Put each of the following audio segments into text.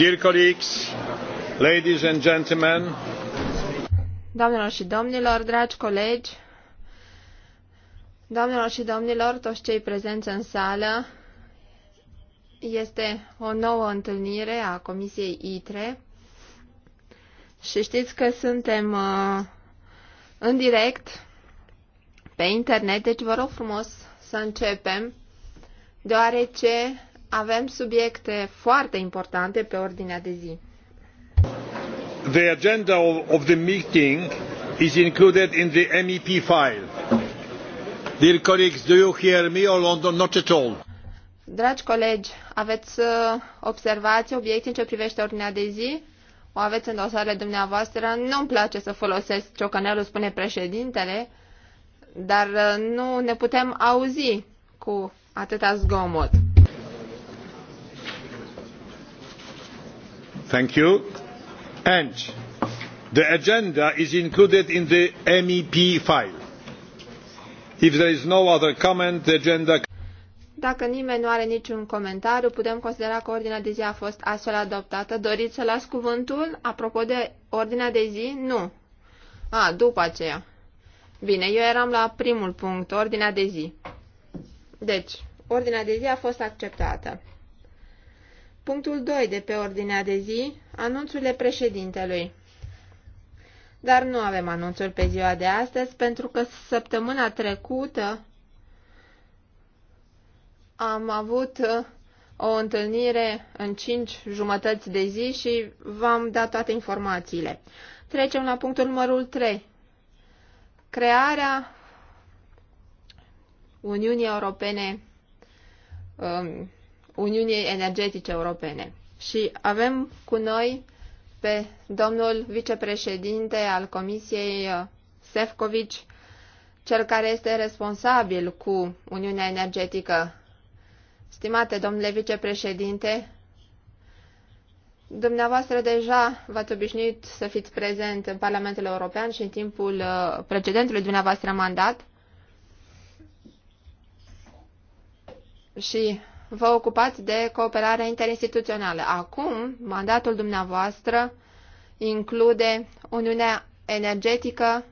Dear colleagues, ladies and gentlemen. Doamnelor și domnilor, dragi colegi, doamnelor și domnilor, toți cei prezenți în sală, este o nouă întâlnire a Comisiei ITRE și știți că suntem uh, în direct pe internet, deci vă rog frumos să începem, deoarece avem subiecte foarte importante pe ordinea de zi. The agenda of the meeting is included in the MEP file. Dear colleagues, do you hear me or London? not at all? Dragi colegi, aveți uh, observații, obiecte în ce privește ordinea de zi? O aveți în dosarele dumneavoastră. Nu-mi place să folosesc ciocanelul, spune președintele, dar uh, nu ne putem auzi cu atâta zgomot. Thank you. And the agenda is included in the MEP file. If there is no other comment, the agenda... Dacă nimeni nu are niciun comentariu, putem considera că ordinea de zi a fost astfel adoptată. Doriți să las cuvântul? Apropo de ordinea de zi? Nu. A, după aceea. Bine, eu eram la primul punct, ordinea de zi. Deci, ordinea de zi a fost acceptată. Punctul 2 de pe ordinea de zi, anunțurile președintelui. Dar nu avem anunțuri pe ziua de astăzi, pentru că săptămâna trecută am avut uh, o întâlnire în 5 jumătăți de zi și v-am dat toate informațiile. Trecem la punctul numărul 3. Crearea Uniunii Europene um, Uniunii Energetice Europene. Și avem cu noi pe domnul vicepreședinte al Comisiei uh, Sefcovici, cel care este responsabil cu Uniunea Energetică. Stimate domnule vicepreședinte, Dumneavoastră deja v-ați obișnuit să fiți prezent în Parlamentul European și în timpul uh, precedentului dumneavoastră mandat. Și vă ocupați de cooperarea interinstituțională. Acum, mandatul dumneavoastră include Uniunea Energetică,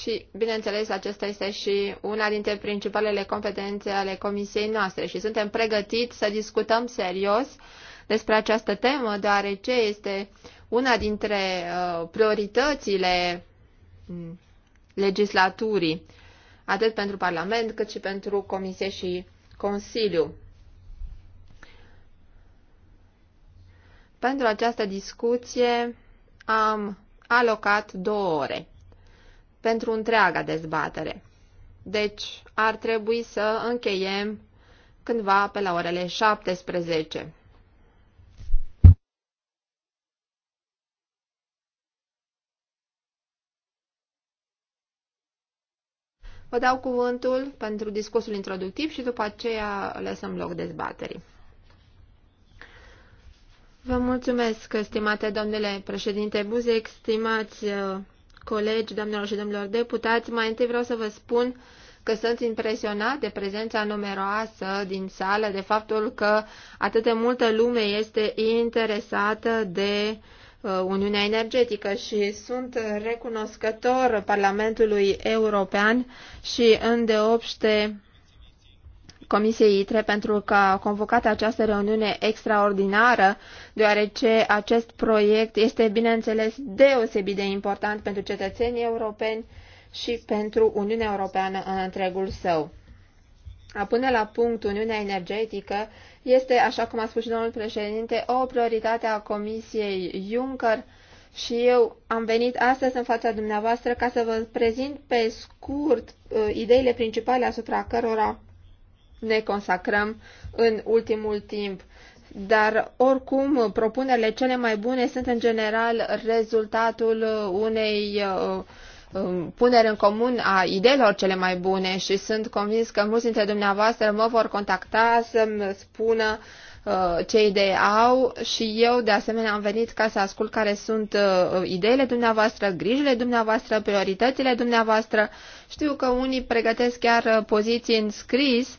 Și, bineînțeles, acesta este și una dintre principalele competențe ale comisiei noastre și suntem pregătiți să discutăm serios despre această temă, deoarece este una dintre uh, prioritățile legislaturii, atât pentru Parlament cât și pentru Comisie și Consiliu. Pentru această discuție am alocat două ore pentru întreaga dezbatere. Deci ar trebui să încheiem cândva pe la orele 17. Vă dau cuvântul pentru discursul introductiv și după aceea lăsăm loc dezbaterii. Vă mulțumesc, stimate domnule președinte Buzec, stimați uh, colegi, doamnelor și domnilor deputați. Mai întâi vreau să vă spun că sunt impresionat de prezența numeroasă din sală, de faptul că atât de multă lume este interesată de uh, Uh, Uniunea Energetică și sunt recunoscător Parlamentului European și îndeopște Comisiei ITRE pentru că a convocat această reuniune extraordinară, deoarece acest proiect este, bineînțeles, deosebit de important pentru cetățenii europeni și pentru Uniunea Europeană în întregul său. A pune la punct Uniunea Energetică este, așa cum a spus și domnul președinte, o prioritate a Comisiei Juncker și eu am venit astăzi în fața dumneavoastră ca să vă prezint pe scurt uh, ideile principale asupra cărora ne consacrăm în ultimul timp. Dar, oricum, propunerile cele mai bune sunt, în general, rezultatul unei uh, Um, punere în comun a ideilor cele mai bune și sunt convins că mulți dintre dumneavoastră mă vor contacta să-mi spună uh, ce idei au și eu de asemenea am venit ca să ascult care sunt uh, ideile dumneavoastră, grijile dumneavoastră, prioritățile dumneavoastră. Știu că unii pregătesc chiar uh, poziții în scris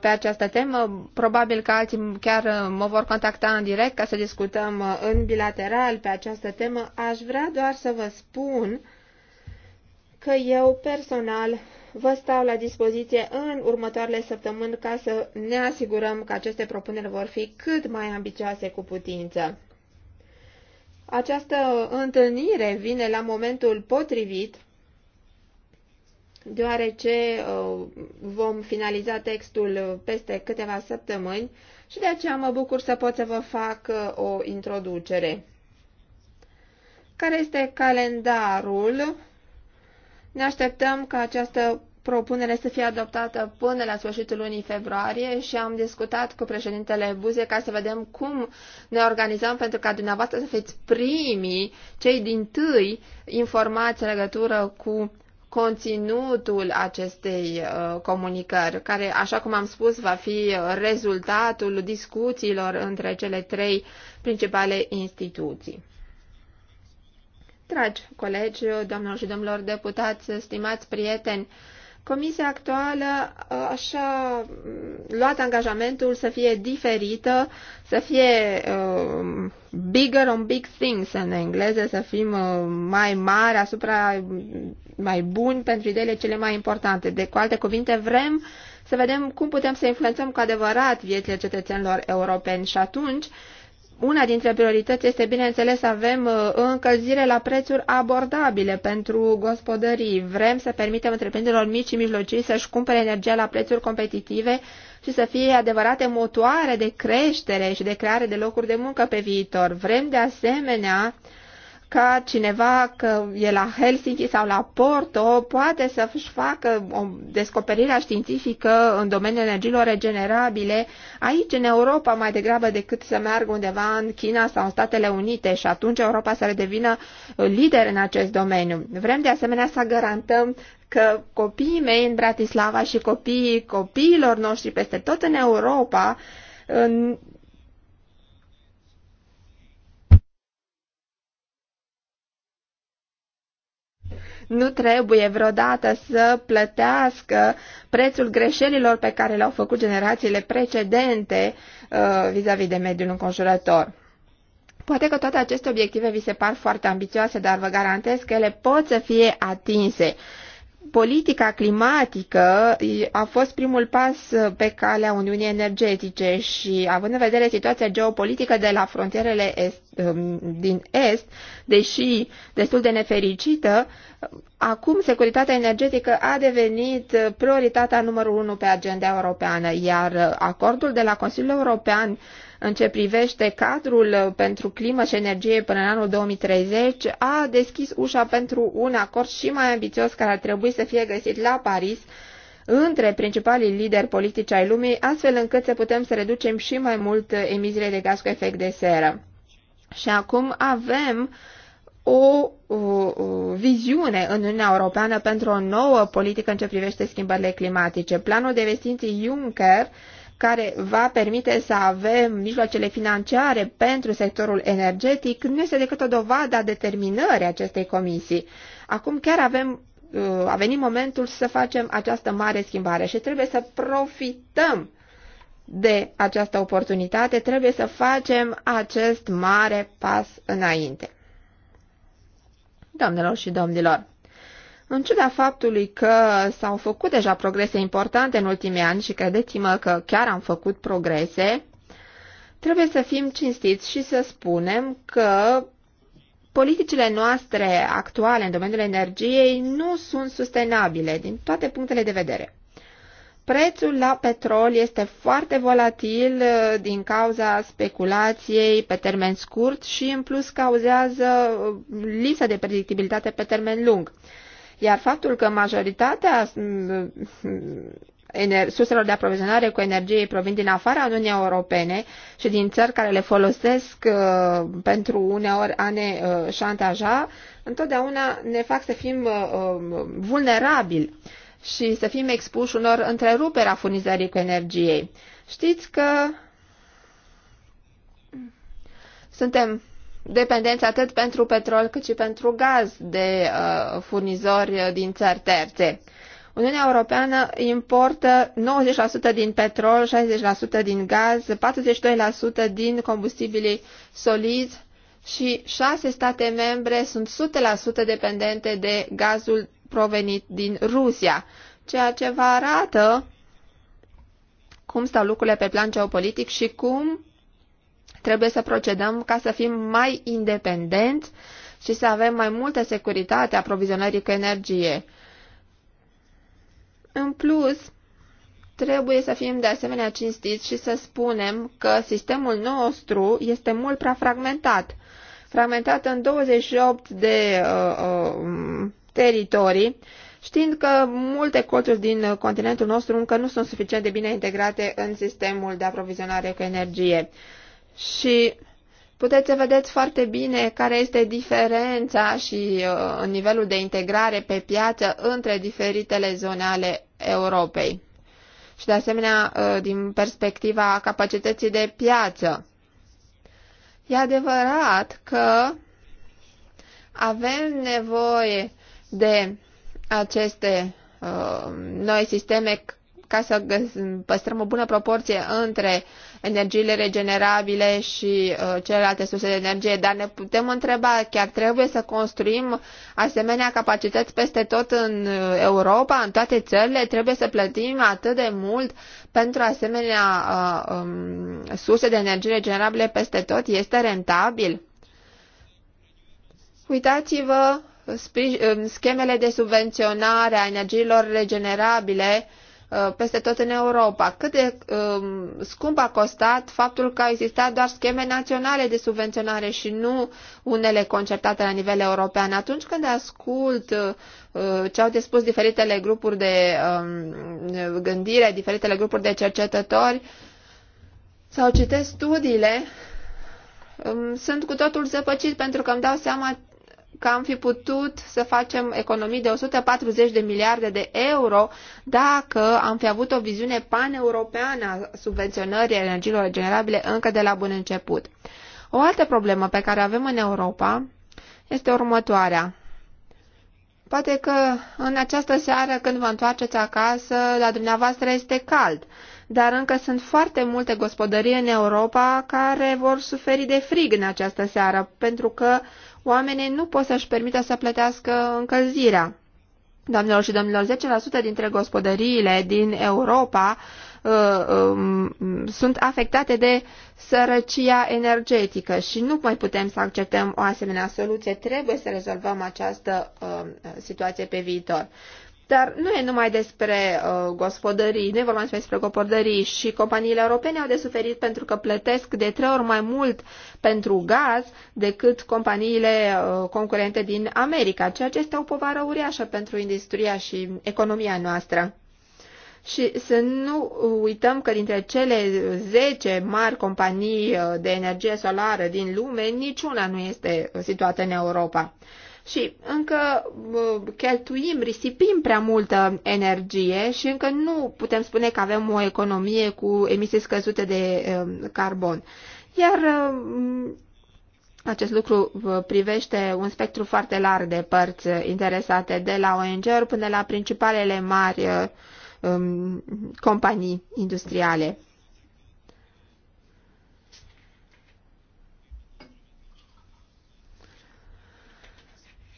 pe această temă. Probabil că alții chiar mă vor contacta în direct ca să discutăm în bilateral pe această temă. Aș vrea doar să vă spun că eu personal vă stau la dispoziție în următoarele săptămâni ca să ne asigurăm că aceste propuneri vor fi cât mai ambicioase cu putință. Această întâlnire vine la momentul potrivit, deoarece uh, vom finaliza textul peste câteva săptămâni și de aceea mă bucur să pot să vă fac uh, o introducere. Care este calendarul? Ne așteptăm ca această propunere să fie adoptată până la sfârșitul lunii februarie și am discutat cu președintele Buze ca să vedem cum ne organizăm pentru ca dumneavoastră să fiți primii, cei din tâi, informați în legătură cu conținutul acestei uh, comunicări, care, așa cum am spus, va fi rezultatul discuțiilor între cele trei principale instituții. Dragi colegi, doamnelor și domnilor deputați, stimați prieteni, comisia actuală uh, așa mm, luat angajamentul să fie diferită, să fie uh, bigger on big things în engleză, să fim uh, mai mari asupra mai buni pentru ideile cele mai importante. De cu alte cuvinte, vrem să vedem cum putem să influențăm cu adevărat viețile cetățenilor europeni și atunci uh, una dintre priorități este, bineînțeles, să avem uh, încălzire la prețuri abordabile pentru gospodării. Vrem să permitem întreprinderilor mici și mijlocii să-și cumpere energia la prețuri competitive și să fie adevărate motoare de creștere și de creare de locuri de muncă pe viitor. Vrem, de asemenea, ca cineva că e la Helsinki sau la Porto poate să-și facă o descoperire științifică în domeniul energiilor regenerabile aici în Europa mai degrabă decât să meargă undeva în China sau în Statele Unite și atunci Europa să redevină uh, lider în acest domeniu. Vrem de asemenea să garantăm că copiii mei în Bratislava și copiii copiilor noștri peste tot în Europa nu trebuie vreodată să plătească prețul greșelilor pe care le-au făcut generațiile precedente uh, vis-a-vis -vis de mediul înconjurător. Poate că toate aceste obiective vi se par foarte ambițioase, dar vă garantez că ele pot să fie atinse. Politica climatică a fost primul pas pe calea Uniunii Energetice și, având în vedere situația geopolitică de la frontierele est, um, din Est, deși destul de nefericită, Acum securitatea energetică a devenit prioritatea numărul unu pe agenda europeană, iar acordul de la Consiliul European în ce privește cadrul pentru climă și energie până în anul 2030 a deschis ușa pentru un acord și mai ambițios care ar trebui să fie găsit la Paris între principalii lideri politici ai lumii, astfel încât să putem să reducem și mai mult emisiile de gaz cu efect de seră. Și acum avem uh, o, o, viziune în Uniunea Europeană pentru o nouă politică în ce privește schimbările climatice. Planul de investiții Juncker care va permite să avem mijloacele financiare pentru sectorul energetic, nu este decât o dovadă a determinării acestei comisii. Acum chiar avem, uh, a venit momentul să facem această mare schimbare și trebuie să profităm de această oportunitate, trebuie să facem acest mare pas înainte. Doamnelor și domnilor, în ciuda faptului că s-au făcut deja progrese importante în ultimii ani și credeți-mă că chiar am făcut progrese, trebuie să fim cinstiți și să spunem că politicile noastre actuale în domeniul energiei nu sunt sustenabile din toate punctele de vedere. Prețul la petrol este foarte volatil uh, din cauza speculației pe termen scurt și în plus cauzează uh, lipsa de predictibilitate pe termen lung. Iar faptul că majoritatea uh, surselor de aprovizionare cu energie provin din afara Uniunii Europene și din țări care le folosesc uh, pentru uneori a ne uh, șantaja, întotdeauna ne fac să fim uh, um, vulnerabili și să fim expuși unor întreruperi a furnizării cu energiei. Știți că suntem dependenți atât pentru petrol cât și pentru gaz de uh, furnizori din țări terțe. Uniunea Europeană importă 90% din petrol, 60% din gaz, 42% din combustibilii solizi și șase state membre sunt 100% dependente de gazul provenit din Rusia, ceea ce vă arată cum stau lucrurile pe plan geopolitic și cum trebuie să procedăm ca să fim mai independenți și să avem mai multă securitate a provizionării cu energie. În plus, trebuie să fim de asemenea cinstiți și să spunem că sistemul nostru este mult prea fragmentat. Fragmentat în 28 de uh, uh, teritorii, știind că multe colțuri din continentul nostru încă nu sunt suficient de bine integrate în sistemul de aprovizionare cu energie. Și puteți să vedeți foarte bine care este diferența și uh, nivelul de integrare pe piață între diferitele zone ale Europei. Și de asemenea, uh, din perspectiva capacității de piață. E adevărat că avem nevoie de aceste uh, noi sisteme ca să păstrăm o bună proporție între energiile regenerabile și uh, celelalte surse de energie, dar ne putem întreba, chiar trebuie să construim asemenea capacități peste tot în uh, Europa, în toate țările, trebuie să plătim atât de mult pentru asemenea uh, um, surse de energie regenerabile peste tot? Este rentabil? Uitați-vă Uh, schemele de subvenționare a energiilor regenerabile uh, peste tot în Europa. Cât de um, scump a costat faptul că au existat doar scheme naționale de subvenționare și nu unele concertate la nivel european. Atunci când ascult uh, ce au de spus diferitele grupuri de um, gândire, diferitele grupuri de cercetători, sau citesc studiile, um, sunt cu totul zăpăcit pentru că îmi dau seama că am fi putut să facem economii de 140 de miliarde de euro dacă am fi avut o viziune paneuropeană a subvenționării energiilor regenerabile încă de la bun început. O altă problemă pe care avem în Europa este următoarea. Poate că în această seară când vă întoarceți acasă, la dumneavoastră este cald, dar încă sunt foarte multe gospodării în Europa care vor suferi de frig în această seară, pentru că oamenii nu pot să-și permită să plătească încălzirea. Doamnelor și domnilor, 10% dintre gospodăriile din Europa uh, um, sunt afectate de sărăcia energetică și nu mai putem să acceptăm o asemenea soluție. Trebuie să rezolvăm această uh, situație pe viitor. Dar nu e numai despre uh, gospodării, nu e vorba despre gospodării și companiile europene au de suferit pentru că plătesc de trei ori mai mult pentru gaz decât companiile uh, concurente din America, ceea ce este o povară uriașă pentru industria și economia noastră. Și să nu uităm că dintre cele 10 mari companii uh, de energie solară din lume, niciuna nu este situată în Europa și încă cheltuim, risipim prea multă energie și încă nu putem spune că avem o economie cu emisii scăzute de um, carbon. Iar um, acest lucru privește un spectru foarte larg de părți interesate, de la ONG-uri până la principalele mari um, companii industriale.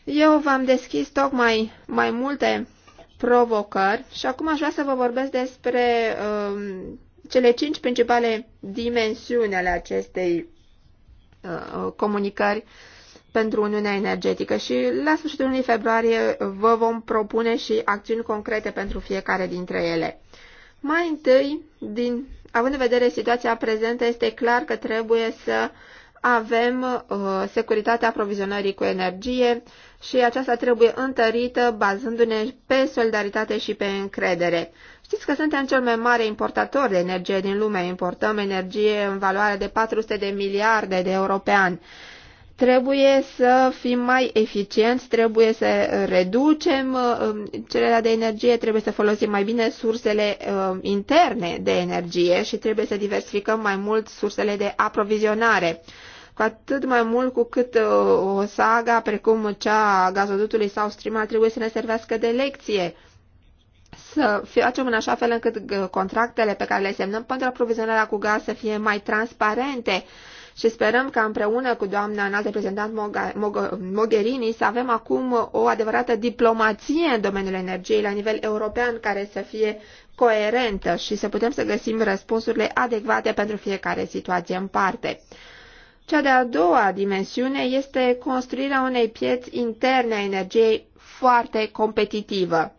Eu v-am deschis tocmai mai multe provocări și acum aș vrea să vă vorbesc despre um, cele cinci principale dimensiuni ale acestei uh, comunicări pentru Uniunea Energetică și la sfârșitul lunii februarie vă vom propune și acțiuni concrete pentru fiecare dintre ele. Mai întâi, din, având în vedere situația prezentă, este clar că trebuie să uh, avem uh, securitatea aprovizionării cu energie și aceasta trebuie întărită bazându-ne pe solidaritate și pe încredere. Știți că suntem cel mai mare importator de energie din lume, importăm energie în valoare de 400 de miliarde de euro pe an. Trebuie să fim mai eficienți, trebuie să reducem uh, cererea de energie, trebuie să folosim mai bine sursele uh, interne de energie și trebuie să diversificăm mai mult sursele de aprovizionare cu atât mai mult cu cât uh, o saga precum cea a gazodutului sau strima, trebuie să ne servească de lecție să facem în așa fel încât uh, contractele pe care le semnăm pentru aprovizionarea cu gaz să fie mai transparente și sperăm că împreună cu doamna înalt reprezentant Mogherini să avem acum o adevărată diplomație în domeniul energiei la nivel european care să fie coerentă și să putem să găsim răspunsurile adecvate pentru fiecare situație în parte. Cea de-a doua dimensiune este construirea unei pieți interne a energiei foarte competitivă.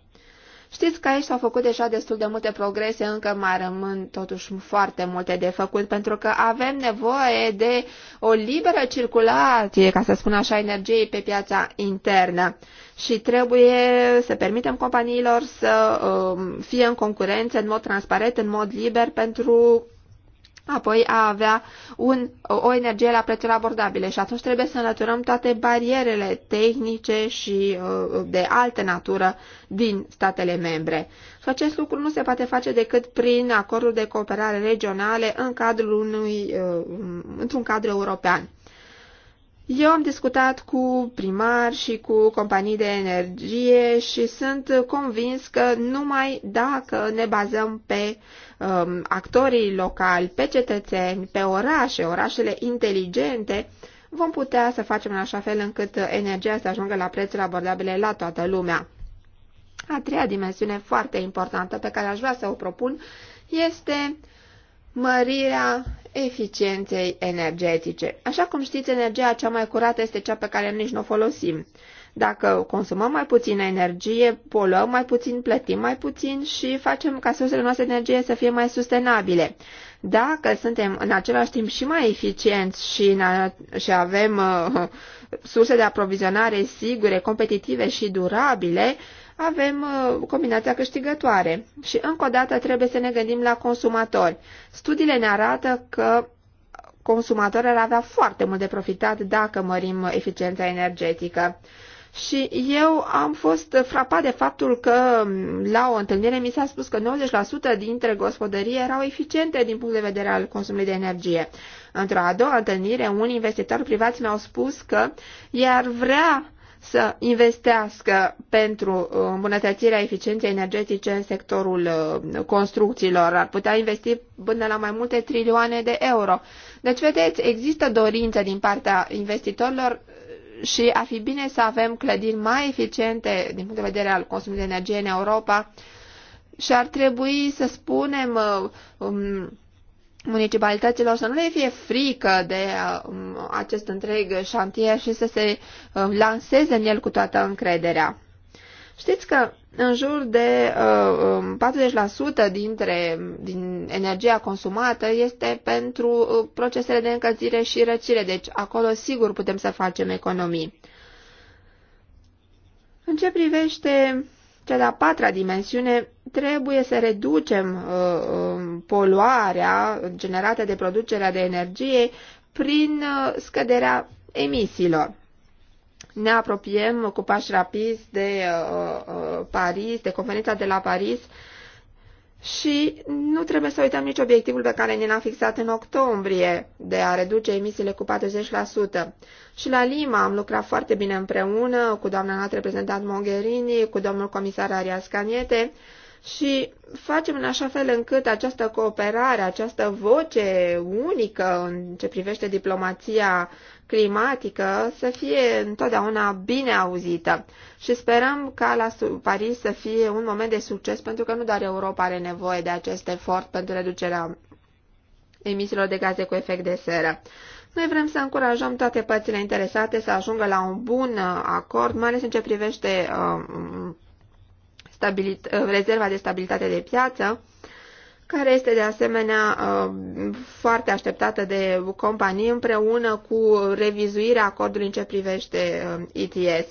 Știți că aici s-au făcut deja destul de multe progrese, încă mai rămân totuși foarte multe de făcut, pentru că avem nevoie de o liberă circulație, ca să spun așa, energiei pe piața internă. Și trebuie să permitem companiilor să um, fie în concurență în mod transparent, în mod liber, pentru apoi a avea un, o energie la prețuri abordabile și atunci trebuie să înlăturăm toate barierele tehnice și uh, de altă natură din statele membre. Și acest lucru nu se poate face decât prin acorduri de cooperare regionale în cadrul unui, uh, într-un cadru european. Eu am discutat cu primari și cu companii de energie și sunt convins că numai dacă ne bazăm pe uh, Um, actorii locali, pe cetățeni, pe orașe, orașele inteligente, vom putea să facem în așa fel încât energia să ajungă la prețuri abordabile la toată lumea. A treia dimensiune foarte importantă pe care aș vrea să o propun este mărirea eficienței energetice. Așa cum știți, energia cea mai curată este cea pe care nici nu o folosim. Dacă consumăm mai puțin energie, poluăm mai puțin, plătim mai puțin și facem ca sursele noastre de energie să fie mai sustenabile. Dacă suntem în același timp și mai eficienți și, în a, și avem uh, surse de aprovizionare sigure, competitive și durabile, avem uh, combinația câștigătoare. Și încă o dată trebuie să ne gândim la consumatori. Studiile ne arată că consumatorul ar avea foarte mult de profitat dacă mărim eficiența energetică. Și eu am fost frapat de faptul că la o întâlnire mi s-a spus că 90% dintre gospodării erau eficiente din punct de vedere al consumului de energie. Într-o a doua întâlnire, un investitor privat mi-au spus că iar vrea să investească pentru uh, îmbunătățirea eficienței energetice în sectorul uh, construcțiilor. Ar putea investi până la mai multe trilioane de euro. Deci, vedeți, există dorință din partea investitorilor și ar fi bine să avem clădiri mai eficiente din punct de vedere al consumului de energie în Europa și ar trebui să spunem uh, um, municipalităților să nu le fie frică de uh, um, acest întreg șantier și să se um, lanseze în el cu toată încrederea. Știți că în jur de uh, 40% um, dintre, din energia consumată este pentru uh, procesele de încălzire și răcire, deci acolo sigur putem să facem economii. În ce privește cea de-a patra dimensiune, trebuie să reducem uh, um, poluarea generată de producerea de energie prin uh, scăderea emisiilor ne apropiem cu pași rapizi de uh, uh, Paris, de conferința de la Paris și nu trebuie să uităm nici obiectivul pe care ne l-am fixat în octombrie de a reduce emisiile cu 40%. Și la Lima am lucrat foarte bine împreună cu doamna noastră reprezentant Mogherini, cu domnul comisar Arias Caniete și facem în așa fel încât această cooperare, această voce unică în ce privește diplomația climatică să fie întotdeauna bine auzită și sperăm ca la Paris să fie un moment de succes pentru că nu doar Europa are nevoie de acest efort pentru reducerea emisiilor de gaze cu efect de seră. Noi vrem să încurajăm toate părțile interesate să ajungă la un bun uh, acord, mai ales în ce privește uh, stabilit, uh, rezerva de stabilitate de piață, care este de asemenea uh, foarte așteptată de companii împreună cu revizuirea acordului în ce privește uh, ETS.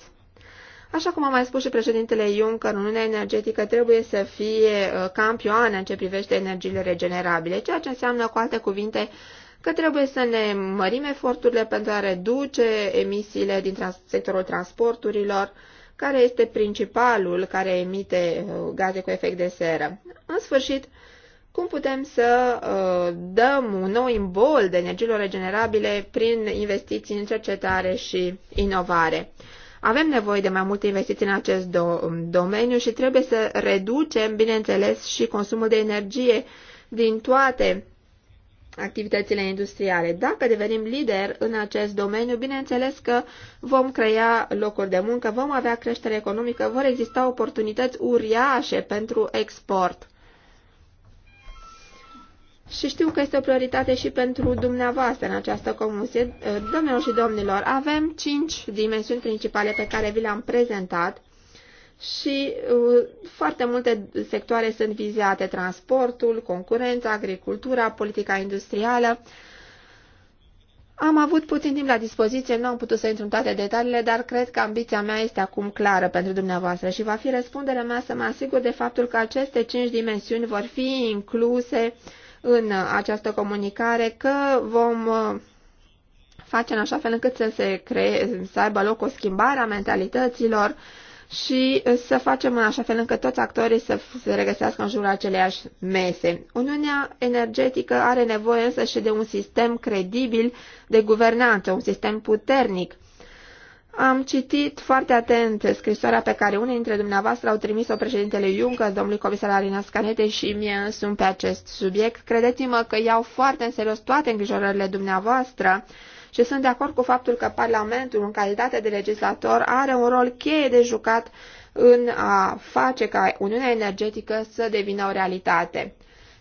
Așa cum a mai spus și președintele Juncker, Uniunea Energetică trebuie să fie uh, campioană în ce privește energiile regenerabile, ceea ce înseamnă, cu alte cuvinte, că trebuie să ne mărim eforturile pentru a reduce emisiile din trans- sectorul transporturilor, care este principalul care emite gaze cu efect de seră. În sfârșit, cum putem să uh, dăm un nou imbol de energiilor regenerabile prin investiții în cercetare și inovare. Avem nevoie de mai multe investiții în acest do- domeniu și trebuie să reducem, bineînțeles, și consumul de energie din toate activitățile industriale. Dacă devenim lider în acest domeniu, bineînțeles că vom crea locuri de muncă, vom avea creștere economică, vor exista oportunități uriașe pentru export și știu că este o prioritate și pentru dumneavoastră în această comisie. Domnilor și domnilor, avem cinci dimensiuni principale pe care vi le-am prezentat și uh, foarte multe sectoare sunt vizate, transportul, concurența, agricultura, politica industrială. Am avut puțin timp la dispoziție, nu am putut să intru în toate detaliile, dar cred că ambiția mea este acum clară pentru dumneavoastră și va fi răspunderea mea să mă asigur de faptul că aceste cinci dimensiuni vor fi incluse uh, în această comunicare că vom uh, face în așa fel încât să se cree, să aibă loc o schimbare a mentalităților și să facem în așa fel încât toți actorii să se regăsească în jurul aceleiași mese. Uniunea energetică are nevoie însă și de un sistem credibil de guvernanță, un sistem puternic am citit foarte atent scrisoarea pe care unii dintre dumneavoastră au trimis-o președintele Juncker, domnului comisar Alina Scanete și mie însumi pe acest subiect. Credeți-mă că iau foarte în serios toate îngrijorările dumneavoastră și sunt de acord cu faptul că Parlamentul, în calitate de legislator, are un rol cheie de jucat în a face ca Uniunea Energetică să devină o realitate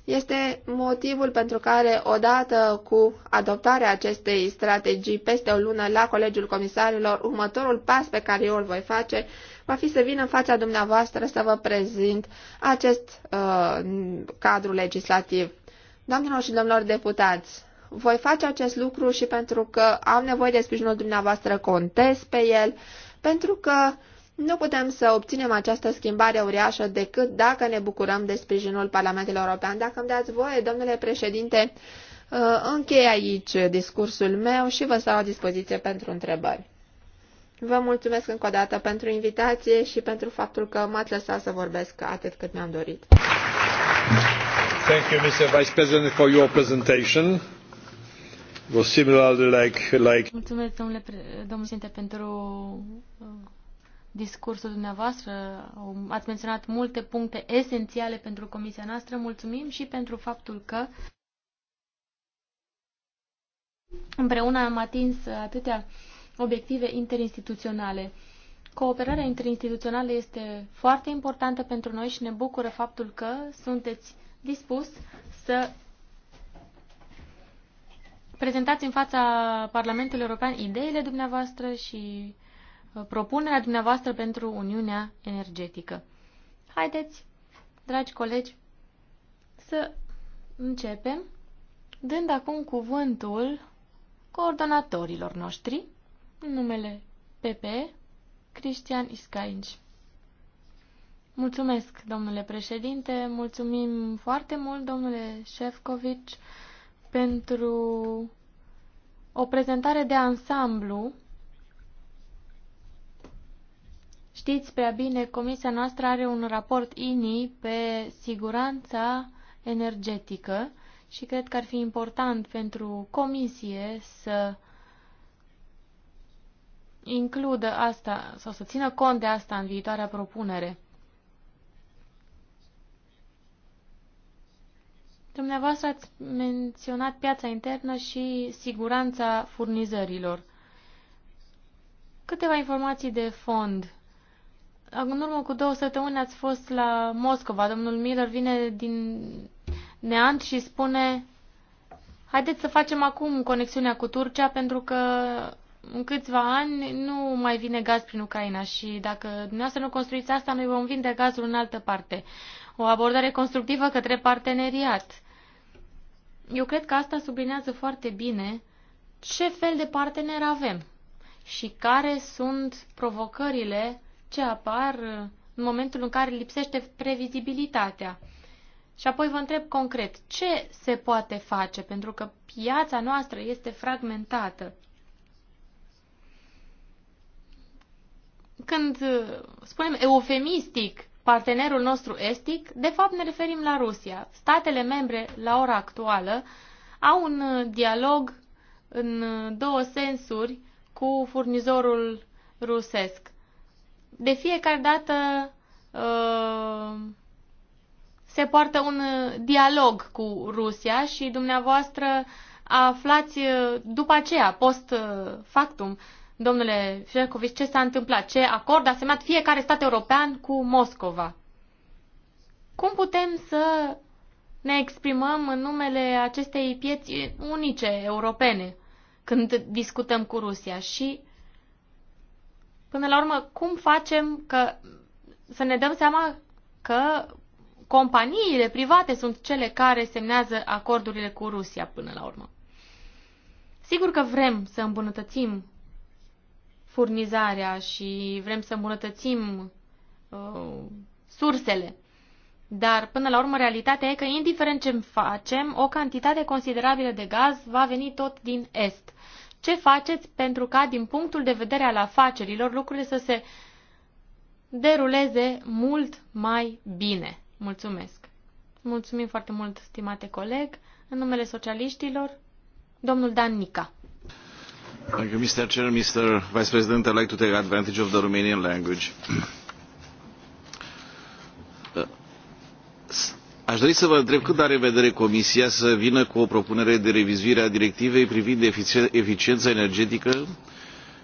este motivul pentru care, odată cu adoptarea acestei strategii peste o lună la Colegiul Comisarilor, următorul pas pe care eu îl voi face va fi să vin în fața dumneavoastră să vă prezint acest uh, cadru legislativ. Doamnelor și domnilor deputați, voi face acest lucru și pentru că am nevoie de sprijinul dumneavoastră, contez pe el, pentru că nu putem să obținem această schimbare uriașă decât dacă ne bucurăm de sprijinul Parlamentului European. Dacă îmi dați voie, domnule președinte, uh, închei aici discursul meu și vă stau la dispoziție pentru întrebări. Vă mulțumesc încă o dată pentru invitație și pentru faptul că m-ați lăsat să vorbesc atât cât mi-am dorit. Thank you, Mr. Vice President, for your presentation. Was similarly like, like... Mulțumesc, domnule, domnule pentru uh, discursul dumneavoastră. Ați menționat multe puncte esențiale pentru comisia noastră. Mulțumim și pentru faptul că împreună am atins atâtea obiective interinstituționale. Cooperarea interinstituțională este foarte importantă pentru noi și ne bucură faptul că sunteți dispus să prezentați în fața Parlamentului European ideile dumneavoastră și propunerea dumneavoastră pentru Uniunea Energetică. Haideți, dragi colegi, să începem dând acum cuvântul coordonatorilor noștri, numele PP, Cristian Iscainci. Mulțumesc, domnule președinte, mulțumim foarte mult, domnule Șefcovici, pentru o prezentare de ansamblu Știți prea bine, comisia noastră are un raport INI pe siguranța energetică și cred că ar fi important pentru comisie să includă asta sau să țină cont de asta în viitoarea propunere. Dumneavoastră ați menționat piața internă și siguranța furnizărilor. Câteva informații de fond. În urmă cu două săptămâni ați fost la Moscova. Domnul Miller vine din Neant și spune haideți să facem acum conexiunea cu Turcia pentru că în câțiva ani nu mai vine gaz prin Ucraina și dacă dumneavoastră nu construiți asta, noi vom vinde gazul în altă parte. O abordare constructivă către parteneriat. Eu cred că asta sublinează foarte bine ce fel de partener avem și care sunt provocările ce apar uh, în momentul în care lipsește previzibilitatea. Și apoi vă întreb concret, ce se poate face? Pentru că piața noastră este fragmentată. Când uh, spunem eufemistic partenerul nostru estic, de fapt ne referim la Rusia. Statele membre, la ora actuală, au un uh, dialog în două sensuri cu furnizorul rusesc de fiecare dată uh, se poartă un dialog cu Rusia și dumneavoastră aflați uh, după aceea, post uh, factum, domnule Fiercoviș, ce s-a întâmplat, ce acord a semnat fiecare stat european cu Moscova. Cum putem să ne exprimăm în numele acestei pieți unice europene când discutăm cu Rusia și Până la urmă, cum facem că să ne dăm seama că companiile private sunt cele care semnează acordurile cu Rusia până la urmă? Sigur că vrem să îmbunătățim furnizarea și vrem să îmbunătățim uh, sursele. Dar, până la urmă, realitatea e că, indiferent ce facem, o cantitate considerabilă de gaz va veni tot din Est. Ce faceți pentru ca, din punctul de vedere al afacerilor, lucrurile să se deruleze mult mai bine? Mulțumesc! Mulțumim foarte mult, stimate coleg. În numele socialiștilor, domnul Dan Nica. Thank you, Mr. Chair, Mr. Vice President. I'd like to take advantage of the Romanian language. Uh, Aș dori să vă întreb cât are în vedere Comisia să vină cu o propunere de revizuire a directivei privind eficiența energetică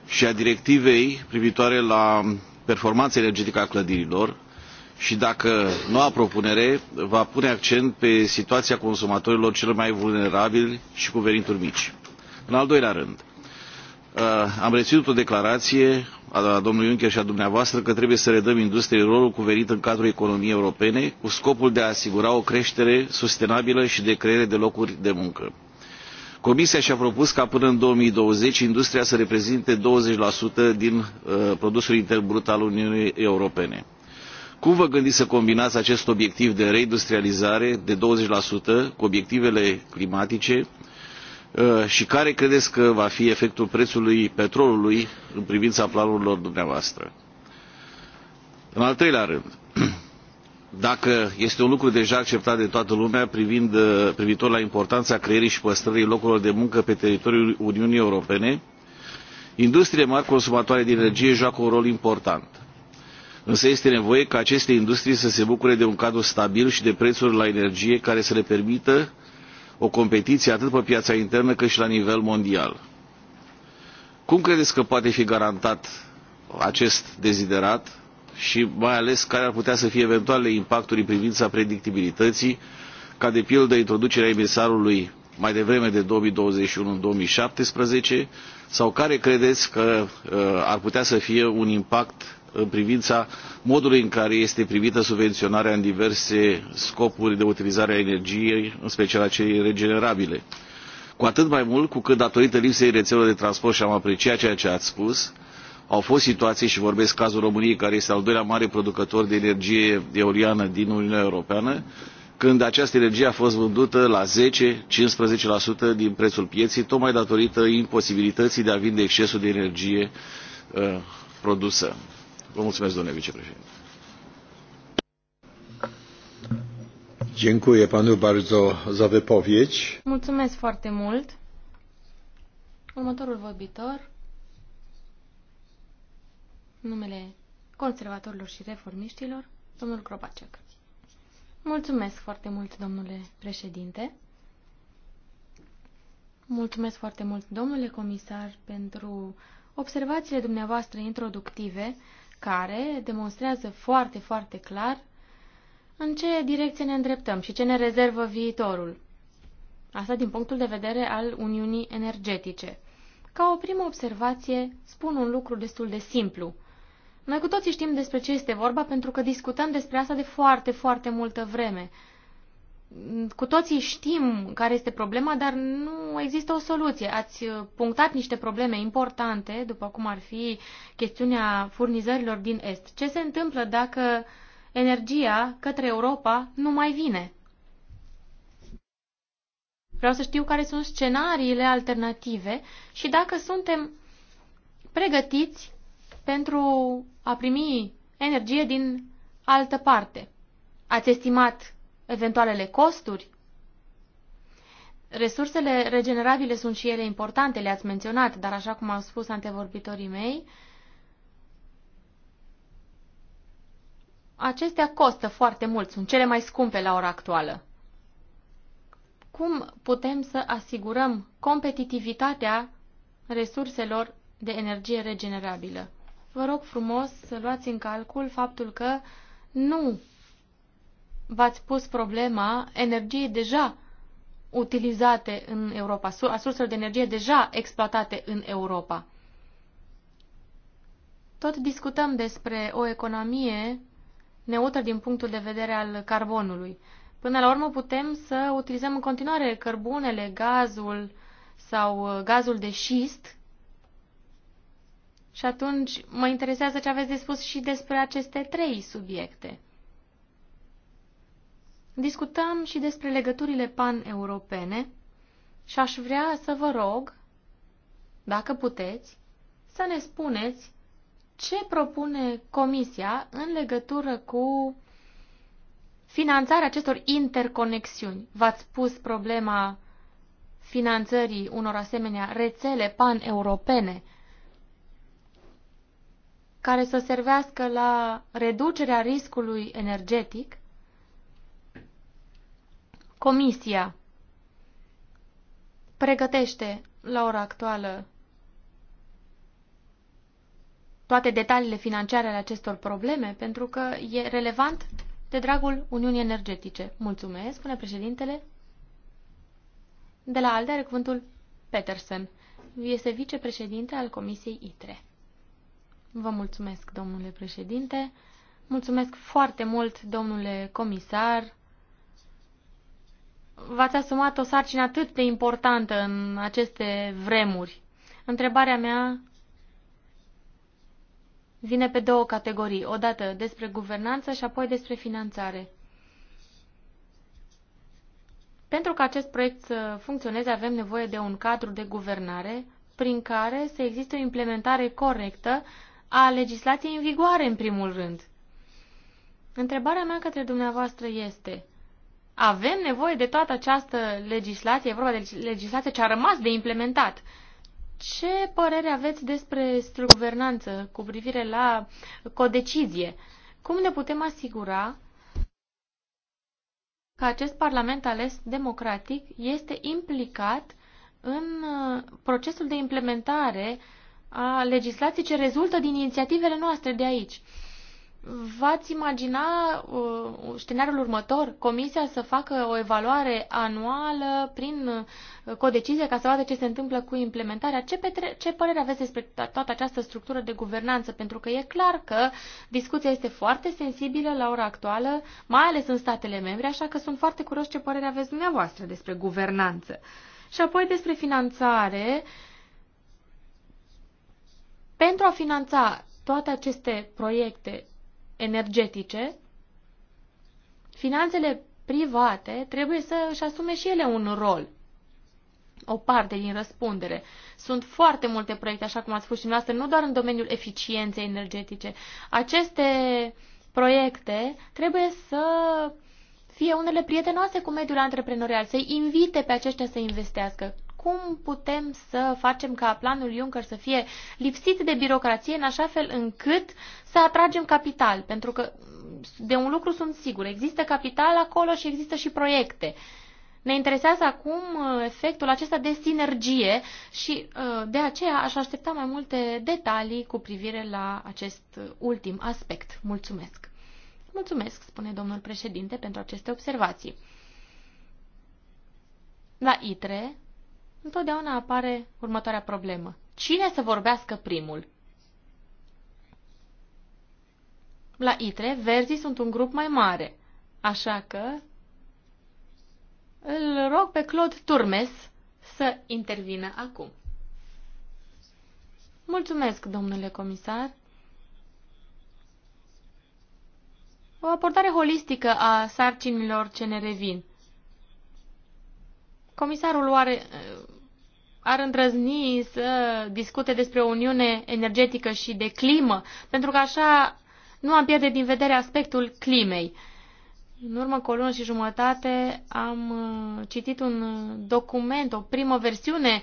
și a directivei privitoare la performanța energetică a clădirilor și dacă noua propunere va pune accent pe situația consumatorilor cel mai vulnerabili și cu venituri mici. În al doilea rând, Uh, am reținut o declarație a domnului juncker și a dumneavoastră că trebuie să redăm industriei rolul cuvenit în cadrul economiei europene cu scopul de a asigura o creștere sustenabilă și de creare de locuri de muncă. comisia și a propus ca până în două mii douăzeci industria să reprezinte douăzeci din uh, produsul intern brut al uniunii europene. cum vă gândiți să combinați acest obiectiv de reindustrializare de douăzeci cu obiectivele climatice și Uh, și care credeți că va fi efectul prețului petrolului în privința planurilor dumneavoastră? În al treilea rând, dacă este un lucru deja acceptat de toată lumea privind, uh, privitor la importanța creierii și păstrării locurilor de muncă pe teritoriul Uniunii Europene, industriile mari consumatoare de energie joacă un rol important. Însă este nevoie ca aceste industrii să se bucure de un cadru stabil și de prețuri la energie care să le permită o competiție atât pe piața internă cât și la nivel mondial. Cum credeți că poate fi garantat acest deziderat și mai ales care ar putea să fie eventuale impacturi în privința predictibilității, ca de pildă introducerea emisarului mai devreme de 2021 în 2017, sau care credeți că uh, ar putea să fie un impact în privința modului în care este privită subvenționarea în diverse scopuri de utilizare a energiei, în special a celei regenerabile. Cu atât mai mult cu cât, datorită lipsei rețelelor de transport, și am apreciat ceea ce ați spus, au fost situații, și vorbesc cazul României, care este al doilea mare producător de energie eoliană din Uniunea Europeană, când această energie a fost vândută la 10-15% din prețul pieței, tocmai datorită imposibilității de a vinde excesul de energie uh, produsă. Vă mulțumesc, domnule vicepreședinte. Dziękuję panu bardzo za wypowiedź. Mulțumesc foarte mult. Următorul vorbitor, numele conservatorilor și reformiștilor, domnul Crobacek. Mulțumesc foarte mult, domnule președinte. Mulțumesc foarte mult, domnule comisar, pentru observațiile dumneavoastră introductive care demonstrează foarte, foarte clar în ce direcție ne îndreptăm și ce ne rezervă viitorul. Asta din punctul de vedere al Uniunii Energetice. Ca o primă observație, spun un lucru destul de simplu. Noi cu toții știm despre ce este vorba pentru că discutăm despre asta de foarte, foarte multă vreme cu toții știm care este problema, dar nu există o soluție. Ați punctat niște probleme importante, după cum ar fi chestiunea furnizărilor din Est. Ce se întâmplă dacă energia către Europa nu mai vine? Vreau să știu care sunt scenariile alternative și dacă suntem pregătiți pentru a primi energie din altă parte. Ați estimat eventualele costuri? Resursele regenerabile sunt și ele importante, le-ați menționat, dar așa cum au spus antevorbitorii mei, acestea costă foarte mult, sunt cele mai scumpe la ora actuală. Cum putem să asigurăm competitivitatea resurselor de energie regenerabilă? Vă rog frumos să luați în calcul faptul că nu v-ați pus problema energiei deja utilizate în Europa, a surselor de energie deja exploatate în Europa. Tot discutăm despre o economie neutră din punctul de vedere al carbonului. Până la urmă putem să utilizăm în continuare cărbunele, gazul sau uh, gazul de șist. Și atunci mă interesează ce aveți de spus și despre aceste trei subiecte. Discutăm și despre legăturile pan-europene și aș vrea să vă rog, dacă puteți, să ne spuneți ce propune Comisia în legătură cu finanțarea acestor interconexiuni. V-ați pus problema finanțării unor asemenea rețele pan-europene care să servească la reducerea riscului energetic Comisia pregătește la ora actuală toate detaliile financiare ale acestor probleme, pentru că e relevant de dragul Uniunii Energetice. Mulțumesc, spune președintele. De la ALDE are cuvântul Peterson. Este vicepreședinte al Comisiei ITRE. Vă mulțumesc, domnule președinte. Mulțumesc foarte mult, domnule comisar, v-ați asumat o sarcină atât de importantă în aceste vremuri. Întrebarea mea vine pe două categorii, o dată despre guvernanță și apoi despre finanțare. Pentru ca acest proiect să funcționeze, avem nevoie de un cadru de guvernare prin care să existe o implementare corectă a legislației în vigoare, în primul rând. Întrebarea mea către dumneavoastră este, avem nevoie de toată această legislație, e vorba de legislație ce a rămas de implementat. Ce părere aveți despre guvernanță cu privire la codecizie? Cum ne putem asigura că acest Parlament ales democratic este implicat în uh, procesul de implementare a legislației ce rezultă din inițiativele noastre de aici? V-ați imagina uh, următor, comisia să facă o evaluare anuală prin uh, codecizie ca să vadă ce se întâmplă cu implementarea? Ce, petre- ce părere aveți despre toată această structură de guvernanță? Pentru că e clar că discuția este foarte sensibilă la ora actuală, mai ales în statele membre, așa că sunt foarte curios ce părere aveți dumneavoastră despre guvernanță. Și apoi despre finanțare. Pentru a finanța toate aceste proiecte, energetice, finanțele private trebuie să își asume și ele un rol, o parte din răspundere. Sunt foarte multe proiecte, așa cum ați spus și dumneavoastră, nu doar în domeniul eficienței energetice. Aceste proiecte trebuie să fie unele prietenoase cu mediul antreprenorial, să-i invite pe aceștia să investească cum putem să facem ca planul Juncker să fie lipsit de birocrație în așa fel încât să atragem capital? Pentru că de un lucru sunt sigur, există capital acolo și există și proiecte. Ne interesează acum uh, efectul acesta de sinergie și uh, de aceea aș aștepta mai multe detalii cu privire la acest uh, ultim aspect. Mulțumesc! Mulțumesc, spune domnul președinte, pentru aceste observații. La ITRE întotdeauna apare următoarea problemă. Cine să vorbească primul? La ITRE, verzii sunt un grup mai mare, așa că îl rog pe Claude Turmes să intervină acum. Mulțumesc, domnule comisar. O abordare holistică a sarcinilor ce ne revin. Comisarul oare eh, ar îndrăzni să discute despre o uniune energetică și de climă, pentru că așa nu am pierde din vedere aspectul climei. În urmă cu o lună și jumătate am eh, citit un eh, document, o primă versiune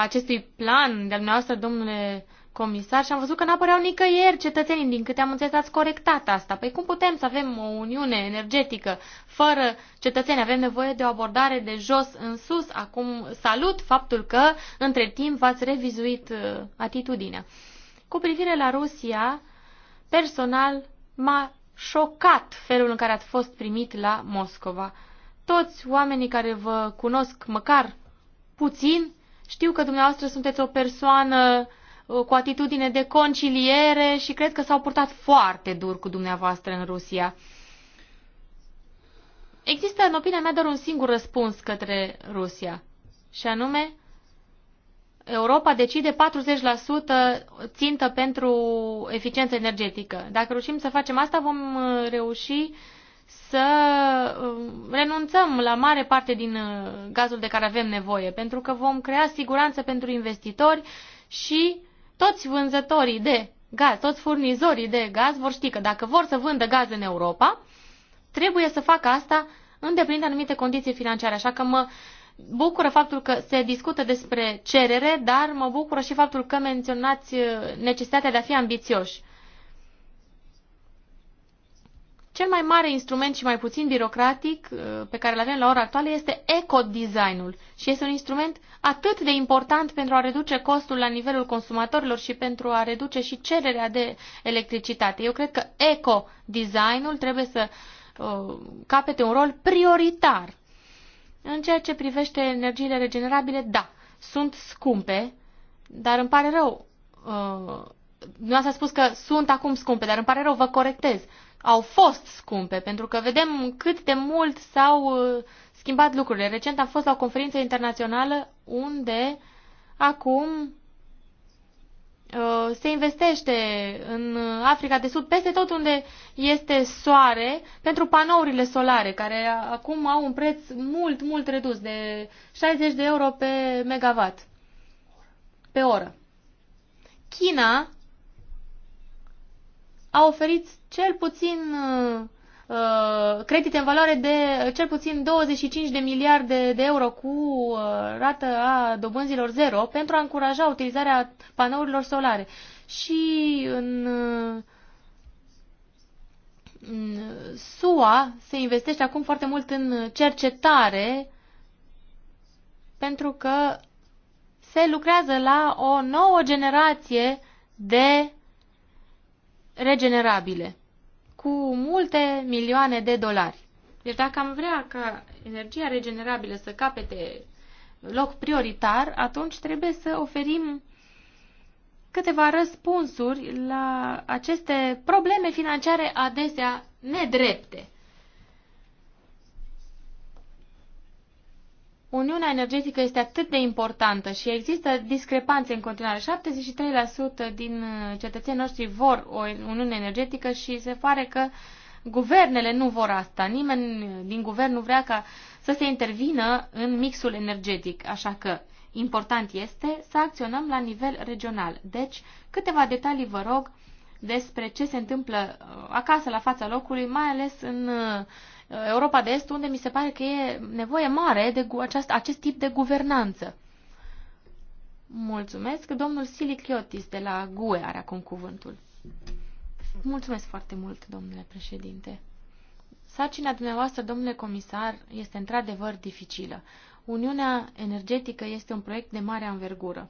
acestui plan de-al dumneavoastră, domnule comisar și am văzut că n-apăreau nicăieri cetățenii, din câte am înțeles ați corectat asta. Păi cum putem să avem o uniune energetică fără cetățeni? Avem nevoie de o abordare de jos în sus. Acum salut faptul că între timp v-ați revizuit uh, atitudinea. Cu privire la Rusia, personal m-a șocat felul în care ați fost primit la Moscova. Toți oamenii care vă cunosc măcar puțin știu că dumneavoastră sunteți o persoană uh, Uh, cu atitudine de conciliere și cred că s-au purtat foarte dur cu dumneavoastră în Rusia. Există, în opinia mea, doar un singur răspuns către Rusia, și anume Europa decide 40% țintă pentru eficiență energetică. Dacă reușim să facem asta, vom uh, reuși să uh, renunțăm la mare parte din gazul de care avem nevoie, pentru că vom crea siguranță pentru investitori și toți vânzătorii de gaz, toți furnizorii de gaz vor ști că dacă vor să vândă gaz în Europa, trebuie să facă asta îndeplinind anumite condiții financiare. Așa că mă bucură faptul că se discută despre cerere, dar mă bucură și faptul că menționați uh, necesitatea de a fi ambițioși. Cel mai mare instrument și mai puțin birocratic uh, pe care îl avem la ora actuală este eco și este un instrument atât de important pentru a reduce costul la nivelul consumatorilor și pentru a reduce și cererea de electricitate. Eu cred că eco trebuie să uh, capete un rol prioritar. În ceea ce privește energiile regenerabile, da, sunt scumpe, dar îmi pare rău. Uh, nu ați spus că sunt acum scumpe, dar îmi pare rău, vă corectez au fost scumpe, pentru că vedem cât de mult s-au uh, schimbat lucrurile. Recent am fost la o conferință internațională unde acum uh, se investește în Africa de Sud, peste tot unde este soare, pentru panourile solare, care acum au un preț mult, mult redus, de 60 de euro pe megawatt, pe oră. China a oferit cel puțin uh, uh, credite în valoare de cel puțin 25 de miliarde de euro cu uh, rată a dobânzilor zero pentru a încuraja utilizarea panourilor solare. Și în uh, SUA se investește acum foarte mult în cercetare pentru că se lucrează la o nouă generație de regenerabile cu multe milioane de dolari. Deci dacă am vrea ca energia regenerabilă să capete loc prioritar, atunci trebuie să oferim câteva răspunsuri la aceste probleme financiare adesea nedrepte. Uniunea energetică este atât de importantă și există discrepanțe în continuare. 73% din uh, cetățenii noștri vor o Uniune energetică și se pare că guvernele nu vor asta. Nimeni din guvern nu vrea ca să se intervină în mixul energetic. Așa că important este să acționăm la nivel regional. Deci, câteva detalii vă rog despre ce se întâmplă uh, acasă, la fața locului, mai ales în uh, Europa de Est, unde mi se pare că e nevoie mare de aceast, acest tip de guvernanță. Mulțumesc. Domnul Silichiotis de la GUE are acum cuvântul. Mulțumesc foarte mult, domnule președinte. Sarcina dumneavoastră, domnule comisar, este într-adevăr dificilă. Uniunea energetică este un proiect de mare anvergură.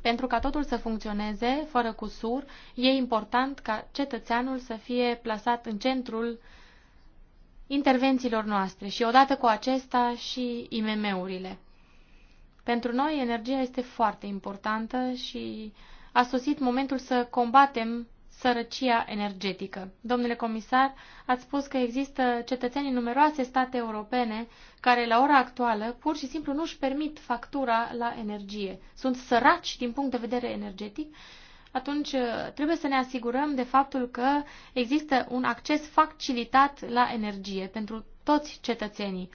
Pentru ca totul să funcționeze fără cusur, e important ca cetățeanul să fie plasat în centrul intervențiilor noastre și odată cu acesta și IMM-urile. Pentru noi energia este foarte importantă și a sosit momentul să combatem sărăcia energetică. Domnule comisar, ați spus că există cetățenii numeroase state europene care la ora actuală pur și simplu nu își permit factura la energie. Sunt săraci din punct de vedere energetic, atunci trebuie să ne asigurăm de faptul că există un acces facilitat la energie pentru toți cetățenii.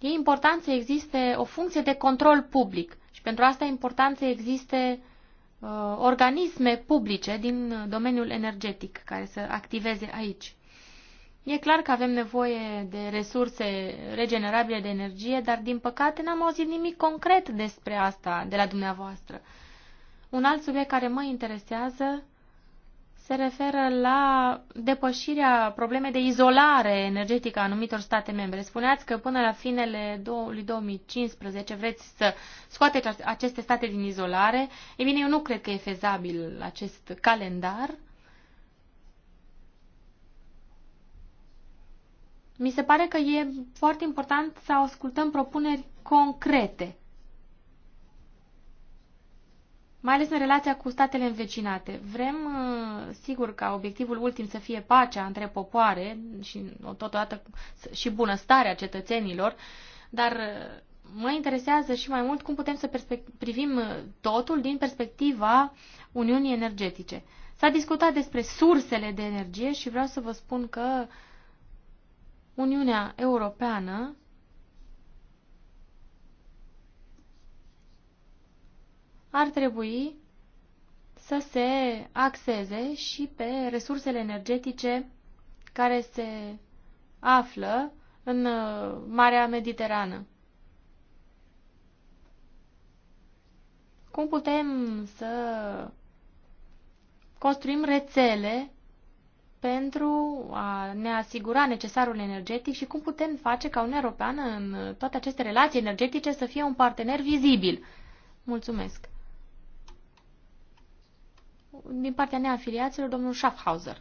E important să existe o funcție de control public și deci, pentru asta e important să existe uh, organisme publice din domeniul energetic care să activeze aici. E clar că avem nevoie de resurse regenerabile de energie, dar din păcate n-am auzit nimic concret despre asta de la dumneavoastră. Un alt subiect care mă interesează se referă la depășirea problemei de izolare energetică a anumitor state membre. Spuneați că până la finele 2015 vreți să scoateți aceste state din izolare. Ei bine, eu nu cred că e fezabil acest calendar. Mi se pare că e foarte important să ascultăm propuneri concrete mai ales în relația cu statele învecinate. Vrem, uh, sigur, ca obiectivul ultim să fie pacea între popoare și totodată și bunăstarea cetățenilor, dar uh, mă interesează și mai mult cum putem să privim uh, totul din perspectiva Uniunii Energetice. S-a discutat despre sursele de energie și vreau să vă spun că Uniunea Europeană ar trebui să se axeze și pe resursele energetice care se află în uh, Marea Mediterană. Cum putem să construim rețele pentru a ne asigura necesarul energetic și cum putem face ca Uniunea Europeană în toate aceste relații energetice să fie un partener vizibil. Mulțumesc! din partea neafiliaților, domnul Schaffhauser.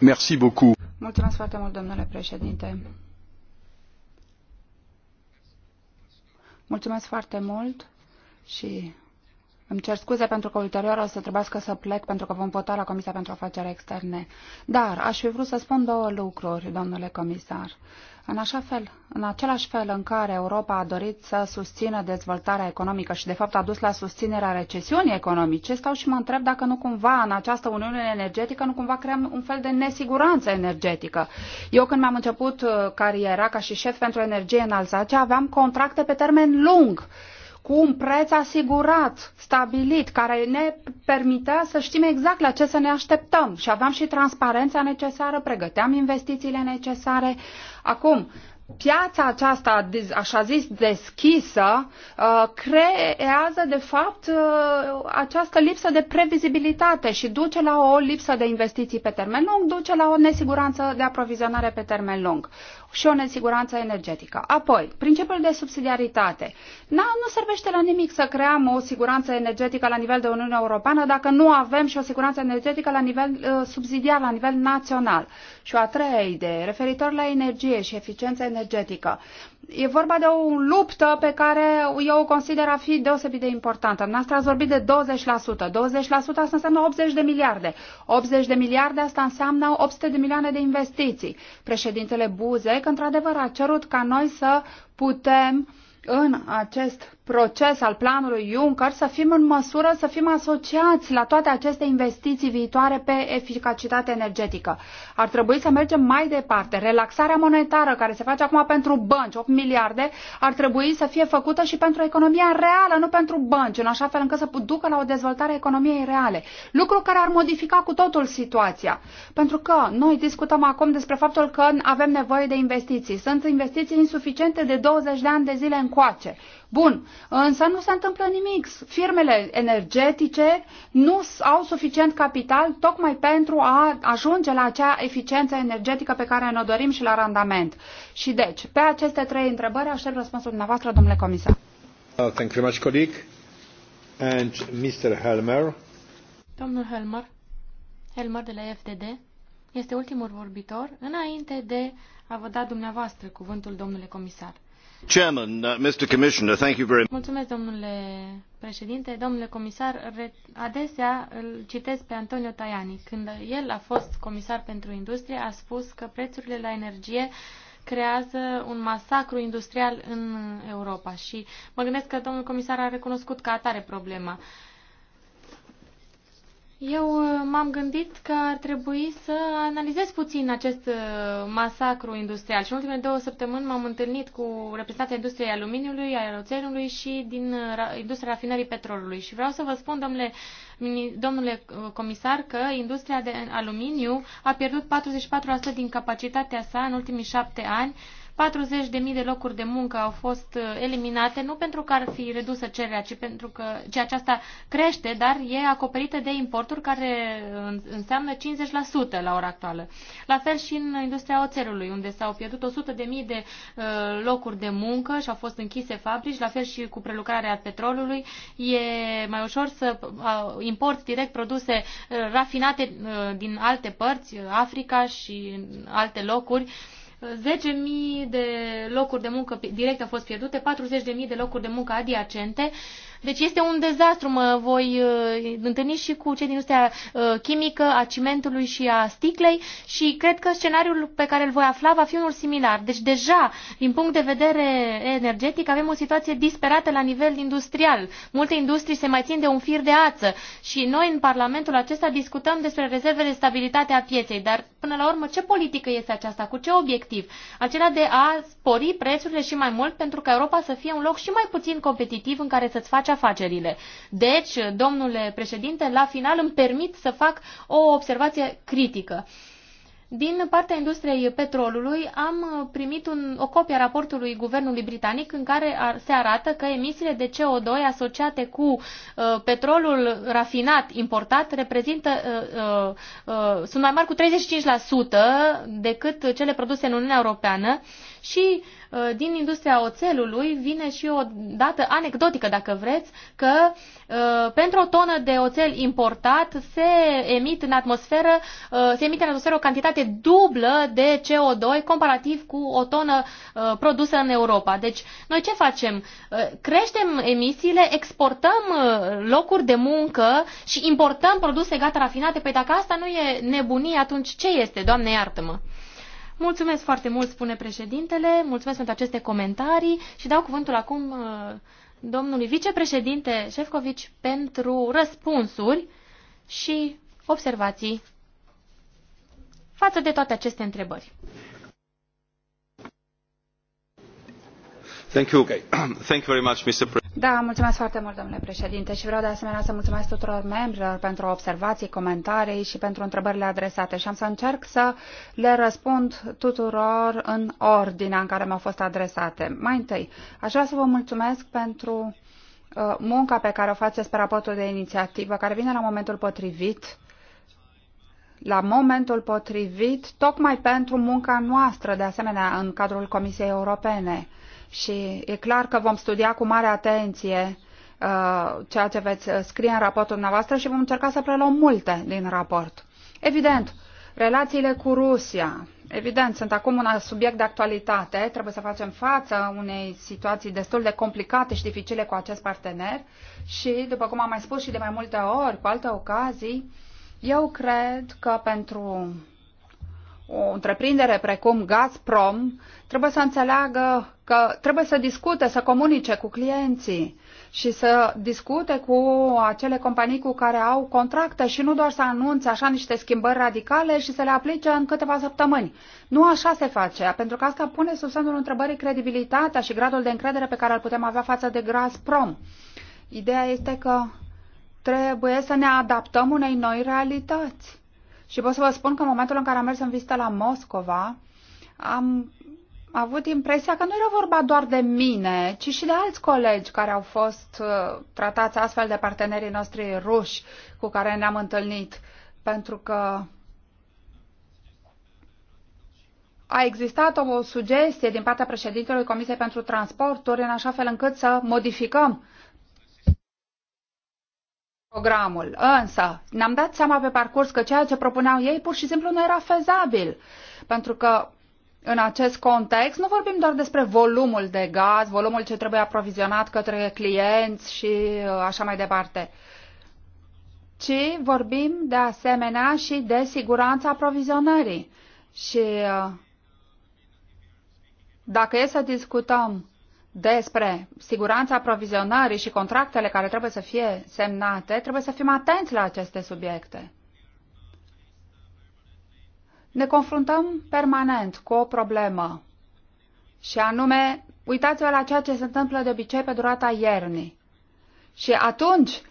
Merci beaucoup. Mulțumesc foarte mult, domnule președinte. Mulțumesc foarte mult și îmi cer scuze pentru că ulterior o să trebuiască să plec pentru că vom vota la Comisia pentru Afaceri Externe. Dar aș fi vrut să spun două lucruri, domnule comisar. În așa fel, în același fel în care Europa a dorit să susțină dezvoltarea economică și de fapt a dus la susținerea recesiunii economice, stau și mă întreb dacă nu cumva în această uniune energetică nu cumva creăm un fel de nesiguranță energetică. Eu când mi-am început uh, cariera ca și șef pentru energie în Alsace aveam contracte pe termen lung cu un preț asigurat, stabilit, care ne permitea să știm exact la ce să ne așteptăm și aveam și transparența necesară, pregăteam investițiile necesare. Acum, piața aceasta, așa zis, deschisă, uh, creează, de fapt, uh, această lipsă de previzibilitate și duce la o lipsă de investiții pe termen lung, duce la o nesiguranță de aprovizionare pe termen lung și o nesiguranță energetică. Apoi, principiul de subsidiaritate. Na, nu servește la nimic să creăm o siguranță energetică la nivel de Uniunea Europeană dacă nu avem și o siguranță energetică la nivel uh, subsidiar, la nivel național. Și o a treia idee, referitor la energie și eficiență energetică. E vorba de o luptă pe care eu o consider a fi deosebit de importantă. Noastră ați vorbit de 20%. 20% asta înseamnă 80 de miliarde. 80 de miliarde asta înseamnă 800 de milioane de investiții. Președintele Buzek, într-adevăr, a cerut ca noi să putem în acest proces al planului Juncker să fim în măsură să fim asociați la toate aceste investiții viitoare pe eficacitate energetică. Ar trebui să mergem mai departe. Relaxarea monetară care se face acum pentru bănci, 8 miliarde, ar trebui să fie făcută și pentru economia reală, nu pentru bănci, în așa fel încât să ducă la o dezvoltare a economiei reale. Lucru care ar modifica cu totul situația. Pentru că noi discutăm acum despre faptul că avem nevoie de investiții. Sunt investiții insuficiente de 20 de ani de zile încoace. Bun, însă nu se întâmplă nimic. Firmele energetice nu au suficient capital tocmai pentru a ajunge la acea eficiență energetică pe care ne-o dorim și la randament. Și deci, pe aceste trei întrebări aștept răspunsul dumneavoastră, domnule comisar. Uh, thank you very much, colleague. And Mr. Helmer. Domnul Helmer, Helmer de la FDD, este ultimul vorbitor înainte de a vă da dumneavoastră cuvântul, domnule comisar. Uh, domnule președinte domnule comisar adesea îl citesc pe antonio tajani când el a fost comisar pentru industrie a spus că prețurile la energie creează un masacru industrial în europa și mă gândesc că domnul comisar a recunoscut ca atare problema. Eu uh, m-am gândit că ar trebui să analizez puțin acest uh, masacru industrial și în ultimele două săptămâni m-am întâlnit cu reprezentanții industriei aluminiului, aeroțelului și din uh, industria rafinării petrolului. Și vreau să vă spun, domnule, domnule comisar, că industria de aluminiu a pierdut 44% din capacitatea sa în ultimii șapte ani 40.000 de locuri de muncă au fost uh, eliminate, nu pentru că ar fi redusă cererea, ci pentru că ci aceasta crește, dar e acoperită de importuri care uh, înseamnă 50% la ora actuală. La fel și în industria oțelului, unde s-au pierdut 100.000 de uh, locuri de muncă și au fost închise fabrici, la fel și cu prelucrarea petrolului. E mai ușor să import direct produse rafinate din alte părți, Africa și alte locuri, 10.000 de locuri de muncă directe au fost pierdute, 40.000 de locuri de muncă adiacente. Deci este un dezastru, mă voi uh, întâlni și cu cei din industria uh, chimică, a cimentului și a sticlei și cred că scenariul pe care îl voi afla va fi unul similar. Deci deja, din punct de vedere energetic, avem o situație disperată la nivel industrial. Multe industrii se mai țin de un fir de ață și noi în Parlamentul acesta discutăm despre rezervele de stabilitate a pieței, dar până la urmă ce politică este aceasta? Cu ce obiectiv? Acela de a spori prețurile și mai mult pentru ca Europa să fie un loc și mai puțin competitiv în care să-ți faci afacerile. Deci, domnule președinte, la final îmi permit să fac o observație critică. Din partea industriei petrolului am primit un, o copie a raportului guvernului britanic în care ar, se arată că emisiile de CO2 asociate cu uh, petrolul rafinat importat reprezintă, uh, uh, uh, sunt mai mari cu 35% decât cele produse în Uniunea Europeană și uh, din industria oțelului vine și o dată anecdotică, dacă vreți, că uh, pentru o tonă de oțel importat se, emit în atmosferă, uh, se emite în atmosferă o cantitate dublă de CO2 comparativ cu o tonă produsă în Europa. Deci, noi ce facem? Creștem emisiile, exportăm locuri de muncă și importăm produse gata rafinate. Păi dacă asta nu e nebunie, atunci ce este? Doamne, iartă-mă! Mulțumesc foarte mult, spune președintele, mulțumesc pentru aceste comentarii și dau cuvântul acum uh, domnului vicepreședinte Șefcovici pentru răspunsuri și observații față de toate aceste întrebări. Da, mulțumesc foarte mult, domnule președinte, și vreau de asemenea să mulțumesc tuturor membrilor pentru observații, comentarii și pentru întrebările adresate. Și am să încerc să le răspund tuturor în ordinea în care mi-au fost adresate. Mai întâi, aș vrea să vă mulțumesc pentru uh, munca pe care o faceți pe raportul de inițiativă, care vine la momentul potrivit, la momentul potrivit, tocmai pentru munca noastră, de asemenea, în cadrul Comisiei Europene și e clar că vom studia cu mare atenție uh, ceea ce veți scrie în raportul dumneavoastră și vom încerca să preluăm multe din raport. Evident, relațiile cu Rusia. Evident, sunt acum un subiect de actualitate. Trebuie să facem față unei situații destul de complicate și dificile cu acest partener și, după cum am mai spus și de mai multe ori, cu alte ocazii, eu cred că pentru o întreprindere precum Gazprom trebuie să înțeleagă că trebuie să discute, să comunice cu clienții și să discute cu acele companii cu care au contracte și nu doar să anunțe așa niște schimbări radicale și să le aplice în câteva săptămâni. Nu așa se face, pentru că asta pune sub semnul întrebării credibilitatea și gradul de încredere pe care îl putem avea față de Gazprom. Ideea este că trebuie să ne adaptăm unei noi realități. Și pot să vă spun că în momentul în care am mers în vizită la Moscova, am avut impresia că nu era vorba doar de mine, ci și de alți colegi care au fost uh, tratați astfel de partenerii noștri ruși cu care ne-am întâlnit, pentru că a existat o sugestie din partea președintelui Comisiei pentru Transporturi în așa fel încât să modificăm programul. Însă, ne-am dat seama pe parcurs că ceea ce propuneau ei pur și simplu nu era fezabil, pentru că în acest context nu vorbim doar despre volumul de gaz, volumul ce trebuie aprovizionat către clienți și uh, așa mai departe, ci vorbim de asemenea și de siguranța aprovizionării. Și uh, dacă e să discutăm despre siguranța aprovizionării și contractele care trebuie să fie semnate, trebuie să fim atenți la aceste subiecte ne confruntăm permanent cu o problemă și anume, uitați-vă la ceea ce se întâmplă de obicei pe durata iernii. Și atunci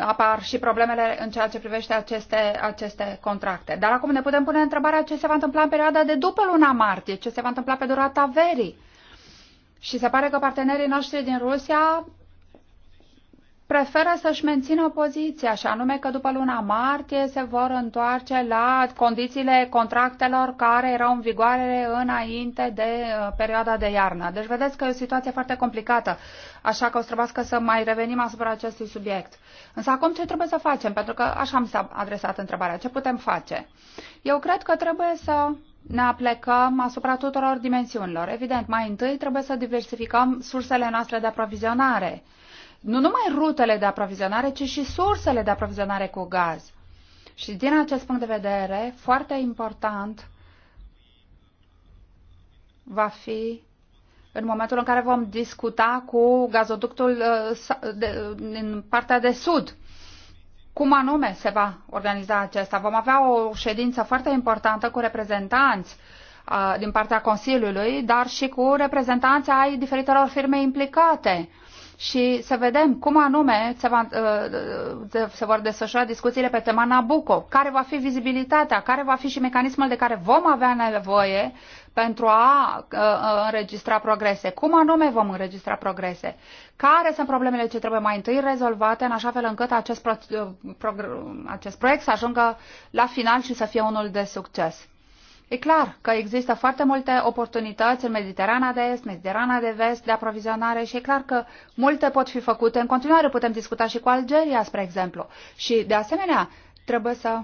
apar și problemele în ceea ce privește aceste, aceste contracte. Dar acum ne putem pune întrebarea ce se va întâmpla în perioada de după luna martie, ce se va întâmpla pe durata verii. Și se pare că partenerii noștri din Rusia preferă să-și mențină poziția, și anume că după luna martie se vor întoarce la condițiile contractelor care erau în vigoare înainte de uh, perioada de iarnă. Deci vedeți că e o situație foarte complicată, așa că o să trebuiască să mai revenim asupra acestui subiect. Însă acum ce trebuie să facem? Pentru că așa mi s-a adresat întrebarea. Ce putem face? Eu cred că trebuie să ne aplecăm asupra tuturor dimensiunilor. Evident, mai întâi trebuie să diversificăm sursele noastre de aprovizionare nu numai rutele de aprovizionare, ci și sursele de aprovizionare cu gaz. Și din acest punct de vedere, foarte important va fi în momentul în care vom discuta cu gazoductul uh, uh, din partea de sud. Cum anume se va organiza acesta? Vom avea o ședință foarte importantă cu reprezentanți uh, din partea Consiliului, dar și cu reprezentanții ai diferitelor firme implicate și să vedem cum anume se, va, uh, se vor desfășura discuțiile pe tema Nabucco, care va fi vizibilitatea, care va fi și mecanismul de care vom avea nevoie pentru a uh, uh, înregistra progrese. Cum anume vom înregistra progrese? Care sunt problemele ce trebuie mai întâi rezolvate în așa fel încât acest, pro, pro, acest proiect să ajungă la final și să fie unul de succes? E clar că există foarte multe oportunități în Mediterana de Est, Mediterana de Vest de aprovizionare și e clar că multe pot fi făcute. În continuare putem discuta și cu Algeria, spre exemplu. Și, de asemenea, trebuie să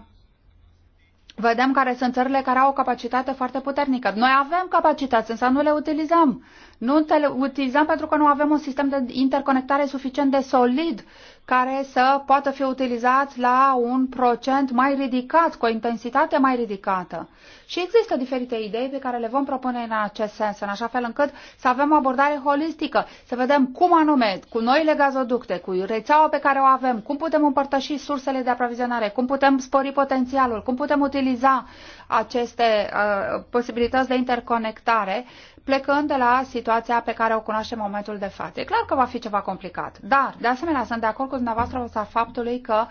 vedem care sunt țările care au o capacitate foarte puternică. Noi avem capacități, însă nu le utilizăm. Nu le utilizăm pentru că nu avem un sistem de interconectare suficient de solid care să poată fi utilizat la un procent mai ridicat, cu o intensitate mai ridicată. Și există diferite idei pe care le vom propune în acest sens, în așa fel încât să avem o abordare holistică, să vedem cum anume, cu noile gazoducte, cu rețeaua pe care o avem, cum putem împărtăși sursele de aprovizionare, cum putem spori potențialul, cum putem utiliza aceste uh, posibilități de interconectare plecând de la situația pe care o cunoaștem în momentul de față. E clar că va fi ceva complicat, dar, de asemenea, sunt de acord cu dumneavoastră asupra faptului că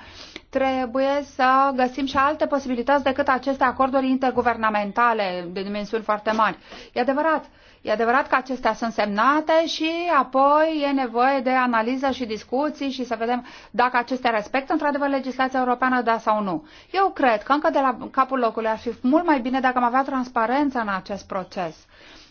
trebuie să găsim și alte posibilități decât aceste acorduri interguvernamentale de dimensiuni foarte mari. E adevărat, E adevărat că acestea sunt semnate și apoi e nevoie de analiză și discuții și să vedem dacă acestea respectă într-adevăr legislația europeană, da sau nu. Eu cred că încă de la capul locului ar fi mult mai bine dacă am avea transparență în acest proces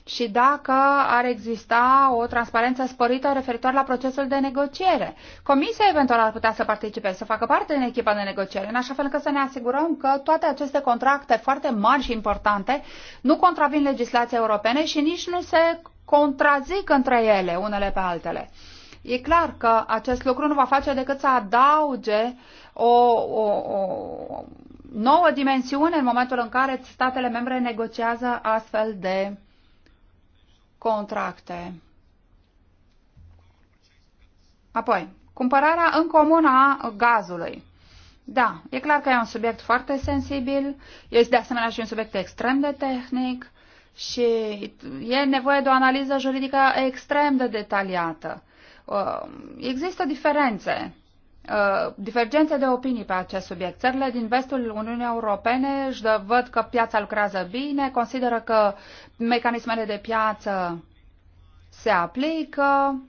și dacă ar exista o transparență sporită referitor la procesul de negociere. Comisia eventual ar putea să participe, să facă parte din echipa de negociere, în așa fel că să ne asigurăm că toate aceste contracte foarte mari și importante nu contravin legislației europene și nici nu se contrazic între ele, unele pe altele. E clar că acest lucru nu va face decât să adauge o, o, o nouă dimensiune în momentul în care statele membre negociază astfel de contracte. Apoi, cumpărarea în comun a gazului. Da, e clar că e un subiect foarte sensibil, este de asemenea și un subiect extrem de tehnic și e nevoie de o analiză juridică extrem de detaliată. Uh, există diferențe Uh, divergențe de opinii pe acest subiect. Țările din vestul Uniunii Europene își dă, văd că piața lucrează bine, consideră că mecanismele de piață se aplică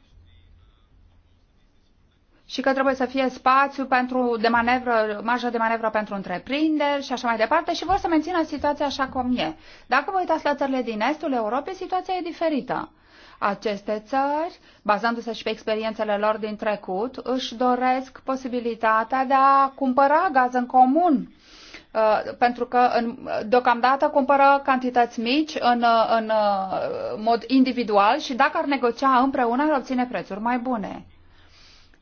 și că trebuie să fie spațiu pentru de manevră, marjă de manevră pentru întreprinderi și așa mai departe și vor să mențină situația așa cum e. Dacă vă uitați la țările din estul Europei, situația e diferită. Aceste țări, bazându-se și pe experiențele lor din trecut, își doresc posibilitatea de a cumpăra gaz în comun uh, pentru că deocamdată cumpără cantități mici în, uh, în uh, mod individual și dacă ar negocia împreună ar obține prețuri mai bune.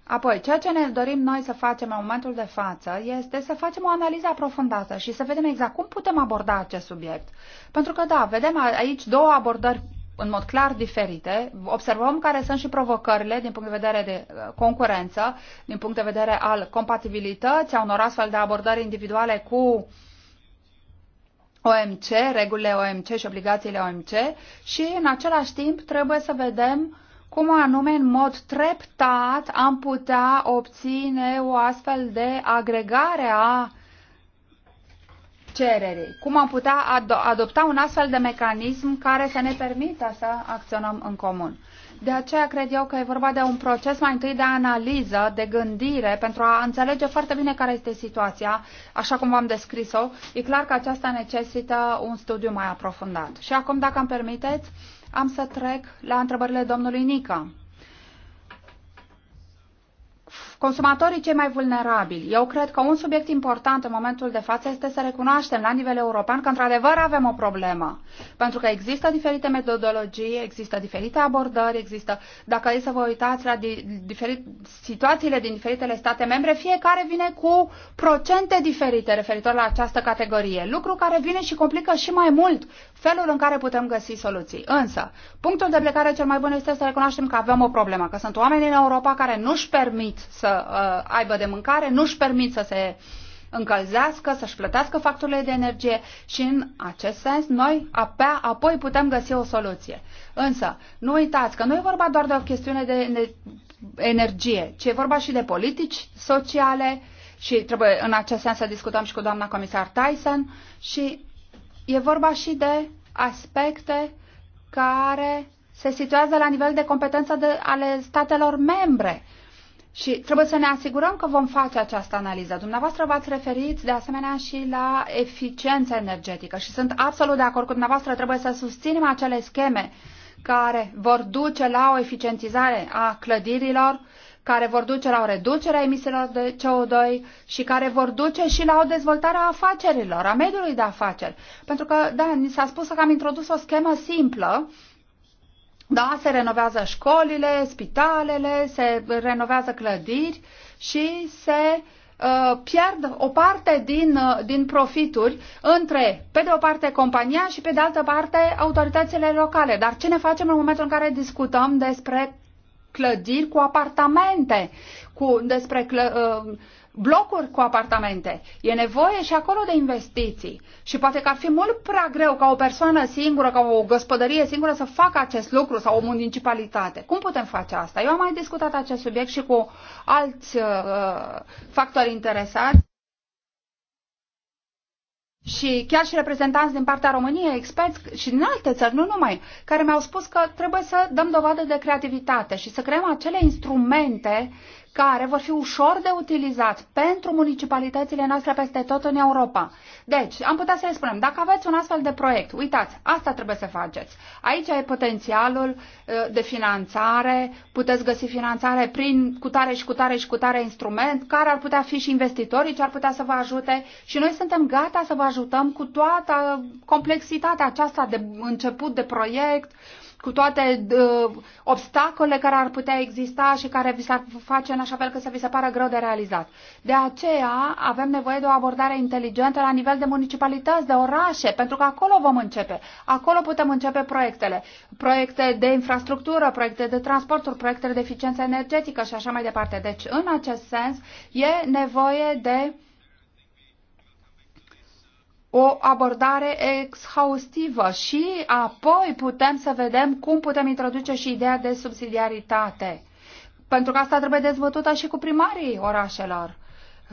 Apoi, ceea ce ne dorim noi să facem în momentul de față este să facem o analiză aprofundată și să vedem exact cum putem aborda acest subiect. Pentru că, da, vedem aici două abordări în mod clar diferite. Observăm care sunt și provocările din punct de vedere de uh, concurență, din punct de vedere al compatibilității a unor astfel de abordări individuale cu OMC, regulile OMC și obligațiile OMC și în același timp trebuie să vedem cum anume în mod treptat am putea obține o astfel de agregare a cererii. Cum am putea ad- adopta un astfel de mecanism care să ne permită să acționăm în comun. De aceea cred eu că e vorba de un proces mai întâi de analiză, de gândire, pentru a înțelege foarte bine care este situația, așa cum v-am descris-o. E clar că aceasta necesită un studiu mai aprofundat. Și acum, dacă îmi permiteți, am să trec la întrebările domnului Nica consumatorii cei mai vulnerabili. Eu cred că un subiect important în momentul de față este să recunoaștem la nivel european că într-adevăr avem o problemă. Pentru că există diferite metodologii, există diferite abordări, există, dacă e să vă uitați la di, diferit, situațiile din diferitele state membre, fiecare vine cu procente diferite referitor la această categorie, lucru care vine și complică și mai mult felul în care putem găsi soluții. Însă, punctul de plecare cel mai bun este să recunoaștem că avem o problemă, că sunt oameni în Europa care nu-și permit să să uh, aibă de mâncare, nu-și permit să se încălzească, să-și plătească facturile de energie și în acest sens noi apea, apoi putem găsi o soluție. Însă, nu uitați că nu e vorba doar de o chestiune de energie, ci e vorba și de politici sociale și trebuie în acest sens să discutăm și cu doamna comisar Tyson și e vorba și de aspecte care se situează la nivel de competență de, ale statelor membre. Și trebuie să ne asigurăm că vom face această analiză. Dumneavoastră v-ați referit de asemenea și la eficiența energetică și sunt absolut de acord cu dumneavoastră, trebuie să susținem acele scheme care vor duce la o eficientizare a clădirilor, care vor duce la o reducere a emisiilor de CO2 și care vor duce și la o dezvoltare a afacerilor, a mediului de afaceri. Pentru că, da, ni s-a spus că am introdus o schemă simplă, da, se renovează școlile, spitalele, se renovează clădiri și se uh, pierd o parte din, uh, din profituri între, pe de o parte, compania și, pe de altă parte, autoritățile locale. Dar ce ne facem în momentul în care discutăm despre clădiri cu apartamente, cu, despre clă, uh, blocuri cu apartamente. E nevoie și acolo de investiții. Și poate că ar fi mult prea greu ca o persoană singură, ca o gospodărie singură să facă acest lucru sau o municipalitate. Cum putem face asta? Eu am mai discutat acest subiect și cu alți uh, factori interesați. Și chiar și reprezentanți din partea României, experți și din alte țări, nu numai, care mi-au spus că trebuie să dăm dovadă de creativitate și să creăm acele instrumente care vor fi ușor de utilizat pentru municipalitățile noastre peste tot în Europa. Deci, am putea să le spunem, dacă aveți un astfel de proiect, uitați, asta trebuie să faceți. Aici e potențialul uh, de finanțare, puteți găsi finanțare prin cutare și cutare și cutare instrument, care ar putea fi și investitorii ce ar putea să vă ajute și noi suntem gata să vă ajutăm cu toată complexitatea aceasta de început de proiect, uh, cu toate uh, obstacolele care ar putea exista și care vi s-ar face în așa fel că să vi se pară greu de realizat. De aceea avem nevoie de o abordare inteligentă la nivel de municipalități, de orașe, pentru că acolo vom începe. Acolo putem începe proiectele. Proiecte de infrastructură, proiecte de transporturi, proiecte de eficiență energetică și așa mai departe. Deci, în acest sens, e nevoie de o abordare exhaustivă și apoi putem să vedem cum putem introduce și ideea de subsidiaritate. Pentru că asta trebuie dezbătută și cu primarii orașelor.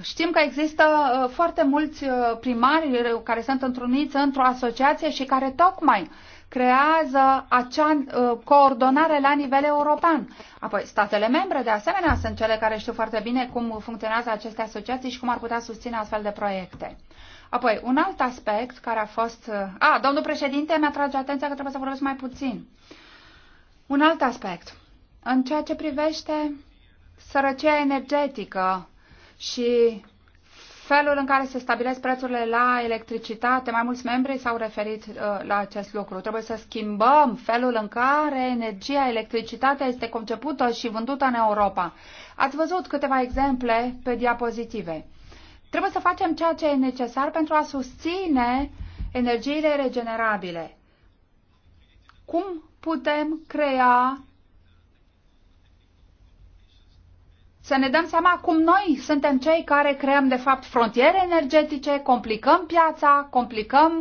Știm că există uh, foarte mulți uh, primari care sunt întruniți într-o asociație și care tocmai creează acea uh, coordonare la nivel european. Apoi, statele membre, de asemenea, sunt cele care știu foarte bine cum funcționează aceste asociații și cum ar putea susține astfel de proiecte. Apoi, un alt aspect care a fost... Uh, a, domnul președinte mi a trage atenția că trebuie să vorbesc mai puțin. Un alt aspect. În ceea ce privește sărăcia energetică și felul în care se stabilesc prețurile la electricitate, mai mulți membri s-au referit uh, la acest lucru. Trebuie să schimbăm felul în care energia, electricitatea este concepută și vândută în Europa. Ați văzut câteva exemple pe diapozitive. Trebuie să facem ceea ce e necesar pentru a susține energiile regenerabile. Cum putem crea să ne dăm seama cum noi suntem cei care creăm, de fapt, frontiere energetice, complicăm piața, complicăm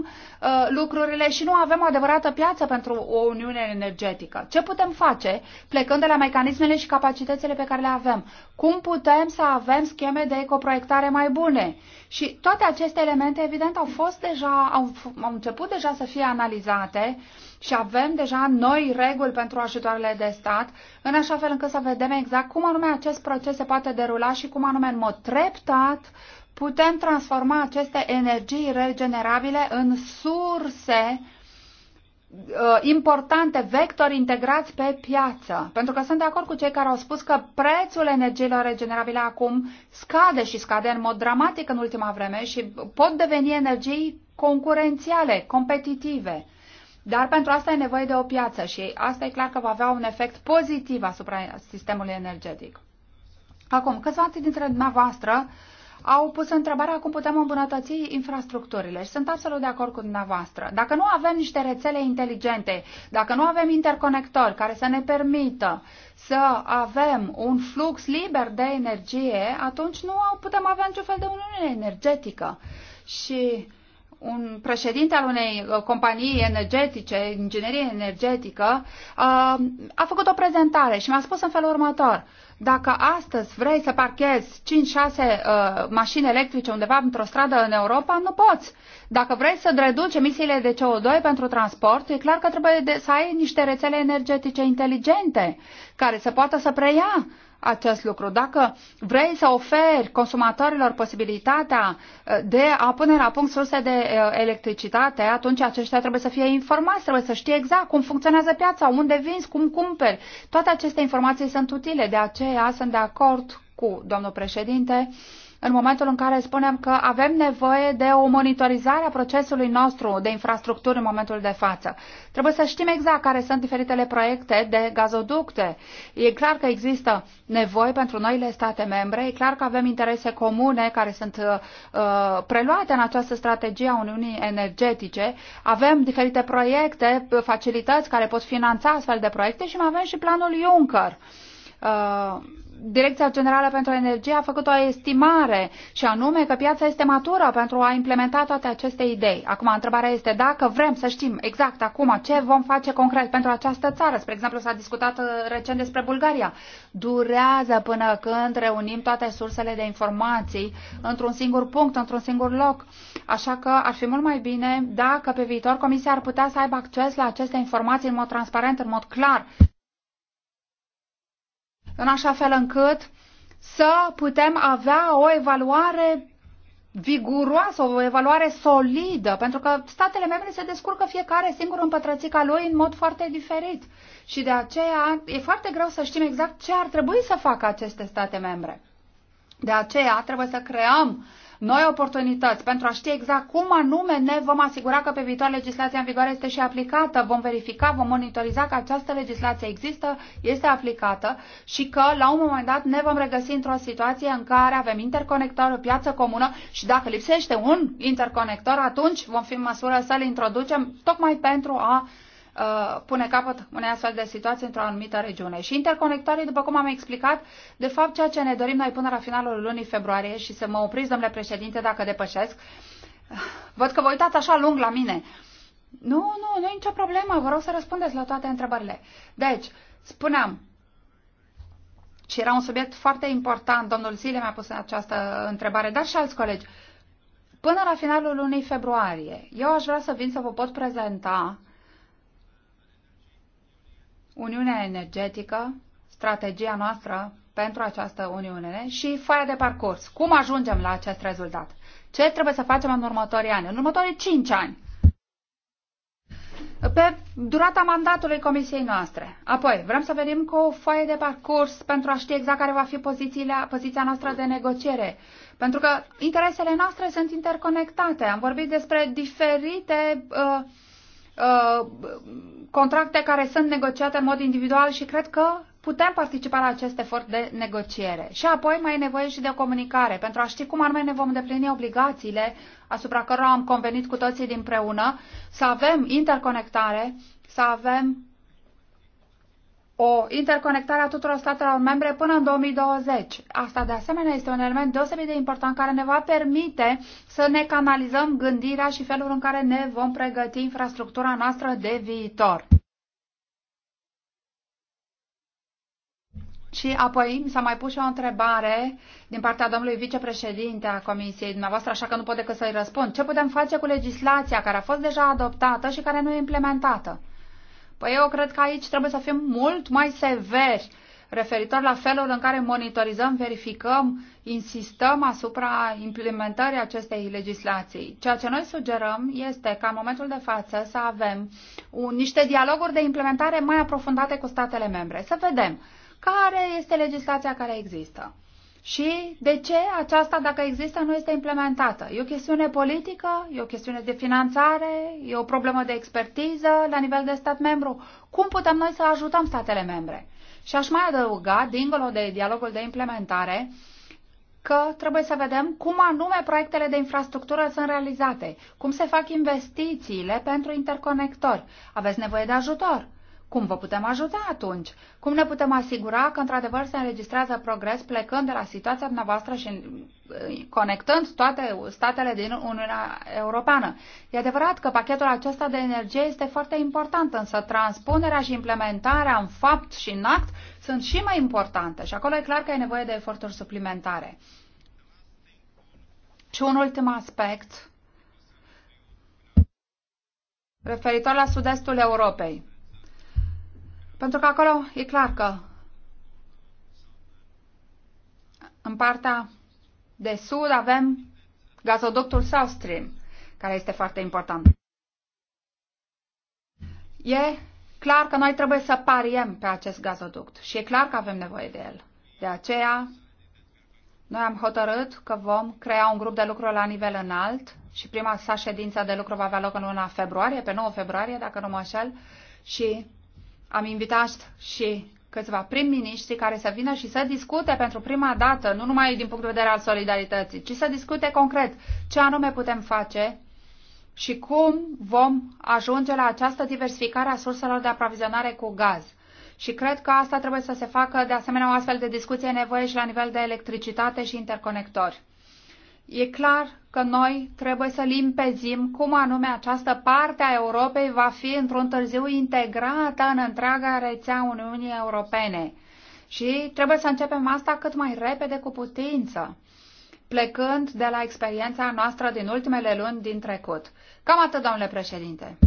uh, lucrurile și nu avem o adevărată piață pentru o uniune energetică. Ce putem face plecând de la mecanismele și capacitățile pe care le avem? Cum putem să avem scheme de ecoproiectare mai bune? Și toate aceste elemente, evident, au fost deja, au, au început deja să fie analizate uh, și avem deja noi reguli pentru ajutoarele de stat, în așa fel încât să vedem exact cum anume acest proces se poate derula și cum anume în mod treptat putem transforma aceste energii regenerabile în surse uh, importante vectori integrați pe piață. Pentru că sunt de acord cu cei care au spus că prețul energiilor regenerabile acum scade și scade în mod dramatic în ultima vreme și pot deveni energii concurențiale, competitive. Dar pentru asta e nevoie de o piață și asta e clar că va avea un efect pozitiv asupra sistemului energetic. Acum, câțiva dintre dumneavoastră au pus întrebarea cum putem îmbunătăți infrastructurile și sunt absolut de acord cu dumneavoastră. Dacă nu avem niște rețele inteligente, dacă nu avem interconectori care să ne permită să avem un flux liber de energie, atunci nu putem avea niciun fel de uniune energetică. Și un președinte al unei uh, companii energetice, inginerie energetică, uh, a făcut o prezentare și mi-a spus în felul următor. Dacă astăzi vrei să parchezi 5-6 uh, mașini electrice undeva într-o stradă în Europa, nu poți. Dacă vrei să reduci emisiile de CO2 pentru transport, e clar că trebuie de, să ai niște rețele energetice inteligente care să poată să preia acest lucru. Dacă vrei să oferi consumatorilor posibilitatea uh, de a pune la punct surse de uh, electricitate, atunci aceștia trebuie să fie informați, trebuie să știe exact cum funcționează piața, unde vinzi, cum cumperi. Toate aceste informații sunt utile, de aceea sunt de acord cu domnul președinte în momentul în care spunem că avem nevoie de o monitorizare a procesului nostru de infrastructură în momentul de față. Trebuie să știm exact care sunt diferitele proiecte de gazoducte. E clar că există nevoi pentru noile state membre, e clar că avem interese comune care sunt uh, preluate în această strategie a Uniunii Energetice, avem diferite proiecte, uh, facilități care pot finanța astfel de proiecte și mai avem și planul Juncker. Uh, Direcția Generală pentru Energie a făcut o estimare și anume că piața este matură pentru a implementa toate aceste idei. Acum, întrebarea este dacă vrem să știm exact acum ce vom face concret pentru această țară. Spre exemplu, s-a discutat uh, recent despre Bulgaria. Durează până când reunim toate sursele de informații într-un singur punct, într-un singur loc. Așa că ar fi mult mai bine dacă pe viitor Comisia ar putea să aibă acces la aceste informații în mod transparent, în mod clar în așa fel încât să putem avea o evaluare viguroasă, o evaluare solidă, pentru că statele membre se descurcă fiecare singur în pătrățica lui în mod foarte diferit. Și de aceea e foarte greu să știm exact ce ar trebui să facă aceste state membre. De aceea trebuie să creăm noi oportunități pentru a ști exact cum anume ne vom asigura că pe viitor legislația în vigoare este și aplicată. Vom verifica, vom monitoriza că această legislație există, este aplicată și că la un moment dat ne vom regăsi într-o situație în care avem interconector, o piață comună și dacă lipsește un interconector, atunci vom fi în măsură să-l introducem tocmai pentru a uh, Uh, pune capăt unei astfel de situații într-o anumită regiune. Și interconectare, după cum am explicat, de fapt ceea ce ne dorim noi până la finalul lunii februarie și să mă opriți, domnule președinte, dacă depășesc, văd că vă uitați așa lung la mine. Nu, nu, nu e nicio problemă, vă rog să răspundeți la toate întrebările. Deci, spuneam, și era un subiect foarte important, domnul Zile mi-a pus această întrebare, dar și alți colegi. Până la finalul lunii februarie, eu aș vrea să vin să vă pot prezenta Uniunea energetică, strategia noastră pentru această Uniune și foaia de parcurs. Cum ajungem la acest rezultat? Ce trebuie să facem în următorii ani? În următorii 5 ani. Pe durata mandatului comisiei noastre. Apoi, vrem să venim cu o foaie de parcurs pentru a ști exact care va fi poziția, poziția noastră de negociere. Pentru că interesele noastre sunt interconectate. Am vorbit despre diferite uh, Uh, contracte care sunt negociate în mod individual și cred că putem participa la acest efort de negociere. Și apoi mai e nevoie și de o comunicare pentru a ști cum anume ne vom deplini obligațiile asupra cărora am convenit cu toții preună, să avem interconectare, să avem o interconectare a tuturor statelor membre până în 2020. Asta de asemenea este un element deosebit de important care ne va permite să ne canalizăm gândirea și felul în care ne vom pregăti infrastructura noastră de viitor. Și apoi mi s-a mai pus și o întrebare din partea domnului vicepreședinte a Comisiei dumneavoastră, așa că nu pot decât să-i răspund. Ce putem face cu legislația care a fost deja adoptată și care nu e implementată? Păi eu cred că aici trebuie să fim mult mai severi referitor la felul în care monitorizăm, verificăm, insistăm asupra implementării acestei legislații. Ceea ce noi sugerăm este ca în momentul de față să avem un, niște dialoguri de implementare mai aprofundate cu statele membre. Să vedem care este legislația care există. Și de ce aceasta, dacă există, nu este implementată? E o chestiune politică, e o chestiune de finanțare, e o problemă de expertiză la nivel de stat membru. Cum putem noi să ajutăm statele membre? Și aș mai adăuga, dincolo de dialogul de implementare, că trebuie să vedem cum anume proiectele de infrastructură sunt realizate, cum se fac investițiile pentru interconectori. Aveți nevoie de ajutor. Cum vă putem ajuta atunci? Cum ne putem asigura că într-adevăr se înregistrează progres plecând de la situația dumneavoastră și uh, conectând toate statele din Uniunea Europeană? E adevărat că pachetul acesta de energie este foarte important, însă transpunerea și implementarea în fapt și în act sunt și mai importante și acolo e clar că e nevoie de eforturi suplimentare. Și un ultim aspect referitor la sud-estul Europei. Pentru că acolo e clar că în partea de sud avem gazoductul South Stream, care este foarte important. E clar că noi trebuie să pariem pe acest gazoduct și e clar că avem nevoie de el. De aceea, noi am hotărât că vom crea un grup de lucru la nivel înalt și prima sa ședință de lucru va avea loc în luna februarie, pe 9 februarie, dacă nu mă așel, și am invitat și câțiva prim-miniștri care să vină și să discute pentru prima dată, nu numai din punct de vedere al solidarității, ci să discute concret ce anume putem face și cum vom ajunge la această diversificare a surselor de aprovizionare cu gaz. Și cred că asta trebuie să se facă, de asemenea, o astfel de discuție nevoie și la nivel de electricitate și interconectori. E clar că noi trebuie să limpezim cum anume această parte a Europei va fi într-un târziu integrată în întreaga rețea Uniunii Europene. Și trebuie să începem asta cât mai repede cu putință, plecând de la experiența noastră din ultimele luni din trecut. Cam atât, domnule președinte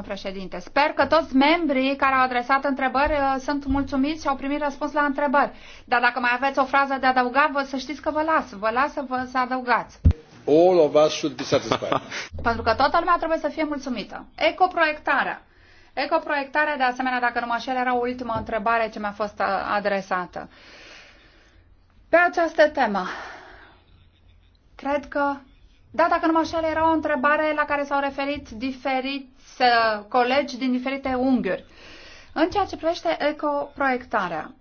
președinte. Sper că toți membrii care au adresat întrebări uh, sunt mulțumiți și au primit răspuns la întrebări. Dar dacă mai aveți o frază de adăugat, vă să știți că vă las. Vă las să vă să adăugați. All of us should be satisfied. Pentru că toată lumea trebuie să fie mulțumită. Ecoproiectarea. Ecoproiectarea, de asemenea, dacă nu mă așa, era ultima întrebare ce mi-a fost uh, adresată. Pe această temă, cred că da, dacă nu mă așa, era o întrebare la care s-au referit diferiți uh, colegi din diferite unghiuri. În ceea ce privește ecoproiectarea,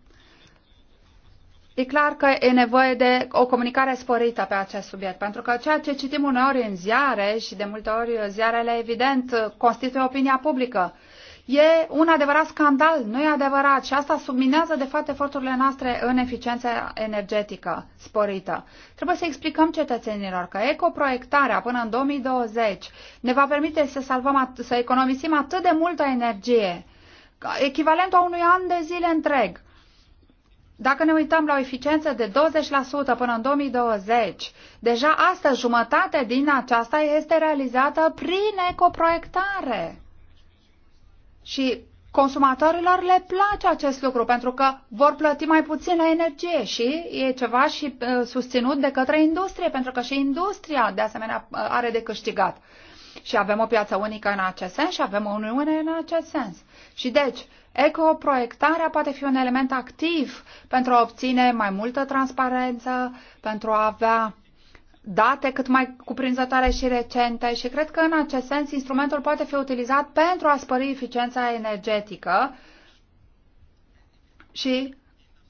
E clar că e nevoie de o comunicare sporită pe acest subiect, pentru că ceea ce citim uneori în ziare și de multe ori ziarele, evident, constituie opinia publică. E un adevărat scandal, nu e adevărat și asta subminează de fapt eforturile noastre în eficiența energetică sporită. Trebuie să explicăm cetățenilor că ecoproiectarea până în 2020 ne va permite să, salvăm, să economisim atât de multă energie, echivalentul a unui an de zile întreg. Dacă ne uităm la o eficiență de 20% până în 2020, deja astăzi jumătate din aceasta este realizată prin ecoproiectare. Și consumatorilor le place acest lucru pentru că vor plăti mai puțin la energie și e ceva și uh, susținut de către industrie, pentru că și industria de asemenea uh, are de câștigat. Și avem o piață unică în acest sens și avem o uniune în acest sens. Și deci, ecoproiectarea poate fi un element activ pentru a obține mai multă transparență, pentru a avea date cât mai cuprinzătoare și recente și cred că în acest sens instrumentul poate fi utilizat pentru a spări eficiența energetică și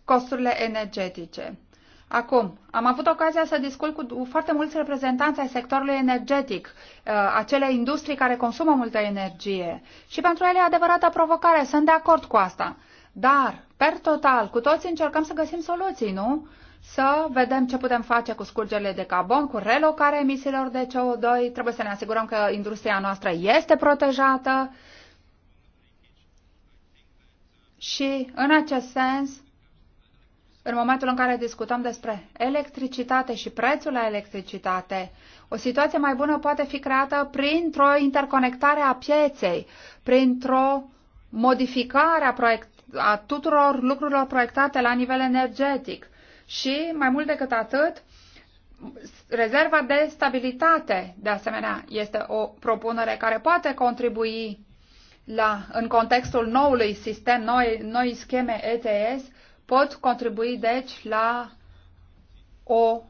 costurile energetice. Acum, am avut ocazia să discut cu foarte mulți reprezentanți ai sectorului energetic, uh, acele industrii care consumă multă energie și pentru ele e adevărată provocare, sunt de acord cu asta. Dar, per total, cu toți încercăm să găsim soluții, nu? să vedem ce putem face cu scurgerile de carbon, cu relocarea emisiilor de CO2. Trebuie să ne asigurăm că industria noastră este protejată. Și în acest sens, în momentul în care discutăm despre electricitate și prețul la electricitate, o situație mai bună poate fi creată printr-o interconectare a pieței, printr-o modificare a, proiect- a tuturor lucrurilor proiectate la nivel energetic și, mai mult decât atât, rezerva de stabilitate, de asemenea, este o propunere care poate contribui la, în contextul noului sistem, noi, noi scheme ETS, pot contribui, deci, la o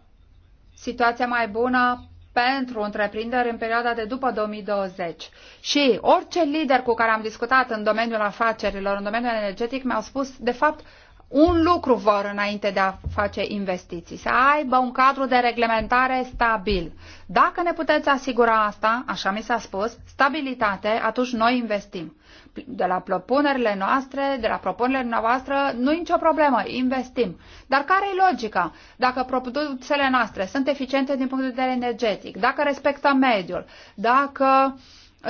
situație mai bună pentru întreprinderi în perioada de după 2020. Și orice lider cu care am discutat în domeniul afacerilor, în domeniul energetic, mi-au spus, de fapt, un lucru vor înainte de a face investiții, să aibă un cadru de reglementare stabil. Dacă ne puteți asigura asta, așa mi s-a spus, stabilitate, atunci noi investim. De la propunerile noastre, de la propunerile noastre, nu e nicio problemă, investim. Dar care e logica? Dacă produsele noastre sunt eficiente din punct de vedere energetic, dacă respectă mediul, dacă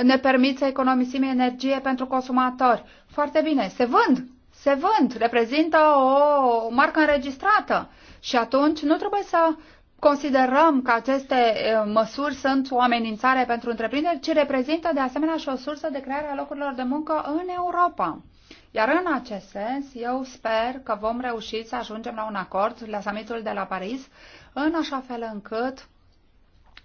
ne permit să economisim energie pentru consumatori, foarte bine, se vând se vând, reprezintă o marcă înregistrată și atunci nu trebuie să considerăm că aceste măsuri sunt o amenințare pentru întreprinderi, ci reprezintă de asemenea și o sursă de creare a locurilor de muncă în Europa. Iar în acest sens, eu sper că vom reuși să ajungem la un acord la summitul de la Paris, în așa fel încât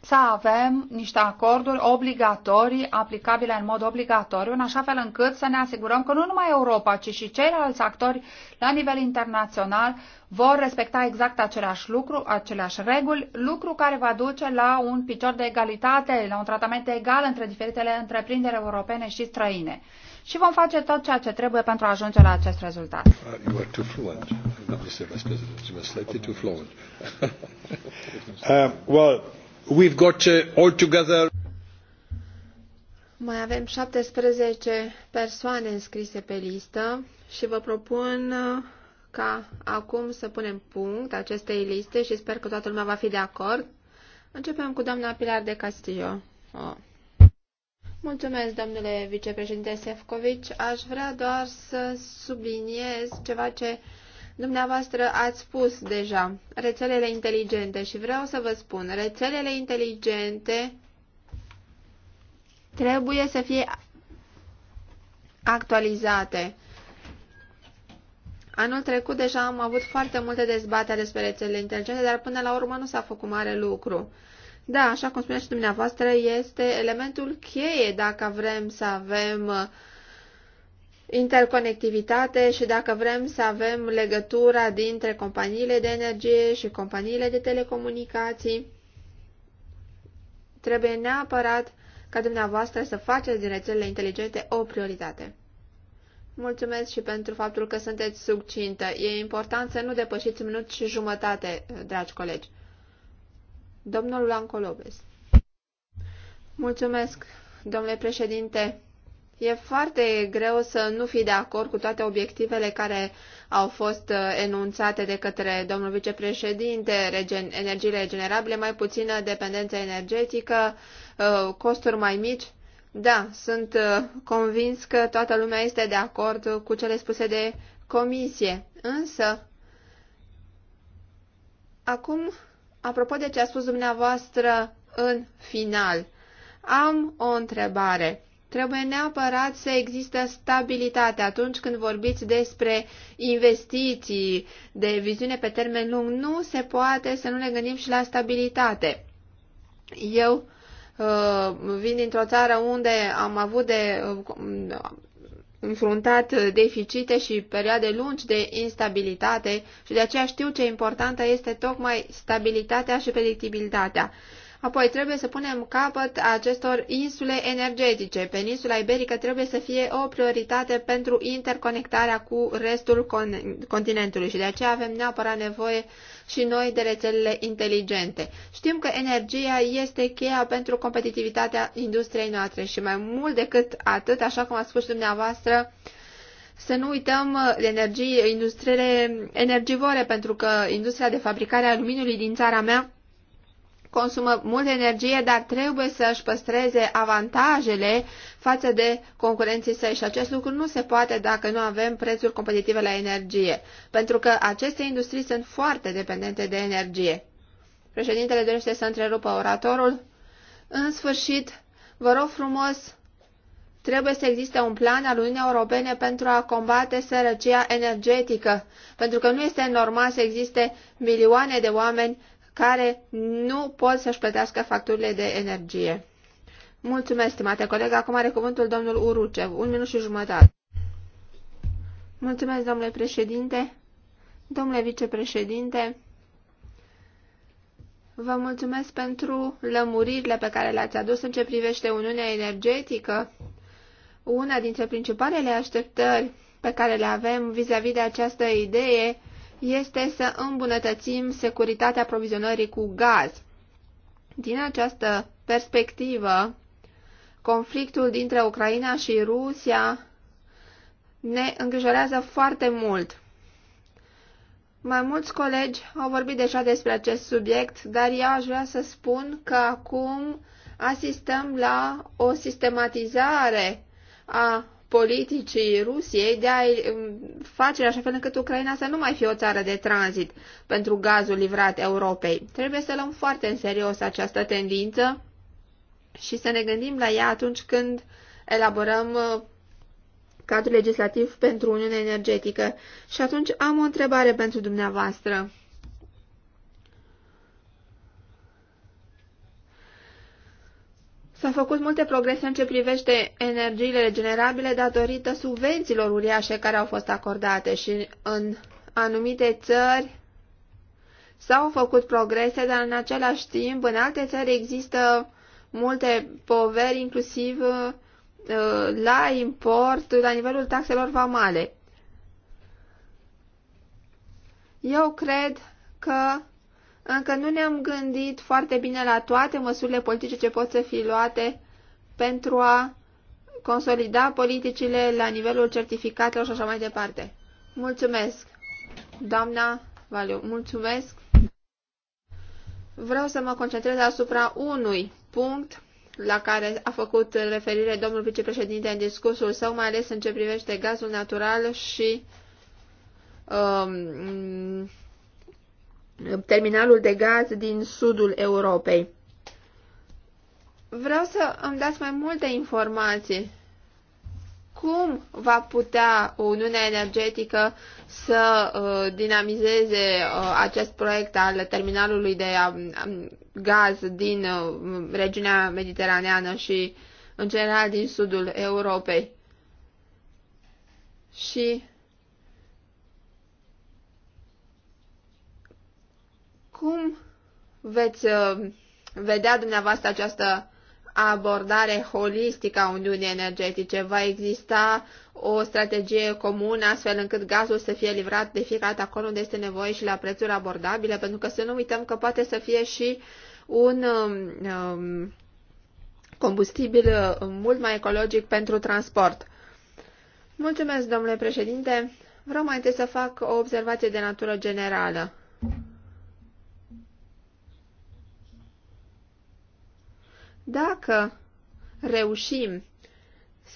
să avem niște acorduri obligatorii, aplicabile în mod obligatoriu, în așa fel încât să ne asigurăm că nu numai Europa, ci și ceilalți actori la nivel internațional vor respecta exact același lucru, aceleași reguli, lucru care va duce la un picior de egalitate, la un tratament egal între diferitele întreprinderi europene și străine. Și vom face tot ceea ce trebuie pentru a ajunge la acest rezultat. Uh, you are too uh, We've got uh, Mai avem 17 persoane înscrise pe listă și vă propun uh, ca acum să punem punct acestei liste și sper că toată lumea va fi de acord. Începem cu doamna Pilar de Castillo. Oh. Mulțumesc, domnule vicepreședinte Sefcovici. Aș vrea doar să subliniez ceva ce Dumneavoastră ați spus deja rețelele inteligente și vreau să vă spun, rețelele inteligente trebuie să fie actualizate. Anul trecut deja am avut foarte multe dezbateri despre rețelele inteligente, dar până la urmă nu s-a făcut mare lucru. Da, așa cum spuneți și dumneavoastră, este elementul cheie dacă vrem să avem interconectivitate și dacă vrem să avem legătura dintre companiile de energie și companiile de telecomunicații, trebuie neapărat ca dumneavoastră să faceți din rețelele inteligente o prioritate. Mulțumesc și pentru faptul că sunteți succintă. E important să nu depășiți minut și jumătate, dragi colegi. Domnul Lanco Mulțumesc, domnule președinte. E foarte greu să nu fii de acord cu toate obiectivele care au fost uh, enunțate de către domnul vicepreședinte, regen, energiile regenerabile, mai puțină dependență energetică, uh, costuri mai mici. Da, sunt uh, convins că toată lumea este de acord cu cele spuse de comisie. Însă, acum, apropo de ce a spus dumneavoastră în final, am o întrebare. Trebuie neapărat să există stabilitate atunci când vorbiți despre investiții, de viziune pe termen lung. Nu se poate să nu ne gândim și la stabilitate. Eu uh, vin dintr-o țară unde am avut de uh, înfruntat deficite și perioade lungi de instabilitate și de aceea știu ce importantă este tocmai stabilitatea și predictibilitatea. Apoi trebuie să punem capăt acestor insule energetice. Peninsula iberică trebuie să fie o prioritate pentru interconectarea cu restul con continentului și de aceea avem neapărat nevoie și noi de rețelele inteligente. Știm că energia este cheia pentru competitivitatea industriei noastre și mai mult decât atât, așa cum a spus dumneavoastră, să nu uităm energie, industriile energivore, pentru că industria de fabricare a aluminiului din țara mea consumă multă energie, dar trebuie să își păstreze avantajele față de concurenții săi și acest lucru nu se poate dacă nu avem prețuri competitive la energie, pentru că aceste industrii sunt foarte dependente de energie. Președintele dorește să întrerupă oratorul. În sfârșit, vă rog frumos, trebuie să existe un plan al Uniunii Europene pentru a combate sărăcia energetică, pentru că nu este normal să existe milioane de oameni care nu pot să-și plătească facturile de energie. Mulțumesc, stimate coleg. Acum are cuvântul domnul Urucev. Un minut și jumătate. Mulțumesc, domnule președinte. Domnule vicepreședinte, vă mulțumesc pentru lămuririle pe care le-ați adus în ce privește Uniunea Energetică. Una dintre principalele așteptări pe care le avem vis-a-vis -vis de această idee este să îmbunătățim securitatea aprovizionării cu gaz. Din această perspectivă, conflictul dintre Ucraina și Rusia ne îngrijorează foarte mult. Mai mulți colegi au vorbit deja despre acest subiect, dar eu aș vrea să spun că acum asistăm la o sistematizare a politicii Rusiei de a um, face așa fel încât Ucraina să nu mai fie o țară de tranzit pentru gazul livrat Europei. Trebuie să luăm foarte în serios această tendință și să ne gândim la ea atunci când elaborăm uh, cadrul legislativ pentru Uniunea Energetică. Și atunci am o întrebare pentru dumneavoastră. S-au făcut multe progrese în ce privește energiile regenerabile datorită subvențiilor uriașe care au fost acordate și în anumite țări s-au făcut progrese, dar în același timp în alte țări există multe poveri, inclusiv uh, la import, la nivelul taxelor vamale. Eu cred că încă nu ne-am gândit foarte bine la toate măsurile politice ce pot să fie luate pentru a consolida politicile la nivelul certificatelor și așa mai departe. Mulțumesc, doamna Valiu, mulțumesc. Vreau să mă concentrez asupra unui punct la care a făcut referire domnul vicepreședinte în discursul său, mai ales în ce privește gazul natural și um, terminalul de gaz din sudul Europei. Vreau să îmi dați mai multe informații. Cum va putea Uniunea Energetică să uh, dinamizeze uh, acest proiect al terminalului de uh, gaz din uh, regiunea mediteraneană și, în general, din sudul Europei? Și Cum veți uh, vedea dumneavoastră această abordare holistică a Uniunii Energetice? Va exista o strategie comună astfel încât gazul să fie livrat de fiecare dată acolo unde este nevoie și la prețuri abordabile? Pentru că să nu uităm că poate să fie și un um, um combustibil uh, mult mai ecologic pentru transport. Mulțumesc, domnule președinte. Vreau mai întâi să fac o observație de natură generală. Dacă reușim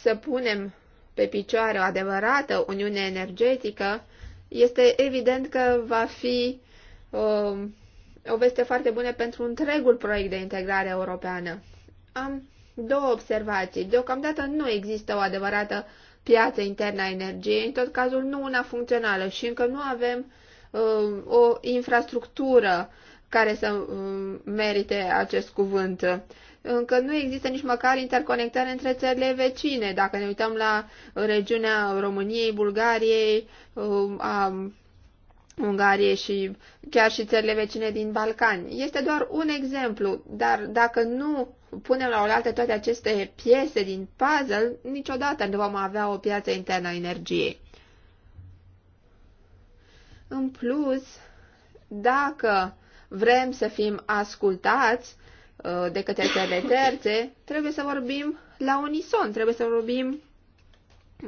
să punem pe picioare o adevărată uniune energetică, este evident că va fi o, um, o veste foarte bună pentru întregul proiect de integrare europeană. Am două observații. Deocamdată nu există o adevărată piață internă a energiei, în tot cazul nu una funcțională și încă nu avem uh, o infrastructură care să uh, merite acest cuvânt încă nu există nici măcar interconectare între țările vecine. Dacă ne uităm la regiunea României, Bulgariei, um, a Ungariei și chiar și țările vecine din Balcani. Este doar un exemplu, dar dacă nu punem la oaltă toate aceste piese din puzzle, niciodată nu vom avea o piață internă a energiei. În plus, dacă vrem să fim ascultați, Uh, de către cele terțe, trebuie să vorbim la unison, trebuie să vorbim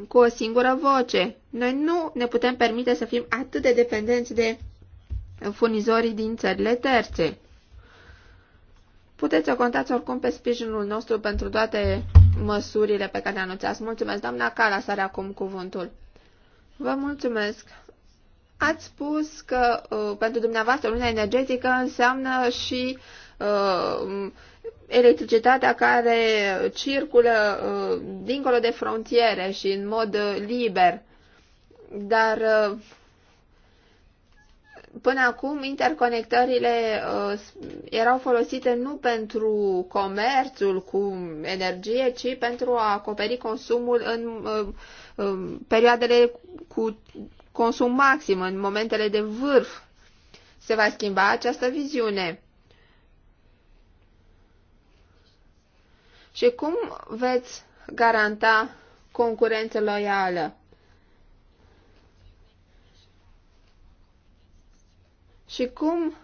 cu o singură voce. Noi nu ne putem permite să fim atât de dependenți de furnizorii din țările terțe. Puteți să contați oricum pe sprijinul nostru pentru toate măsurile pe care le anunțați. Mulțumesc, doamna Calas are acum cuvântul. Vă mulțumesc. Ați spus că uh, pentru dumneavoastră lumea energetică înseamnă și uh, uh, electricitatea care circulă uh, dincolo de frontiere și în mod uh, liber. Dar uh, până acum interconectările uh, erau folosite nu pentru comerțul cu energie, ci pentru a acoperi consumul în uh, perioadele cu consum maxim, în momentele de vârf. Se va schimba această viziune. Și cum veți garanta concurență loială? Și cum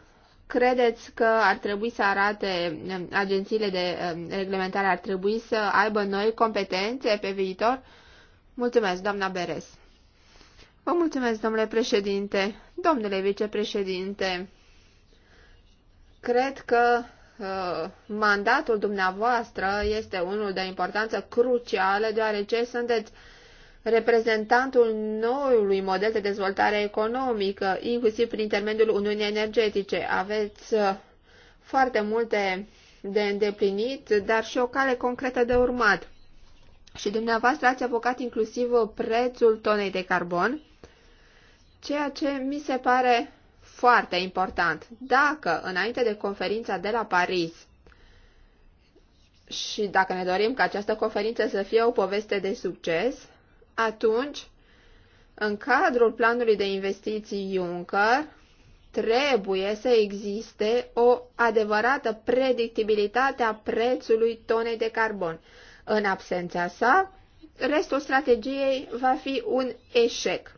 credeți că ar trebui să arate um, agențiile de um, reglementare, ar trebui să aibă noi competențe pe viitor? Mulțumesc, doamna Beres. Vă mulțumesc, domnule președinte, domnule vicepreședinte. Cred că Uh, mandatul dumneavoastră este unul de importanță crucială, deoarece sunteți reprezentantul noului model de dezvoltare economică, inclusiv prin intermediul Uniunii Energetice. Aveți uh, foarte multe de îndeplinit, dar și o cale concretă de urmat. Și dumneavoastră ați avocat inclusiv prețul tonei de carbon, ceea ce mi se pare foarte important. Dacă, înainte de conferința de la Paris, și dacă ne dorim ca această conferință să fie o poveste de succes, atunci, în cadrul planului de investiții Juncker, trebuie să existe o adevărată predictibilitate a prețului tonei de carbon. În absența sa, restul strategiei va fi un eșec.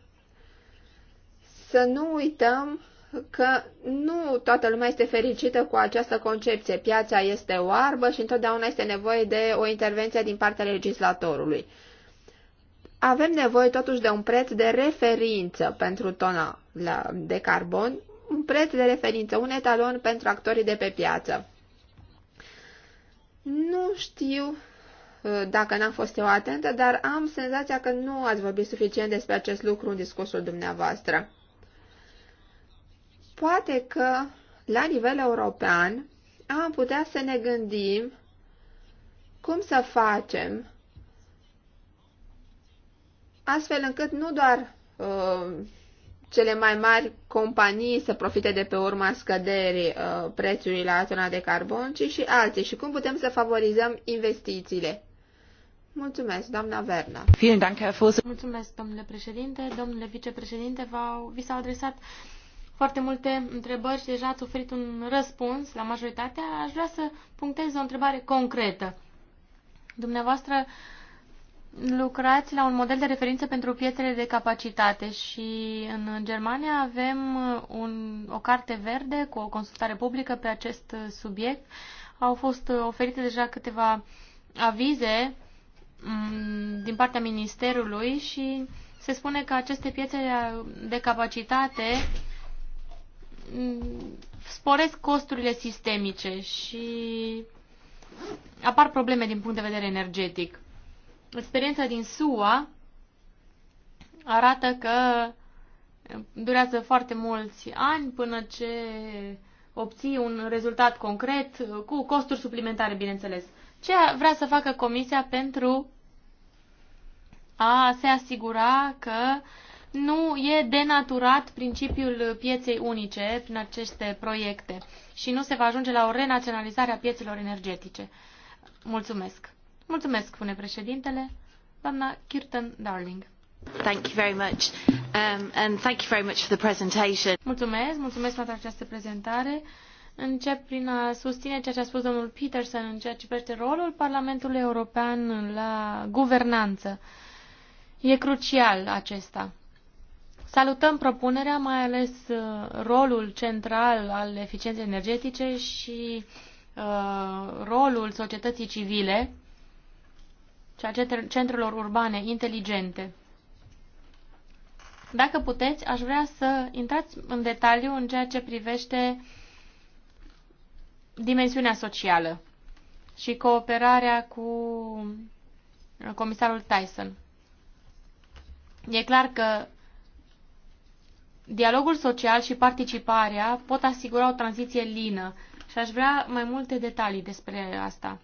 Să nu uităm că nu toată lumea este fericită cu această concepție. Piața este oarbă și întotdeauna este nevoie de o intervenție din partea legislatorului. Avem nevoie totuși de un preț de referință pentru tona de carbon, un preț de referință, un etalon pentru actorii de pe piață. Nu știu uh, dacă n-am fost eu atentă, dar am senzația că nu ați vorbit suficient despre acest lucru în discursul dumneavoastră. Poate că la nivel european am putea să ne gândim cum să facem astfel încât nu doar uh, cele mai mari companii să profite de pe urma scăderii uh, prețului la zona de carbon, ci și alții și cum putem să favorizăm investițiile. Mulțumesc, doamna Verna. Mulțumesc, domnule președinte. Domnule vicepreședinte, vi s-au adresat foarte multe întrebări și deja ați oferit un răspuns la majoritatea. Aș vrea să punctez o întrebare concretă. Dumneavoastră lucrați la un model de referință pentru piețele de capacitate și în Germania avem un, o carte verde cu o consultare publică pe acest subiect. Au fost oferite deja câteva avize mm, din partea Ministerului și se spune că aceste piețe de capacitate Mm, sporesc costurile sistemice și apar probleme din punct de vedere energetic. Experiența din SUA arată că durează foarte mulți ani până ce obții un rezultat concret cu costuri suplimentare, bineînțeles. Ce vrea să facă Comisia pentru a se asigura că nu e denaturat principiul pieței unice prin aceste proiecte și nu se va ajunge la o renaționalizare a piețelor energetice. Mulțumesc. Mulțumesc, spune președintele, doamna Kirsten Darling. Thank you very much. Um, and thank you very much for the presentation. Mulțumesc, mulțumesc pentru această prezentare. Încep prin a susține ceea ce a spus domnul Peterson în ceea ce privește rolul Parlamentului European la guvernanță. E crucial acesta. Salutăm propunerea, mai ales uh, rolul central al eficienței energetice și uh, rolul societății civile și a centrelor urbane inteligente. Dacă puteți, aș vrea să intrați în detaliu în ceea ce privește dimensiunea socială și cooperarea cu uh, comisarul Tyson. E clar că Dialogul social și participarea pot asigura o tranziție lină și aș vrea mai multe detalii despre asta.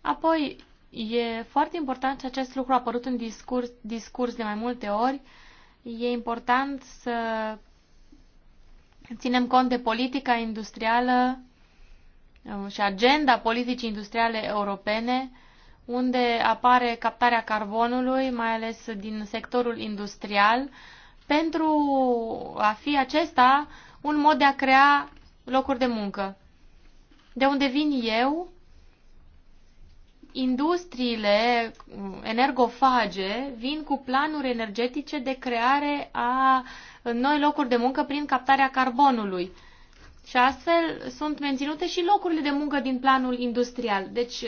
Apoi, e foarte important și acest lucru a apărut în discurs, discurs de mai multe ori. E important să ținem cont de politica industrială um, și agenda politicii industriale europene, unde apare captarea carbonului, mai ales din sectorul industrial, pentru a fi acesta un mod de a crea locuri de muncă. De unde vin eu, industriile energofage vin cu planuri energetice de creare a noi locuri de muncă prin captarea carbonului. Și astfel sunt menținute și locurile de muncă din planul industrial. Deci,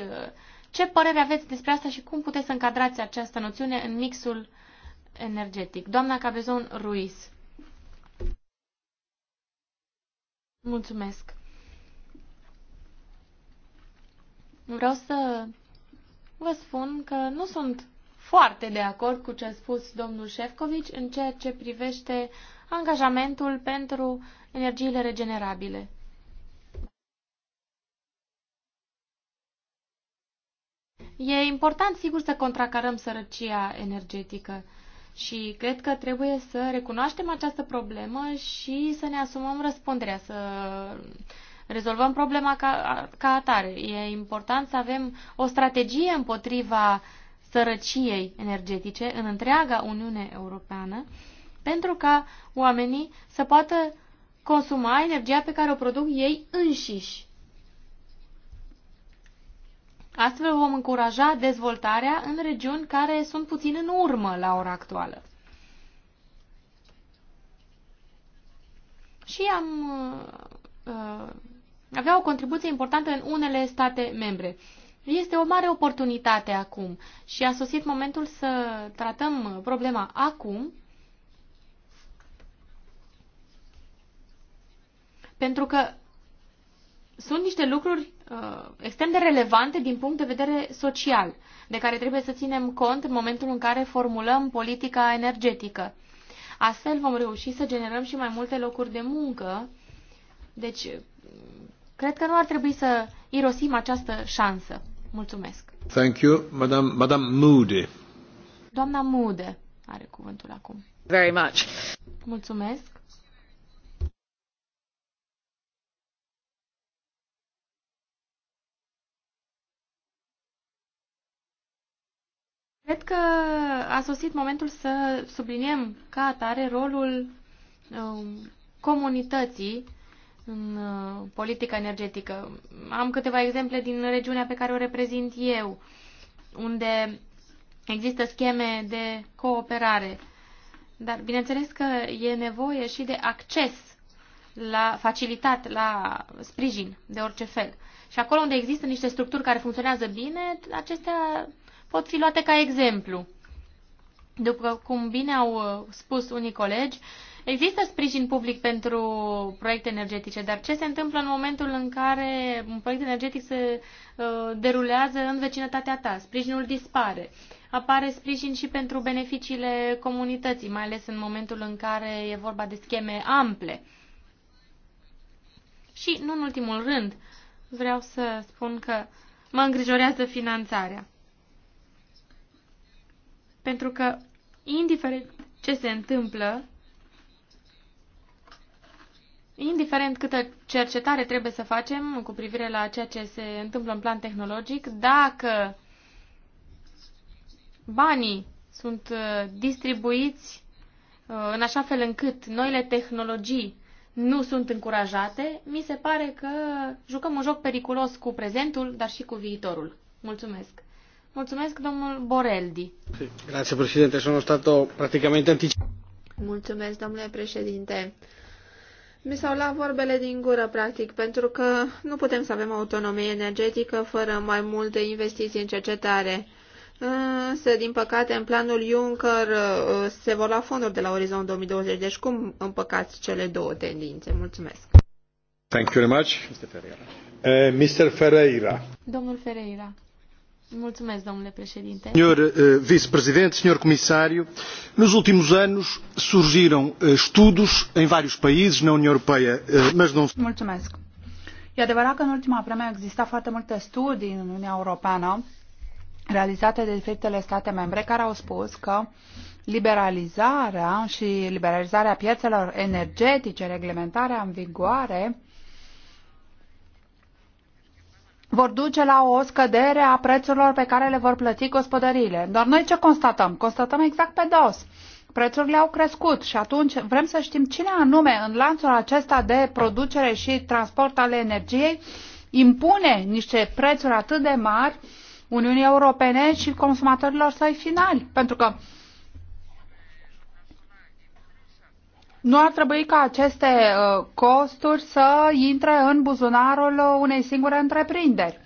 ce părere aveți despre asta și cum puteți să încadrați această noțiune în mixul energetic. Doamna Cabezon Ruiz. Mulțumesc. Vreau să vă spun că nu sunt foarte de acord cu ce a spus domnul Șefcovici în ceea ce privește angajamentul pentru energiile regenerabile. E important, sigur, să contracarăm sărăcia energetică. Și cred că trebuie să recunoaștem această problemă și să ne asumăm răspunderea, să rezolvăm problema ca, ca atare. E important să avem o strategie împotriva sărăciei energetice în întreaga Uniune Europeană pentru ca oamenii să poată consuma energia pe care o produc ei înșiși. Astfel vom încuraja dezvoltarea în regiuni care sunt puțin în urmă la ora actuală. Și am uh, avea o contribuție importantă în unele state membre. Este o mare oportunitate acum și a sosit momentul să tratăm problema acum, pentru că sunt niște lucruri Uh, extrem de relevante din punct de vedere social, de care trebuie să ținem cont în momentul în care formulăm politica energetică. Astfel vom reuși să generăm și mai multe locuri de muncă. Deci, cred că nu ar trebui să irosim această șansă. Mulțumesc. Thank you, Madame, Madame Moody. Doamna Moody are cuvântul acum. Very much. Mulțumesc. Cred că a sosit momentul să subliniem ca atare rolul um, comunității în uh, politica energetică. Am câteva exemple din regiunea pe care o reprezint eu, unde există scheme de cooperare. Dar bineînțeles că e nevoie și de acces la facilitat, la sprijin de orice fel. Și acolo unde există niște structuri care funcționează bine, acestea pot fi luate ca exemplu. După cum bine au uh, spus unii colegi, există sprijin public pentru proiecte energetice, dar ce se întâmplă în momentul în care un proiect energetic se uh, derulează în vecinătatea ta? Sprijinul dispare. Apare sprijin și pentru beneficiile comunității, mai ales în momentul în care e vorba de scheme ample. Și, nu în ultimul rând, vreau să spun că mă îngrijorează finanțarea. Pentru că, indiferent ce se întâmplă, indiferent câtă cercetare trebuie să facem cu privire la ceea ce se întâmplă în plan tehnologic, dacă banii sunt uh, distribuiți uh, în așa fel încât noile tehnologii nu sunt încurajate, mi se pare că jucăm un joc periculos cu prezentul, dar și cu viitorul. Mulțumesc! Mulțumesc, domnul Boreldi. Grazie, președinte. Sono stato praticamente Mulțumesc, domnule președinte. Mi s-au luat vorbele din gură, practic, pentru că nu putem să avem autonomie energetică fără mai multe investiții în cercetare. Însă, din păcate, în planul Juncker uh, se vor lua fonduri de la orizont 2020. Deci cum împăcați cele două tendințe? Mulțumesc. Thank you very much. Mr. Ferreira. Eh, Mr. Ferreira. Domnul Ferreira. Mulțumesc, domnule președinte. Senhor eh, vice-presidente, senhor comissário, nos últimos anos surgiram eh, estudos em vários países na União Europeia, eh, mas não... Mulțumesc. E adevărat că în ultima vreme au existat foarte multe studii în Uniunea Europeană realizate de diferitele state membre care au spus că liberalizarea și liberalizarea piețelor energetice, reglementarea în vigoare, vor duce la o scădere a prețurilor pe care le vor plăti gospodăriile. Doar noi ce constatăm? Constatăm exact pe dos. Prețurile au crescut și atunci vrem să știm cine anume în lanțul acesta de producere și transport ale energiei impune niște prețuri atât de mari Uniunii Europene și consumatorilor săi finali. Pentru că nu ar trebui ca aceste uh, costuri să intre în buzunarul uh, unei singure întreprinderi,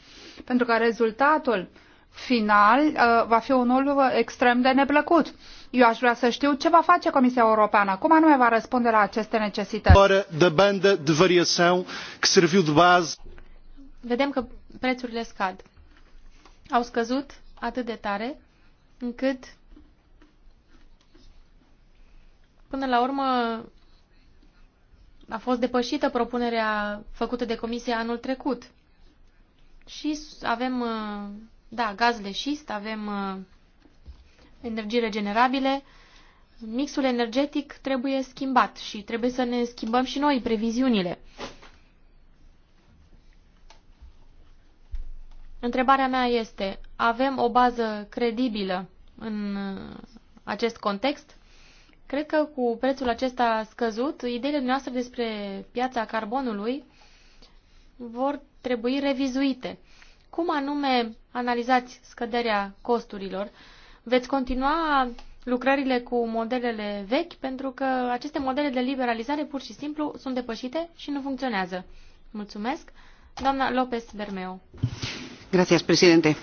pentru că rezultatul final uh, va fi unul extrem de neplăcut. Eu aș vrea să știu ce va face Comisia Europeană, cum anume va răspunde la aceste necesități. Fără de bandă de variação que serviu de bază. Vedem că prețurile scad. Au scăzut atât de tare încât Până la urmă, a fost depășită propunerea făcută de comisie anul trecut. Și avem, uh, da, gaz de șist, avem uh, energii regenerabile, mixul energetic trebuie schimbat și trebuie să ne schimbăm și noi previziunile. Întrebarea mea este, avem o bază credibilă în uh, acest context? Cred că cu prețul acesta scăzut, ideile noastre despre piața carbonului vor trebui revizuite. Cum anume analizați scăderea costurilor? Veți continua lucrările cu modelele vechi pentru că aceste modele de liberalizare pur și simplu sunt depășite și nu funcționează. Mulțumesc, doamna Lopez Bermeo.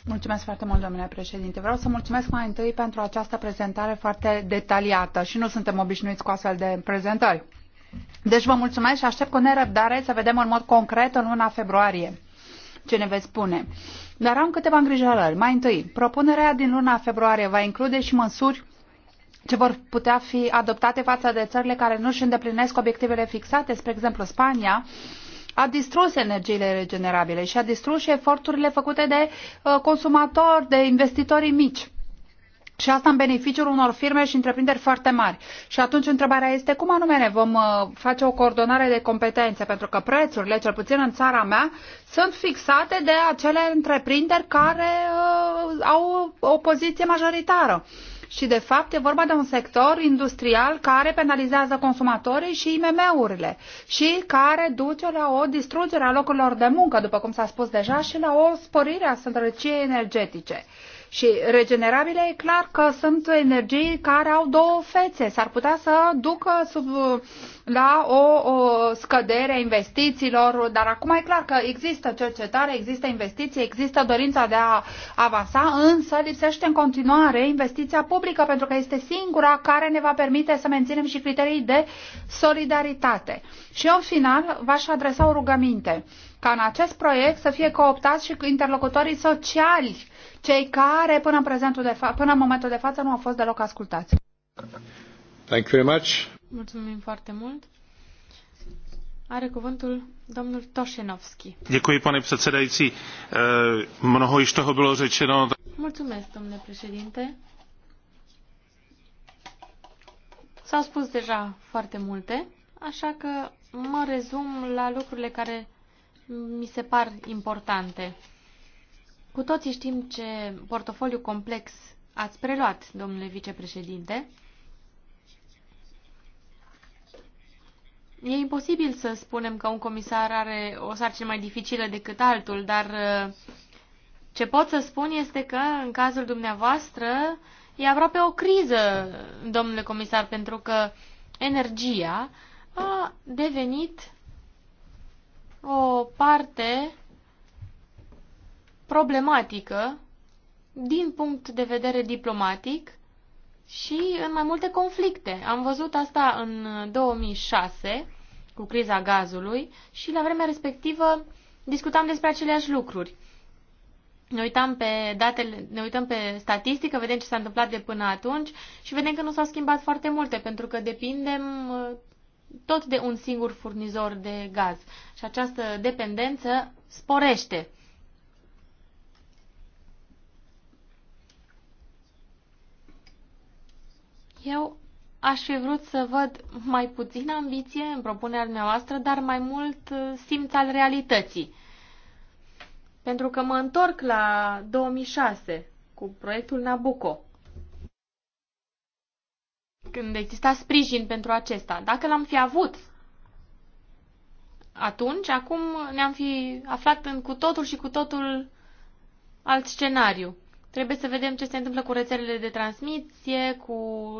Mulțumesc foarte mult, domnule președinte. Vreau să mulțumesc mai întâi pentru această prezentare foarte detaliată și nu suntem obișnuiți cu astfel de prezentări. Deci vă mulțumesc și aștept cu nerăbdare să vedem în mod concret în luna februarie ce ne veți spune. Dar am câteva îngrijorări. Mai întâi, propunerea din luna februarie va include și măsuri ce vor putea fi adoptate față de țările care nu își îndeplinesc obiectivele fixate, spre exemplu Spania, a distrus energiile regenerabile și a distrus și eforturile făcute de uh, consumatori, de investitorii mici. Și asta în beneficiul unor firme și întreprinderi foarte mari. Și atunci întrebarea este cum anume ne vom uh, face o coordonare de competențe, pentru că prețurile, cel puțin în țara mea, sunt fixate de acele întreprinderi care uh, au o poziție majoritară. Uh, și, de fapt, e vorba de un sector industrial care penalizează consumatorii și IMM-urile și care duce la o distrugere a locurilor de muncă, după cum s-a spus deja, și la o sporire a sărăciei energetice. Și regenerabile e clar că sunt energii care au două fețe. S-ar putea să ducă sub, la o, o scădere a investițiilor, dar acum e clar că există cercetare, există investiții, există dorința de a avansa, însă lipsește în continuare investiția publică pentru că este singura care ne va permite să menținem și criterii de solidaritate. Și eu, în final v-aș adresa o rugăminte ca în acest proiect să fie cooptați și interlocutorii sociali cei care până în, prezentul de fa- până în momentul de față nu au fost deloc ascultați. Thank you very much. Mulțumim foarte mult. Are cuvântul domnul Toșenovski. Děkuji, pane předsedající. Eh, mnoho již toho bylo řečeno. Mulțumesc, domnule președinte. S-au spus deja foarte multe, așa că mă rezum la lucrurile care mi se par importante. Cu toții știm ce portofoliu complex ați preluat, domnule vicepreședinte. E imposibil să spunem că un comisar are o sarcină mai dificilă decât altul, dar ce pot să spun este că, în cazul dumneavoastră, e aproape o criză, domnule comisar, pentru că energia a devenit o parte problematică din punct de vedere diplomatic și în mai multe conflicte. Am văzut asta în 2006 cu criza gazului și la vremea respectivă discutam despre aceleași lucruri. Ne uitam pe datele, ne uităm pe statistică, vedem ce s-a întâmplat de până atunci și vedem că nu s-au schimbat foarte multe, pentru că depindem uh, tot de un singur furnizor de gaz. Și această dependență sporește. Eu aș fi vrut să văd mai puțin ambiție în propunerea noastră, dar mai mult uh, simț al realității. Pentru că mă întorc la 2006 cu proiectul Nabucco. Când exista sprijin pentru acesta. Dacă l-am fi avut atunci, acum ne-am fi aflat în cu totul și cu totul alt scenariu. Trebuie să vedem ce se întâmplă cu rețelele de transmisie, cu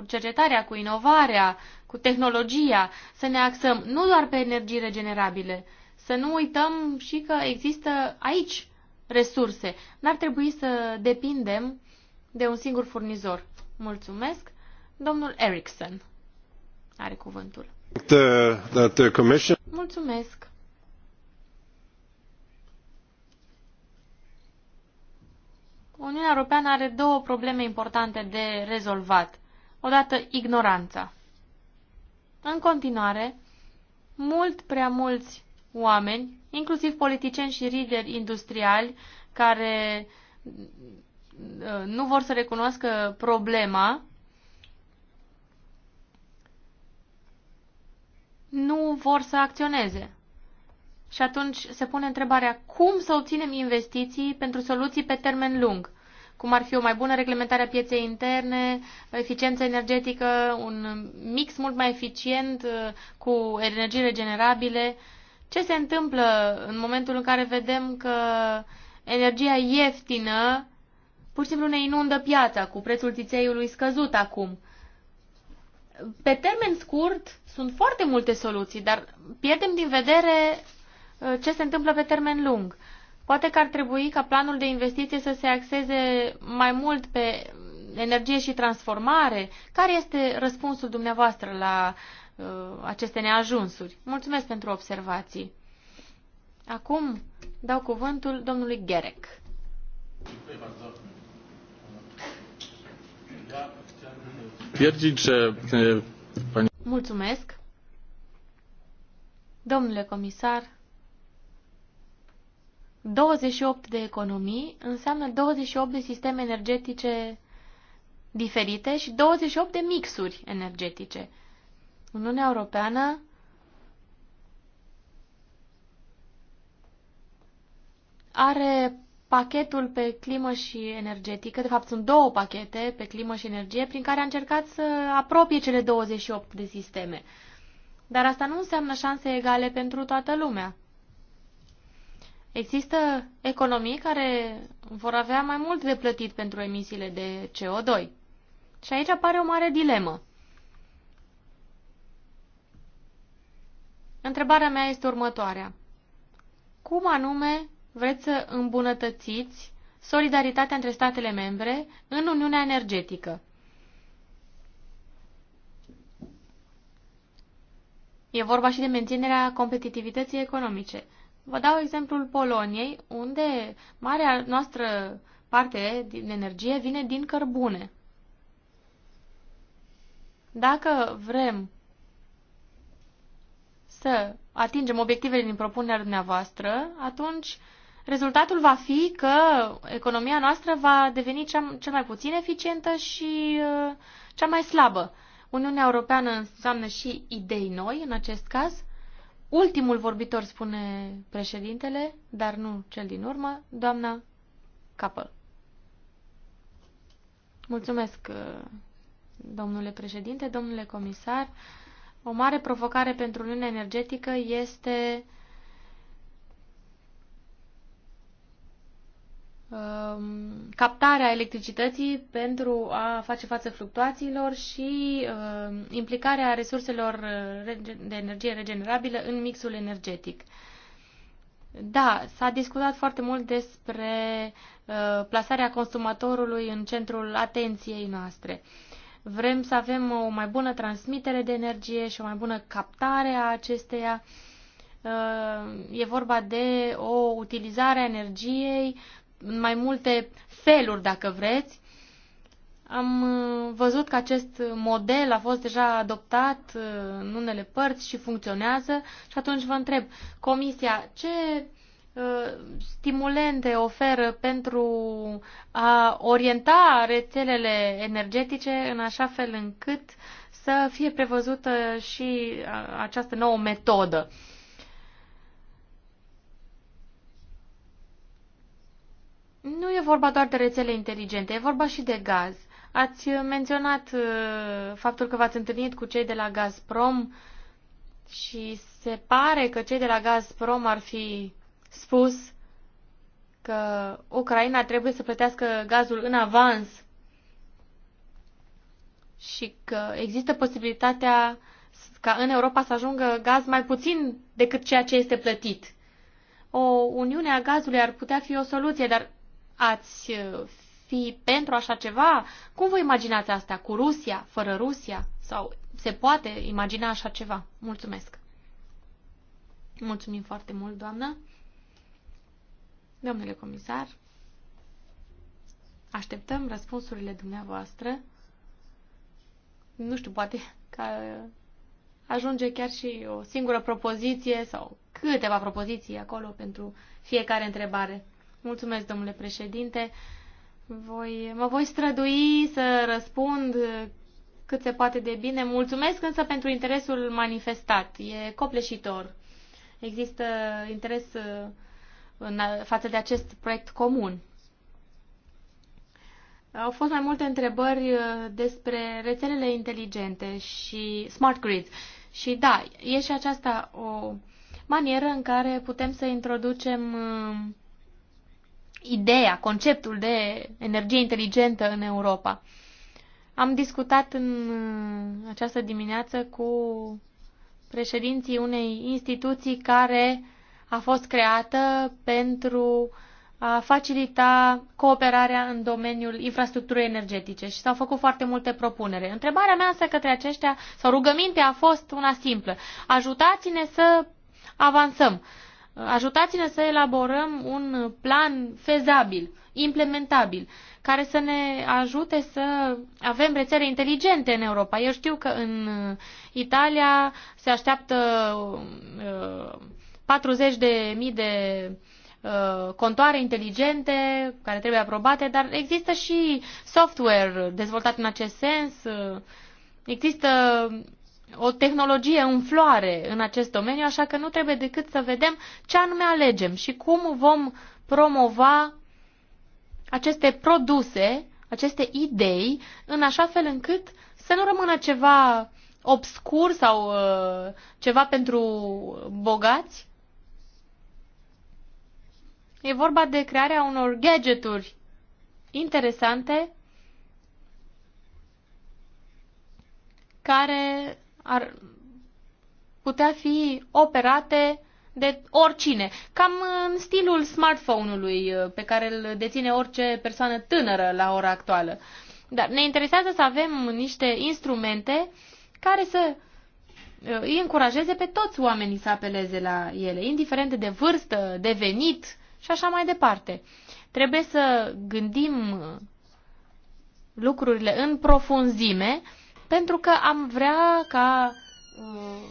cercetarea, cu inovarea, cu tehnologia, să ne axăm nu doar pe energii regenerabile, să nu uităm și că există aici resurse. N-ar trebui să depindem de un singur furnizor. Mulțumesc. Domnul Erickson are cuvântul. The, the, the commission... Mulțumesc. Uniunea Europeană are două probleme importante de rezolvat. Odată, ignoranța. În continuare, mult prea mulți oameni, inclusiv politicieni și lideri industriali, care uh, nu vor să recunoască problema, nu vor să acționeze. Și atunci se pune întrebarea cum să obținem investiții pentru soluții pe termen lung, cum ar fi o mai bună reglementare a pieței interne, eficiență energetică, un mix mult mai eficient uh, cu energii regenerabile. Ce se întâmplă în momentul în care vedem că energia ieftină pur și simplu ne inundă piața cu prețul țițeiului scăzut acum? Pe termen scurt sunt foarte multe soluții, dar pierdem din vedere Uh, ce se întâmplă pe termen lung. Poate că ar trebui ca planul de investiție să se axeze mai mult pe energie și transformare. Care este răspunsul dumneavoastră la uh, aceste neajunsuri? Mulțumesc pentru observații. Acum dau cuvântul domnului Gerec. Mulțumesc. Domnule comisar, 28 de economii înseamnă 28 de sisteme energetice diferite și 28 de mixuri energetice. Uniunea Europeană are pachetul pe climă și energetică, de fapt sunt două pachete pe climă și energie, prin care a încercat să apropie cele 28 de sisteme. Dar asta nu înseamnă șanse egale pentru toată lumea. Există economii care vor avea mai mult de plătit pentru emisiile de CO2. Și aici apare o mare dilemă. Întrebarea mea este următoarea. Cum anume vreți să îmbunătățiți solidaritatea între statele membre în Uniunea Energetică? E vorba și de menținerea competitivității economice. Vă dau exemplul Poloniei, unde marea noastră parte din energie vine din cărbune. Dacă vrem să atingem obiectivele din propunerea dumneavoastră, atunci rezultatul va fi că economia noastră va deveni cea, cea mai puțin eficientă și uh, cea mai slabă. Uniunea Europeană înseamnă și idei noi în acest caz, Ultimul vorbitor spune președintele, dar nu cel din urmă, doamna Capăl. Mulțumesc, uh, domnule președinte, domnule comisar. O mare provocare pentru Uniunea Energetică este Um, captarea electricității pentru a face față fluctuațiilor și um, implicarea resurselor uh, de energie regenerabilă în mixul energetic. Da, s-a discutat foarte mult despre uh, plasarea consumatorului în centrul atenției noastre. Vrem să avem o mai bună transmitere de energie și o mai bună captare a acesteia. Uh, e vorba de o utilizare a energiei în mai multe feluri, dacă vreți. Am uh, văzut că acest model a fost deja adoptat uh, în unele părți și funcționează și atunci vă întreb, Comisia, ce uh, stimulente oferă pentru a orienta rețelele energetice în așa fel încât să fie prevăzută și această nouă metodă. Nu e vorba doar de rețele inteligente, e vorba și de gaz. Ați menționat uh, faptul că v-ați întâlnit cu cei de la Gazprom și se pare că cei de la Gazprom ar fi spus că Ucraina trebuie să plătească gazul în avans și că există posibilitatea ca în Europa să ajungă gaz mai puțin decât ceea ce este plătit. O uniune a gazului ar putea fi o soluție, dar ați uh, fi pentru așa ceva? Cum vă imaginați asta? Cu Rusia? Fără Rusia? Sau se poate imagina așa ceva? Mulțumesc! Mulțumim foarte mult, doamnă! Domnule comisar, așteptăm răspunsurile dumneavoastră. Nu știu, poate că ajunge chiar și o singură propoziție sau câteva propoziții acolo pentru fiecare întrebare. Mulțumesc, domnule președinte. Voi, mă voi strădui să răspund cât se poate de bine. Mulțumesc însă pentru interesul manifestat. E copleșitor. Există interes uh, în, față de acest proiect comun. Au fost mai multe întrebări uh, despre rețelele inteligente și smart grids. Și da, e și aceasta o manieră în care putem să introducem uh, ideea, conceptul de energie inteligentă în Europa. Am discutat în uh, această dimineață cu președinții unei instituții care a fost creată pentru a facilita cooperarea în domeniul infrastructurii energetice și s-au făcut foarte multe propunere. Întrebarea mea însă către aceștia, sau rugămintea a fost una simplă. Ajutați-ne să avansăm. Ajutați-ne să elaborăm un plan fezabil, implementabil, care să ne ajute să avem rețele inteligente în Europa. Eu știu că în uh, Italia se așteaptă 40.000 uh, de mii de uh, contoare inteligente care trebuie aprobate, dar există și software dezvoltat în acest sens. Există o tehnologie în floare în acest domeniu, așa că nu trebuie decât să vedem ce anume alegem și cum vom promova aceste produse, aceste idei, în așa fel încât să nu rămână ceva obscur sau uh, ceva pentru bogați. E vorba de crearea unor gadgeturi interesante care ar putea fi operate de oricine, cam în stilul smartphone-ului uh, pe care îl deține orice persoană tânără la ora actuală. Dar ne interesează să avem niște instrumente care să uh, îi încurajeze pe toți oamenii să apeleze la ele, indiferent de vârstă, de venit și așa mai departe. Trebuie să gândim uh, lucrurile în profunzime pentru că am vrea ca mm,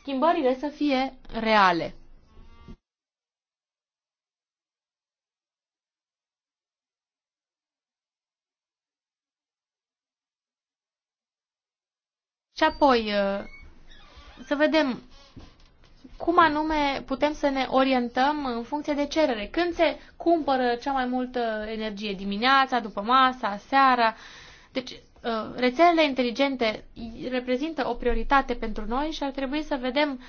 schimbările să fie reale. Și apoi, uh, să vedem cum anume putem să ne orientăm în funcție de cerere. Când se cumpără cea mai multă energie? Dimineața, după masa, seara? Deci Uh, rețelele inteligente reprezintă o prioritate pentru noi și ar trebui să vedem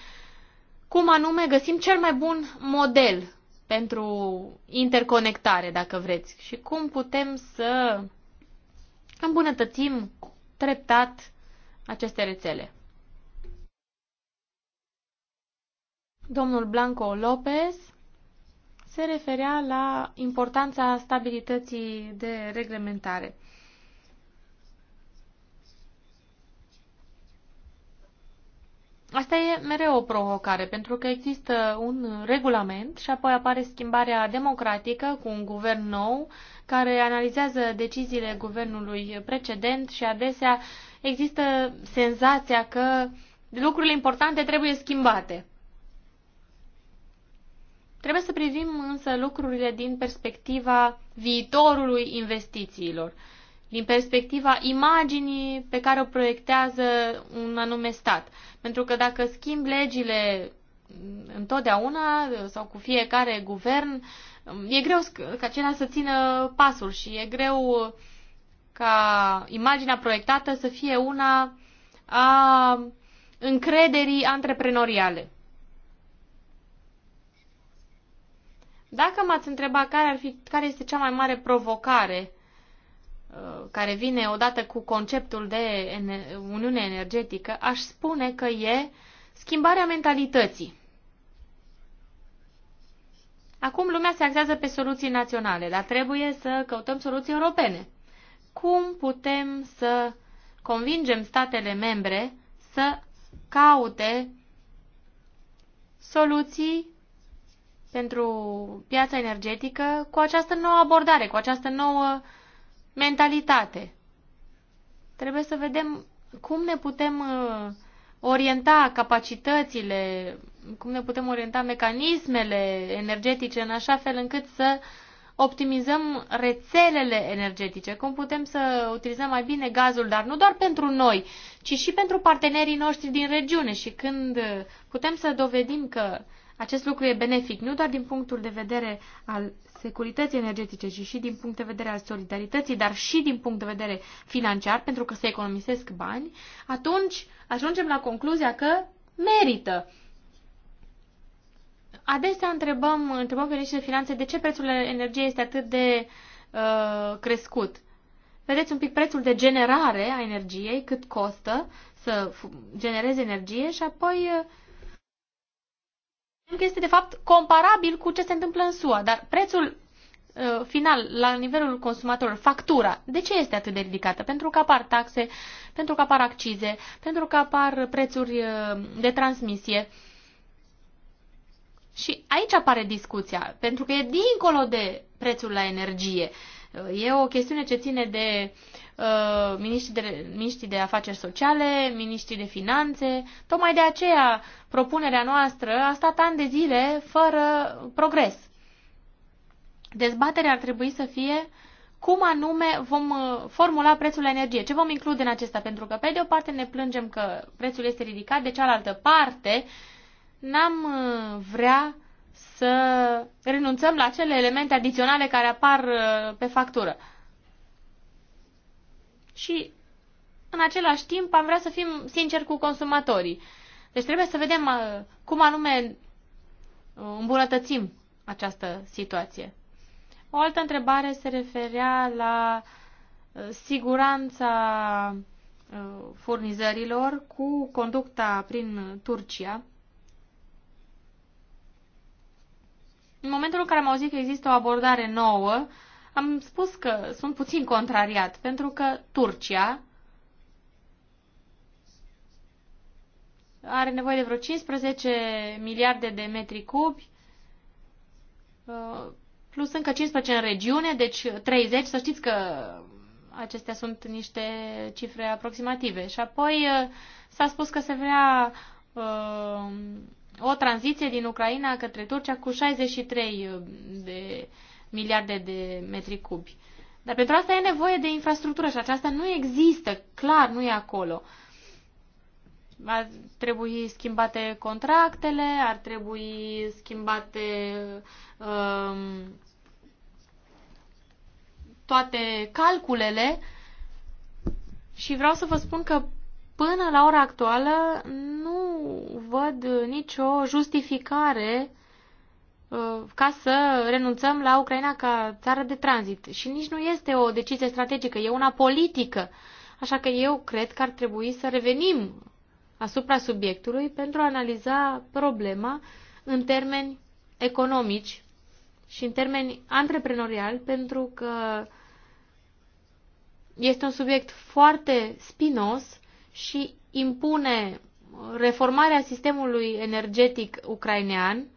cum anume găsim cel mai bun model pentru interconectare, dacă vreți, și cum putem să îmbunătățim treptat aceste rețele. Domnul Blanco Lopez se referea la importanța stabilității de reglementare. Asta e mereu o provocare, pentru că există un regulament și apoi apare schimbarea democratică cu un guvern nou care analizează deciziile guvernului precedent și adesea există senzația că lucrurile importante trebuie schimbate. Trebuie să privim însă lucrurile din perspectiva viitorului investițiilor din perspectiva imaginii pe care o proiectează un anume stat. Pentru că dacă schimb legile întotdeauna sau cu fiecare guvern, e greu ca acelea să țină pasul și e greu ca imaginea proiectată să fie una a încrederii antreprenoriale. Dacă m-ați întrebat care, ar fi, care este cea mai mare provocare care vine odată cu conceptul de Uniune Energetică, aș spune că e schimbarea mentalității. Acum lumea se axează pe soluții naționale, dar trebuie să căutăm soluții europene. Cum putem să convingem statele membre să caute soluții pentru piața energetică cu această nouă abordare, cu această nouă uh, mentalitate. Trebuie să vedem cum ne putem uh, orienta capacitățile, cum ne putem orienta mecanismele energetice în așa fel încât să optimizăm rețelele energetice, cum putem să utilizăm mai bine gazul, dar nu doar pentru noi, ci și pentru partenerii noștri din regiune și când putem să dovedim că acest lucru e benefic nu doar din punctul de vedere al securității energetice, ci și din punct de vedere al solidarității, dar și din punct de vedere financiar, pentru că se economisesc bani, atunci ajungem la concluzia că merită. Adesea întrebăm, întrebăm pe niște finanțe de ce prețul energiei este atât de uh, crescut. Vedeți un pic prețul de generare a energiei, cât costă să genereze energie și apoi uh, că este de fapt comparabil cu ce se întâmplă în SUA, dar prețul uh, final la nivelul consumatorilor, factura, de ce este atât de ridicată? Pentru că apar taxe, pentru că apar accize, pentru că apar prețuri uh, de transmisie. Și aici apare discuția, pentru că e dincolo de prețul la energie. Uh, Uh, e o chestiune ce ține de uh, miniștrii de, miniștri de afaceri sociale, miniștrii de finanțe. Tocmai de aceea propunerea noastră a stat ani de zile fără progres. Dezbaterea ar trebui să fie cum anume vom uh, formula prețul la energie. Ce vom include în acesta? Pentru că, pe de o parte, ne plângem că prețul este ridicat, de cealaltă parte, n-am uh, vrea să renunțăm la cele elemente adiționale care apar uh, pe factură. Și în același timp am vrea să fim sinceri cu consumatorii. Deci trebuie să vedem uh, cum anume uh, îmbunătățim această situație. O altă întrebare se referea la siguranța furnizărilor cu conducta prin Turcia. În momentul în care am auzit că există o abordare nouă, am spus că sunt puțin contrariat, pentru că Turcia are nevoie de vreo 15 miliarde de metri cubi, uh, plus încă 15 în regiune, deci 30, să știți că acestea sunt niște cifre aproximative. Și apoi uh, s-a spus că se vrea uh, o tranziție din Ucraina către Turcia cu 63 uh, de miliarde de metri cubi. Dar pentru asta e nevoie de infrastructură și aceasta nu există, clar nu e acolo. Ar trebui schimbate contractele, ar trebui schimbate um, toate calculele și vreau să vă spun că Până la ora actuală nu văd nicio justificare uh, ca să renunțăm la Ucraina ca țară de tranzit. Și nici nu este o decizie strategică, e una politică. Așa că eu cred că ar trebui să revenim asupra subiectului pentru a analiza problema în termeni economici și în termeni antreprenoriali, pentru că este un subiect foarte spinos și impune reformarea sistemului energetic ucrainean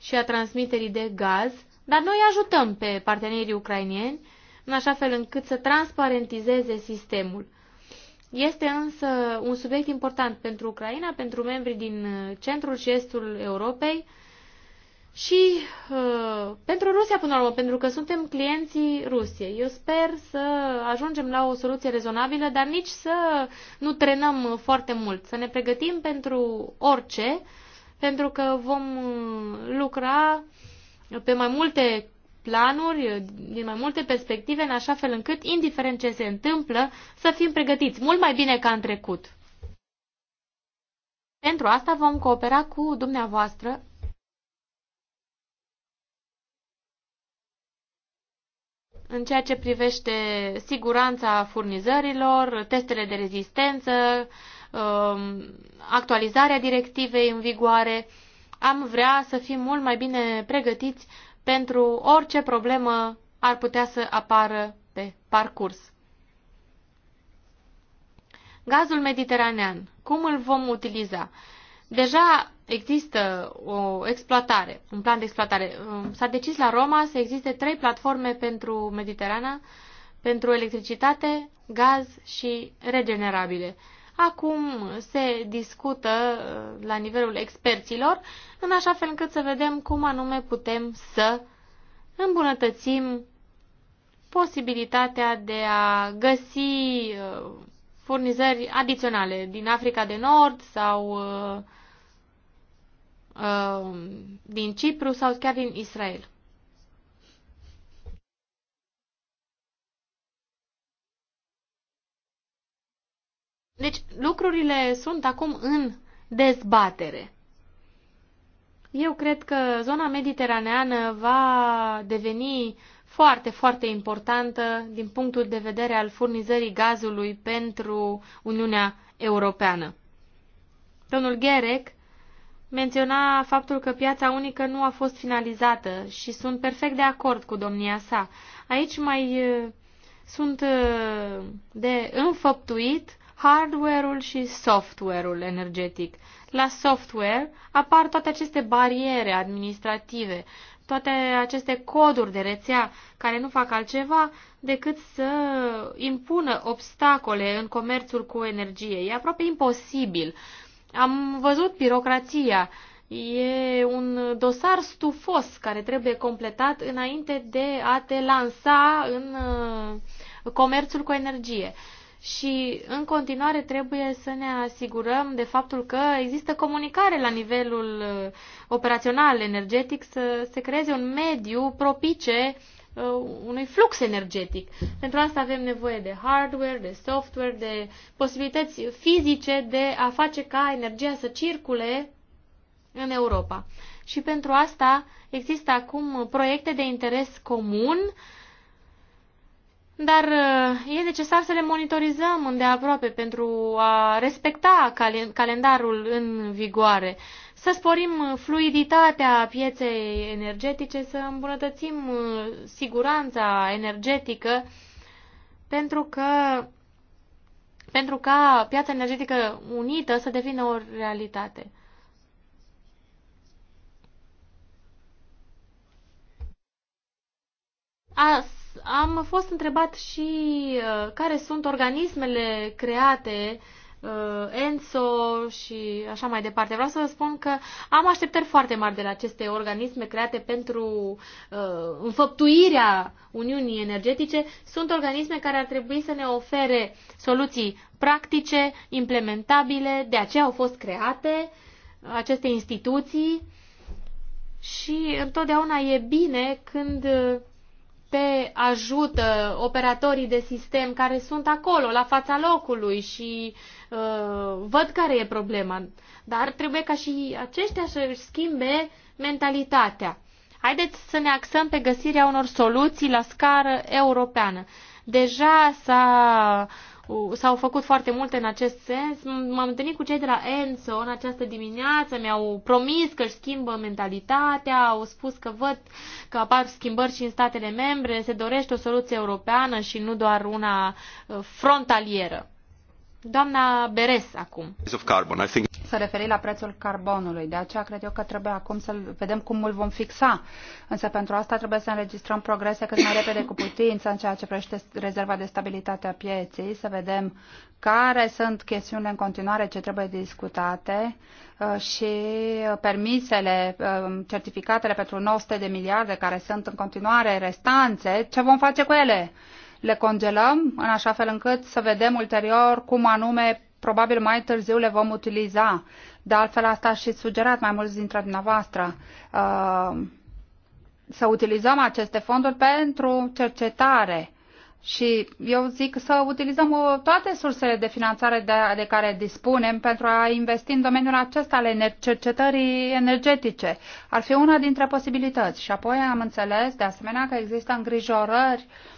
și a transmiterii de gaz, dar noi ajutăm pe partenerii ucrainieni în așa fel încât să transparentizeze sistemul. Este însă un subiect important pentru Ucraina, pentru membrii din centrul și estul Europei, și uh, pentru Rusia până la urmă, pentru că suntem clienții Rusiei. Eu sper să ajungem la o soluție rezonabilă, dar nici să nu trenăm foarte mult, să ne pregătim pentru orice, pentru că vom lucra pe mai multe planuri, din mai multe perspective, în așa fel încât, indiferent ce se întâmplă, să fim pregătiți mult mai bine ca în trecut. Pentru asta vom coopera cu dumneavoastră în ceea ce privește siguranța furnizărilor, testele de rezistență, um, actualizarea directivei în vigoare. Am vrea să fim mult mai bine pregătiți pentru orice problemă ar putea să apară pe parcurs. Gazul mediteranean, cum îl vom utiliza? Deja există o exploatare, un plan de exploatare. S-a decis la Roma să existe trei platforme pentru Mediterana, pentru electricitate, gaz și regenerabile. Acum se discută uh, la nivelul experților, în așa fel încât să vedem cum anume putem să îmbunătățim posibilitatea de a găsi uh, furnizări adiționale din Africa de Nord sau uh, Um, din Cipru sau chiar din Israel. Deci lucrurile sunt acum în dezbatere. Eu cred că zona mediteraneană va deveni foarte, foarte importantă din punctul de vedere al furnizării gazului pentru Uniunea Europeană. Domnul Gerec menționa faptul că piața unică nu a fost finalizată și sunt perfect de acord cu domnia sa. Aici mai sunt de înfăptuit hardware-ul și software-ul energetic. La software apar toate aceste bariere administrative, toate aceste coduri de rețea care nu fac altceva decât să impună obstacole în comerțul cu energie. E aproape imposibil uh, am văzut birocrația. E un dosar stufos care trebuie completat înainte de a te lansa în uh, comerțul cu energie. Și în continuare trebuie să ne asigurăm de faptul că există comunicare la nivelul uh, operațional energetic să se creeze un mediu propice Uh, unui flux energetic. Pentru asta avem nevoie de hardware, de software, de posibilități fizice de a face ca energia să circule în Europa. Și pentru asta există acum proiecte de interes comun, dar uh, e necesar să le monitorizăm îndeaproape pentru a respecta calendarul în vigoare să sporim uh, fluiditatea pieței energetice, să îmbunătățim uh, siguranța energetică, pentru că pentru ca piața energetică unită să devină o realitate. A, am fost întrebat și uh, care sunt organismele create uh, Uh, ENSO și așa mai departe. Vreau să vă spun că am așteptări foarte mari de la aceste organisme create pentru uh, înfăptuirea Uniunii Energetice. Sunt organisme care ar trebui să ne ofere soluții practice, implementabile, de aceea au fost create aceste instituții și întotdeauna e bine când uh, te ajută operatorii de sistem care sunt acolo, la fața locului și uh, văd care e problema. Dar trebuie ca și aceștia să-și schimbe mentalitatea. Haideți să ne axăm pe găsirea unor soluții la scară europeană. Deja s-a uh, S-au făcut foarte multe în acest sens. M-am întâlnit cu cei de la ENSO în această dimineață, mi-au promis că își schimbă mentalitatea, au spus că văd că apar schimbări și în statele membre, se dorește o soluție europeană și nu doar una uh, frontalieră. Doamna Beres acum. Să referi la prețul carbonului. De aceea cred eu că trebuie acum să vedem cum îl vom fixa. Însă pentru asta trebuie să înregistrăm progrese cât mai repede cu putință în ceea ce privește rezerva de stabilitate a pieței, să vedem care sunt chestiunile în continuare ce trebuie discutate uh, și permisele, uh, certificatele pentru 900 de miliarde care sunt în continuare restanțe, ce vom face cu ele? le congelăm în așa fel încât să vedem ulterior cum anume probabil mai târziu le vom utiliza. De altfel, asta și sugerat mai mulți dintre dumneavoastră. Uh, să utilizăm aceste fonduri pentru cercetare. Și eu zic să utilizăm uh, toate sursele de finanțare de, de care dispunem pentru a investi în domeniul acesta ale cercetării energetice. Ar fi una dintre posibilități. Și apoi am înțeles, de asemenea, că există îngrijorări uh,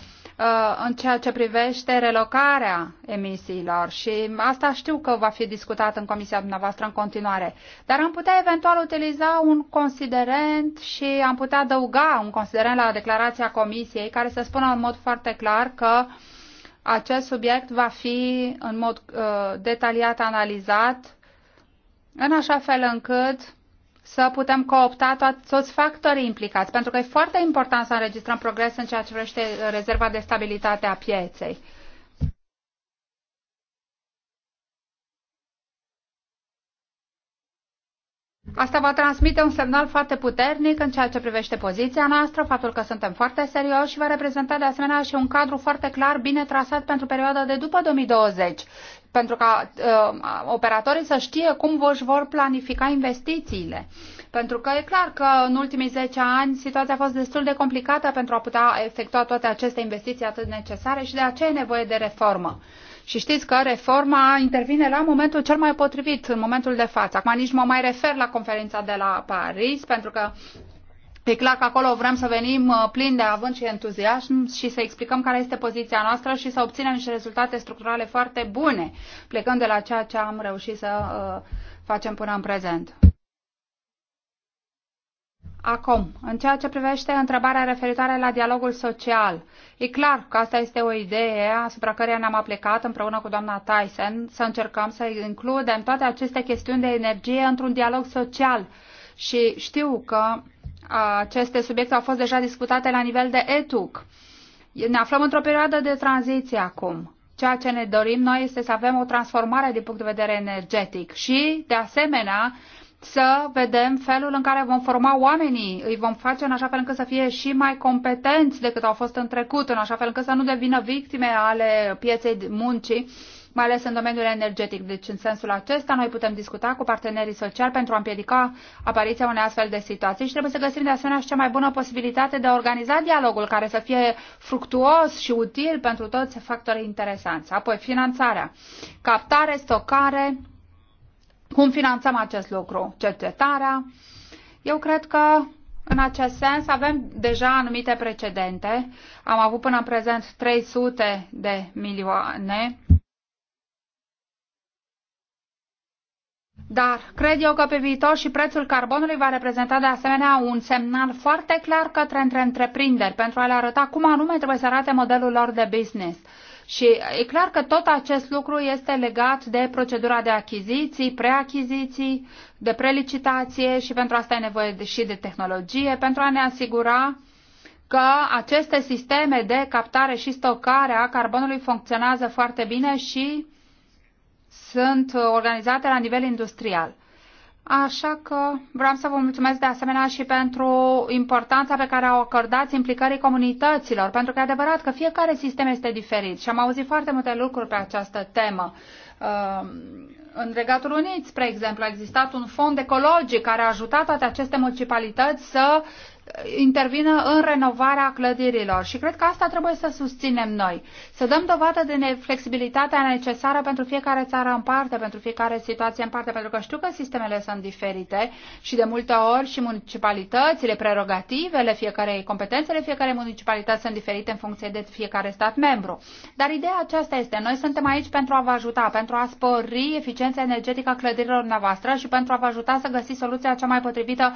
Uh, în ceea ce privește relocarea emisiilor și asta știu că va fi discutat în comisia dumneavoastră în continuare, dar am putea eventual utiliza un considerent și am putea adăuga un considerent la declarația comisiei care să spună în mod foarte clar că acest subiect va fi în mod uh, detaliat analizat în așa fel încât să putem coopta toți factorii implicați, pentru că e foarte important să înregistrăm progres în ceea ce privește uh, rezerva de stabilitate a pieței. Asta va transmite un semnal foarte puternic în ceea ce privește poziția noastră, faptul că suntem foarte serioși și va reprezenta de asemenea și un cadru foarte clar, bine trasat pentru perioada de după 2020 pentru ca uh, operatorii să știe cum își vor planifica investițiile. Pentru că e clar că în ultimii 10 ani situația a fost destul de complicată pentru a putea efectua toate aceste investiții atât necesare și de aceea e nevoie de reformă. Și știți că reforma intervine la momentul cel mai potrivit, în momentul de față. Acum nici mă mai refer la conferința de la Paris, pentru că E clar că acolo vrem să venim uh, plini de avânt și entuziasm și să explicăm care este poziția noastră și să obținem niște rezultate structurale foarte bune, plecând de la ceea ce am reușit să uh, facem până în prezent. Acum, în ceea ce privește întrebarea referitoare la dialogul social, e clar că asta este o idee asupra care ne-am aplicat împreună cu doamna Tyson, să încercăm să includem toate aceste chestiuni de energie într-un dialog social. Și știu că aceste subiecte au fost deja discutate la nivel de ETUC. Ne aflăm într-o perioadă de tranziție acum. Ceea ce ne dorim noi este să avem o transformare din punct de vedere energetic și, de asemenea, să vedem felul în care vom forma oamenii, îi vom face în așa fel încât să fie și mai competenți decât au fost în trecut, în așa fel încât să nu devină victime ale pieței muncii mai ales în domeniul energetic. Deci, în sensul acesta, noi putem discuta cu partenerii sociali pentru a împiedica apariția unei astfel de situații și trebuie să găsim de asemenea și cea mai bună posibilitate de a organiza dialogul care să fie fructuos și util pentru toți factorii interesanți. Apoi, finanțarea, captare, stocare, cum finanțăm acest lucru, cercetarea. Eu cred că în acest sens avem deja anumite precedente. Am avut până în prezent 300 de milioane Dar cred eu că pe viitor și prețul carbonului va reprezenta de asemenea un semnal foarte clar către între întreprinderi pentru a le arăta cum anume trebuie să arate modelul lor de business. Și e clar că tot acest lucru este legat de procedura de achiziții, preachiziții, de prelicitație și pentru asta e nevoie de, și de tehnologie, pentru a ne asigura că aceste sisteme de captare și stocare a carbonului funcționează foarte bine și sunt organizate la nivel industrial. Așa că vreau să vă mulțumesc de asemenea și pentru importanța pe care o acordați implicării comunităților, pentru că e adevărat că fiecare sistem este diferit și am auzit foarte multe lucruri pe această temă. Ehm, în Regatul Unit, spre exemplu, a existat un fond ecologic care a ajutat toate aceste municipalități să intervină în renovarea clădirilor și cred că asta trebuie să susținem noi. Să dăm dovadă de flexibilitatea necesară pentru fiecare țară în parte, pentru fiecare situație în parte, pentru că știu că sistemele sunt diferite și de multe ori și municipalitățile, prerogativele fiecare, competențele fiecare municipalități sunt diferite în funcție de fiecare stat membru. Dar ideea aceasta este, noi suntem aici pentru a vă ajuta, pentru a spori eficiența energetică a clădirilor noastre și pentru a vă ajuta să găsiți soluția cea mai potrivită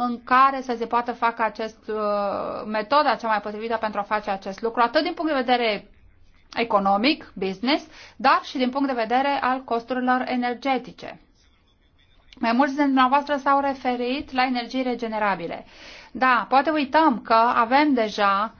în care să se poată face acest, uh, metoda cea mai potrivită pentru a face acest lucru, atât din punct de vedere economic, business, dar și din punct de vedere al costurilor energetice. Mai mulți dintre dumneavoastră s-au referit la energii regenerabile. Da, poate uităm că avem deja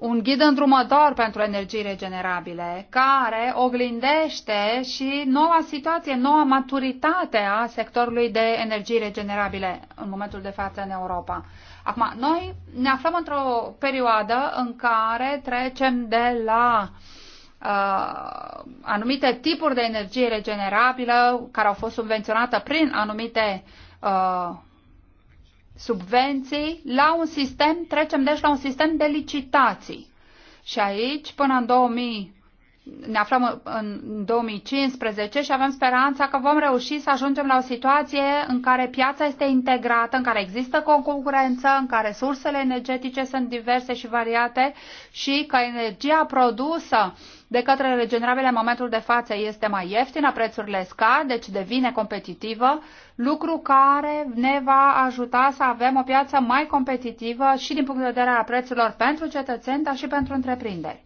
un ghid îndrumător pentru energii regenerabile, care oglindește și noua situație, noua maturitate a sectorului de energii regenerabile în momentul de față în Europa. Acum, noi ne aflăm într-o perioadă în care trecem de la uh, anumite tipuri de energie regenerabilă care au fost subvenționate prin anumite uh, subvenții la un sistem, trecem deci la un sistem de licitații. Și aici, până în 2000, ne aflăm în 2015 și avem speranța că vom reuși să ajungem la o situație în care piața este integrată, în care există concurență, în care sursele energetice sunt diverse și variate și că energia produsă uh, de către regenerabile în momentul de față este mai ieftină, prețurile scad, deci devine competitivă, lucru care ne va ajuta să avem o piață mai competitivă și din punct de vedere al prețurilor pentru cetățeni, dar și pentru întreprinderi.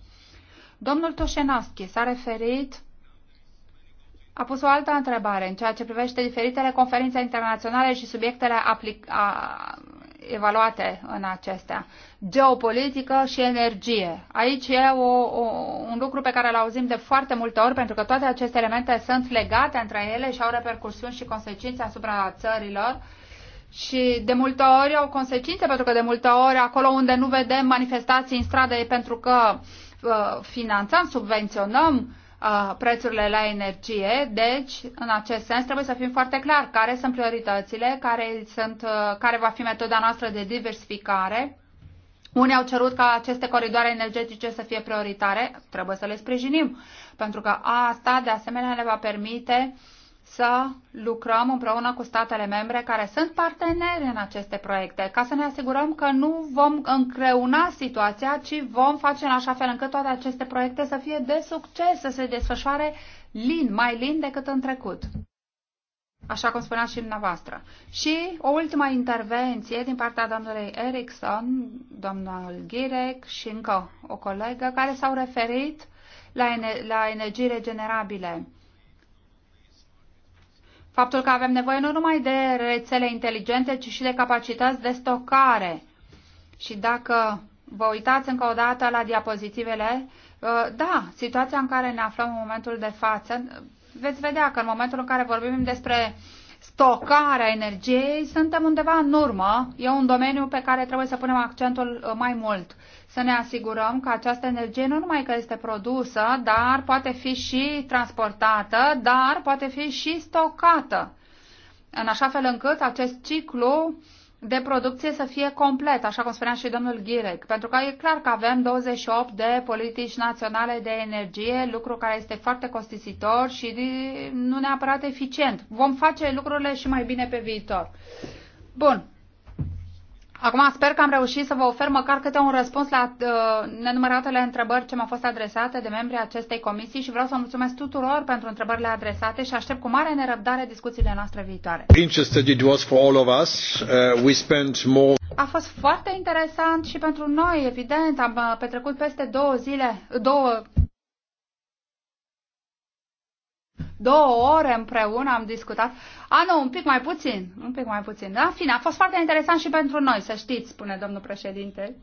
Domnul Toșenaschi s-a referit a pus o altă întrebare în ceea ce privește diferitele conferințe internaționale și subiectele aplicate. a, evaluate în acestea. Geopolitică și energie. Aici e o, o, un lucru pe care îl auzim de foarte multe ori, pentru că toate aceste elemente sunt legate între ele și au repercursiuni și consecințe asupra țărilor. Și de multe ori au consecințe, pentru că de multe ori acolo unde nu vedem manifestații în stradă e pentru că uh, finanțăm, subvenționăm prețurile la energie. Deci, în acest sens, trebuie să fim foarte clar care sunt prioritățile, care, sunt, care va fi metoda noastră de diversificare. Unii au cerut ca aceste coridoare energetice să fie prioritare, trebuie să le sprijinim, pentru că asta, de asemenea, le va permite uh, să lucrăm împreună cu statele membre care sunt parteneri în aceste proiecte, ca să ne asigurăm că nu vom încreuna situația, ci vom face în așa fel încât toate aceste proiecte să fie de succes, să se desfășoare lin, mai lin decât în trecut. Așa cum spunea și dumneavoastră. Și o ultima intervenție din partea domnului Erickson, domnul Ghirec și încă o colegă care s-au referit la, ener la energii regenerabile faptul că avem nevoie nu numai de rețele inteligente, ci și de capacități de stocare. Și dacă vă uitați încă o dată la diapozitivele, uh, da, situația în care ne aflăm în momentul de față, veți vedea că în momentul în care vorbim despre stocarea energiei, suntem undeva în urmă. E un domeniu pe care trebuie să punem accentul uh, mai mult să ne asigurăm că această energie nu numai că este produsă, dar poate fi și transportată, dar poate fi și stocată, în așa fel încât acest ciclu de producție să fie complet, așa cum spunea și domnul Ghirec, pentru că e clar că avem 28 de politici naționale de energie, lucru care este foarte costisitor și nu neapărat eficient. Vom face lucrurile și mai bine pe viitor. Bun, Acum sper că am reușit să vă ofer măcar câte un răspuns la uh, nenumăratele întrebări ce m-au fost adresate de membrii acestei comisii și vreau să mulțumesc tuturor pentru întrebările adresate și aștept cu mare nerăbdare discuțiile noastre viitoare. Uh, A fost foarte interesant și pentru noi, evident. Am uh, petrecut peste două zile, două două ore împreună am discutat. A, nu, un pic mai puțin, un pic mai puțin. Da, fine, a fost foarte interesant și pentru noi, să știți, spune domnul președinte.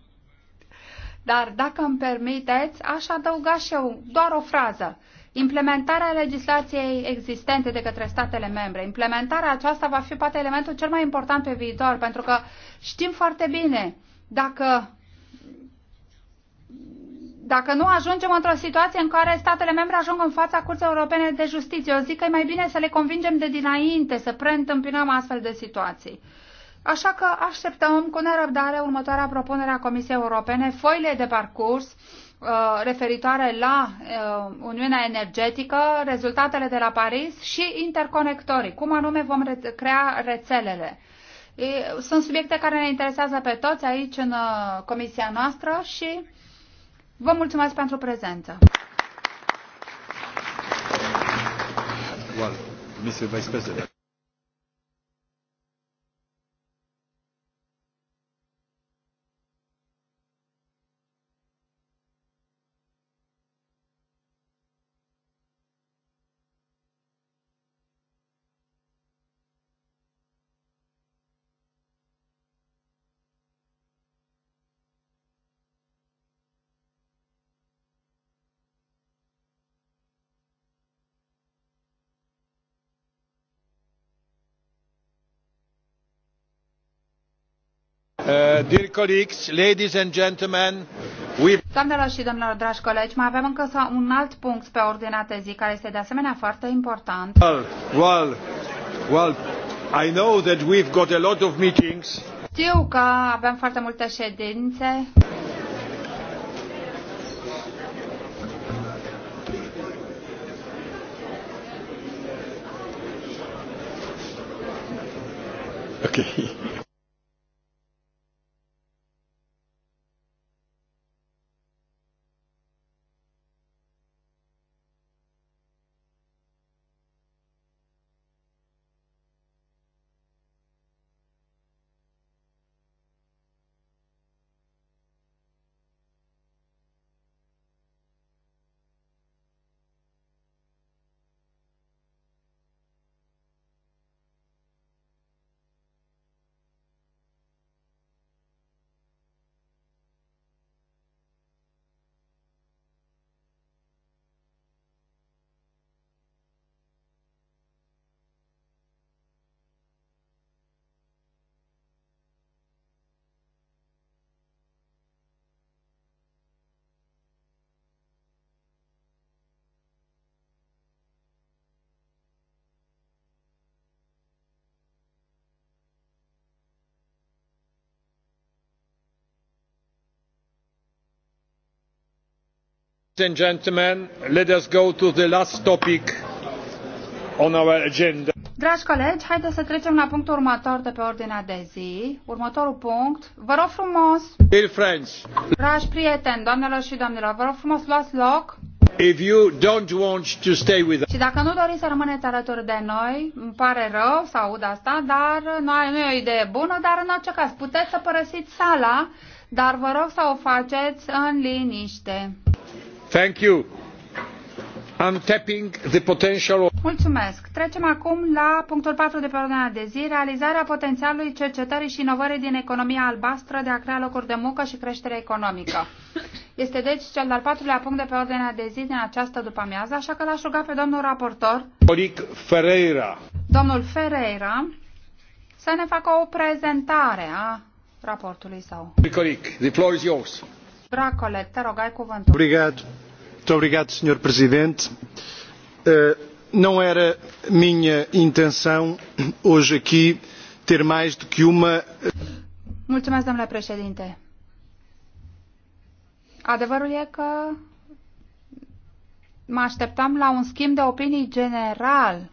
Dar dacă îmi permiteți, aș adăuga și eu doar o frază. Implementarea legislației existente de către statele membre. Implementarea aceasta va fi poate elementul cel mai important pe viitor, pentru că știm foarte bine dacă dacă nu ajungem într-o situație în care statele membre ajung în fața Curții Europene de Justiție. Eu zic că e mai bine să le convingem de dinainte să preîntâmpinăm astfel de situații. Așa că așteptăm cu nerăbdare următoarea propunere a Comisiei Europene, foile de parcurs uh, referitoare la uh, Uniunea Energetică, rezultatele de la Paris și interconectorii, cum anume vom re- crea rețelele. E, sunt subiecte care ne interesează pe toți aici în uh, comisia noastră și Vă mulțumesc pentru prezență. Well, Mr. Vice President. Uh, dear colleagues, ladies and gentlemen, we... Doamnelor și domnilor, dragi colegi, mai avem încă un alt punct pe ordinea de zi, care este de asemenea foarte important. Well, well, well, I know that we've got a lot of meetings. Știu că avem foarte multe ședințe. and gentlemen, let us go to the last topic on our agenda. Dragi colegi, haideți să trecem la punctul următor de pe ordinea de zi. Următorul punct. Vă rog frumos. Dear friends. Dragi prieteni, doamnelor și domnilor, vă rog frumos luați loc. If you don't want to stay with us. Și dacă nu doriți să rămâneți alături de noi, îmi pare rău să aud asta, dar nu e o idee bună, dar în orice caz puteți să părăsiți sala, dar vă rog să o faceți în liniște. Mulțumesc. Trecem acum la punctul 4 de pe ordinea de zi, realizarea potențialului cercetării și inovării din economia albastră de a crea locuri de muncă și creștere economică. Este deci cel de-al patrulea punct de pe ordinea de zi din această după-amiază, așa că l-aș ruga pe domnul raportor, Oric Ferreira. domnul Ferreira, să ne facă o prezentare a raportului său. Bracole, te rog, ai cuvântul. Obrigado. Sr. Presidente. Eh, não era minha intenção hoje aqui ter mais do que uma. Mulțumesc, domnule președinte. Adevărul e că mă așteptam la un schimb de opinii general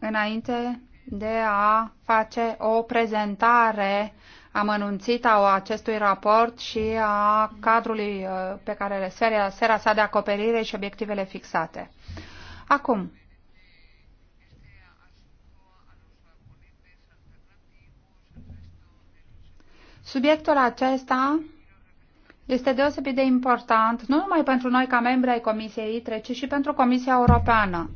înainte de a face o prezentare amănunțit a acestui raport și a cadrului uh, pe care sfera, sfera sa de acoperire și obiectivele fixate. Acum, subiectul acesta este deosebit de important, nu numai pentru noi ca membri ai Comisiei ITRE, ci și pentru Comisia Europeană.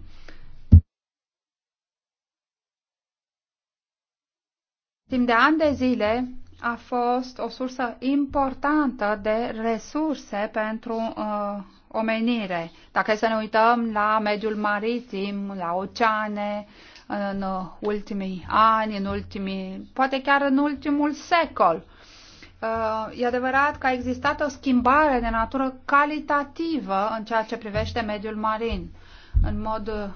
Timp de ani de zile, a fost o sursă importantă de resurse pentru uh, omenire. Dacă să ne uităm la mediul maritim, la oceane, în ultimii ani, în ultimii, poate chiar în ultimul secol. Uh, e adevărat că a existat o schimbare de natură calitativă în ceea ce privește mediul marin. În mod uh,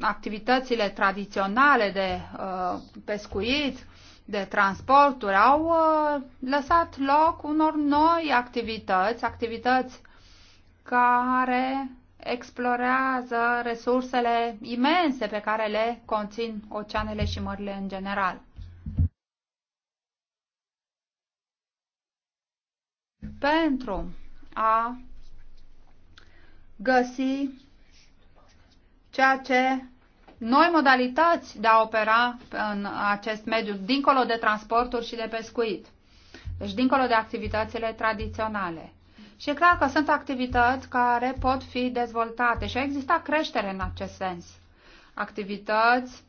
activitățile tradiționale de uh, pescuit de transporturi au uh, lăsat loc unor noi activități, activități care explorează resursele imense pe care le conțin oceanele și mările în general. Pentru a găsi ceea ce noi modalități de a opera în acest mediu, dincolo de transporturi și de pescuit. Deci, dincolo de activitățile tradiționale. Și e clar că sunt activități care pot fi dezvoltate și a existat creștere în acest sens. Activități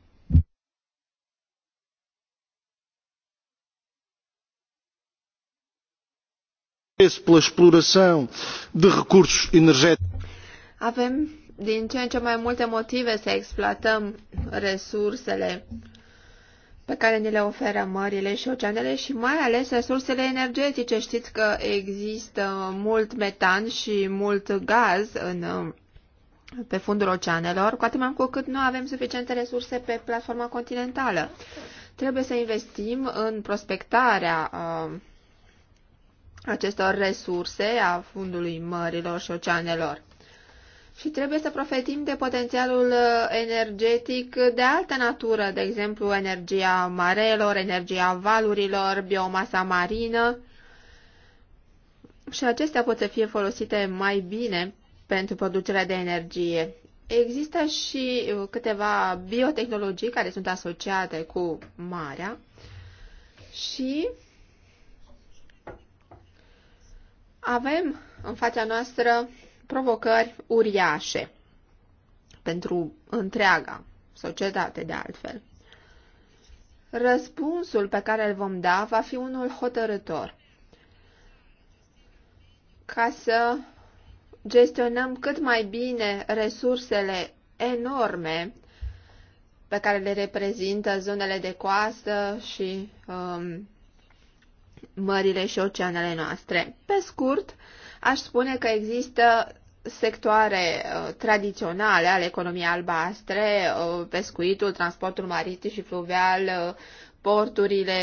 pela exploração de recursos energéticos. Avem din ce în ce mai multe motive să exploatăm resursele pe care ni le oferă mările și oceanele și mai ales resursele energetice. Știți că există mult metan și mult gaz în, pe fundul oceanelor, cu atât mai mult cu cât nu avem suficiente resurse pe platforma continentală. Trebuie să investim în prospectarea acestor resurse a fundului mărilor și oceanelor și trebuie să profetim de potențialul uh, energetic de altă natură, de exemplu energia marelor, energia valurilor, biomasa marină și acestea pot să fie folosite mai bine pentru producerea de energie. Există și uh, câteva biotehnologii care sunt asociate cu marea și avem în fața noastră provocări uriașe pentru întreaga societate, de altfel. Răspunsul pe care îl vom da va fi unul hotărător. Ca să gestionăm cât mai bine resursele enorme pe care le reprezintă zonele de coastă și um, mările și oceanele noastre. Pe scurt, uh, Aș spune că există sectoare uh, tradiționale ale economiei albastre, uh, pescuitul, transportul maritim și fluvial, uh, porturile,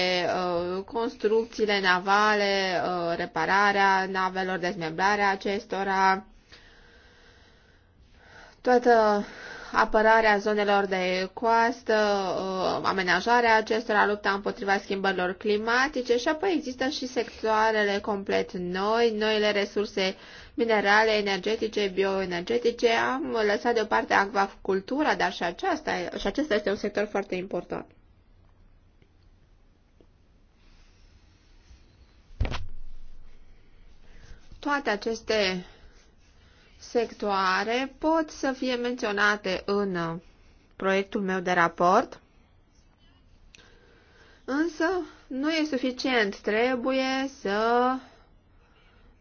uh, construcțiile navale, uh, repararea navelor, dezmembrarea acestora, toată apărarea zonelor de coastă, uh, amenajarea acestora, lupta împotriva schimbărilor climatice și apoi există și sectoarele complet noi, noile resurse minerale, energetice, bioenergetice. Am lăsat deoparte acvacultura, dar și, aceasta, și acesta este un sector foarte important. Toate aceste sectoare pot să fie menționate în proiectul meu de raport, însă nu e suficient. Trebuie să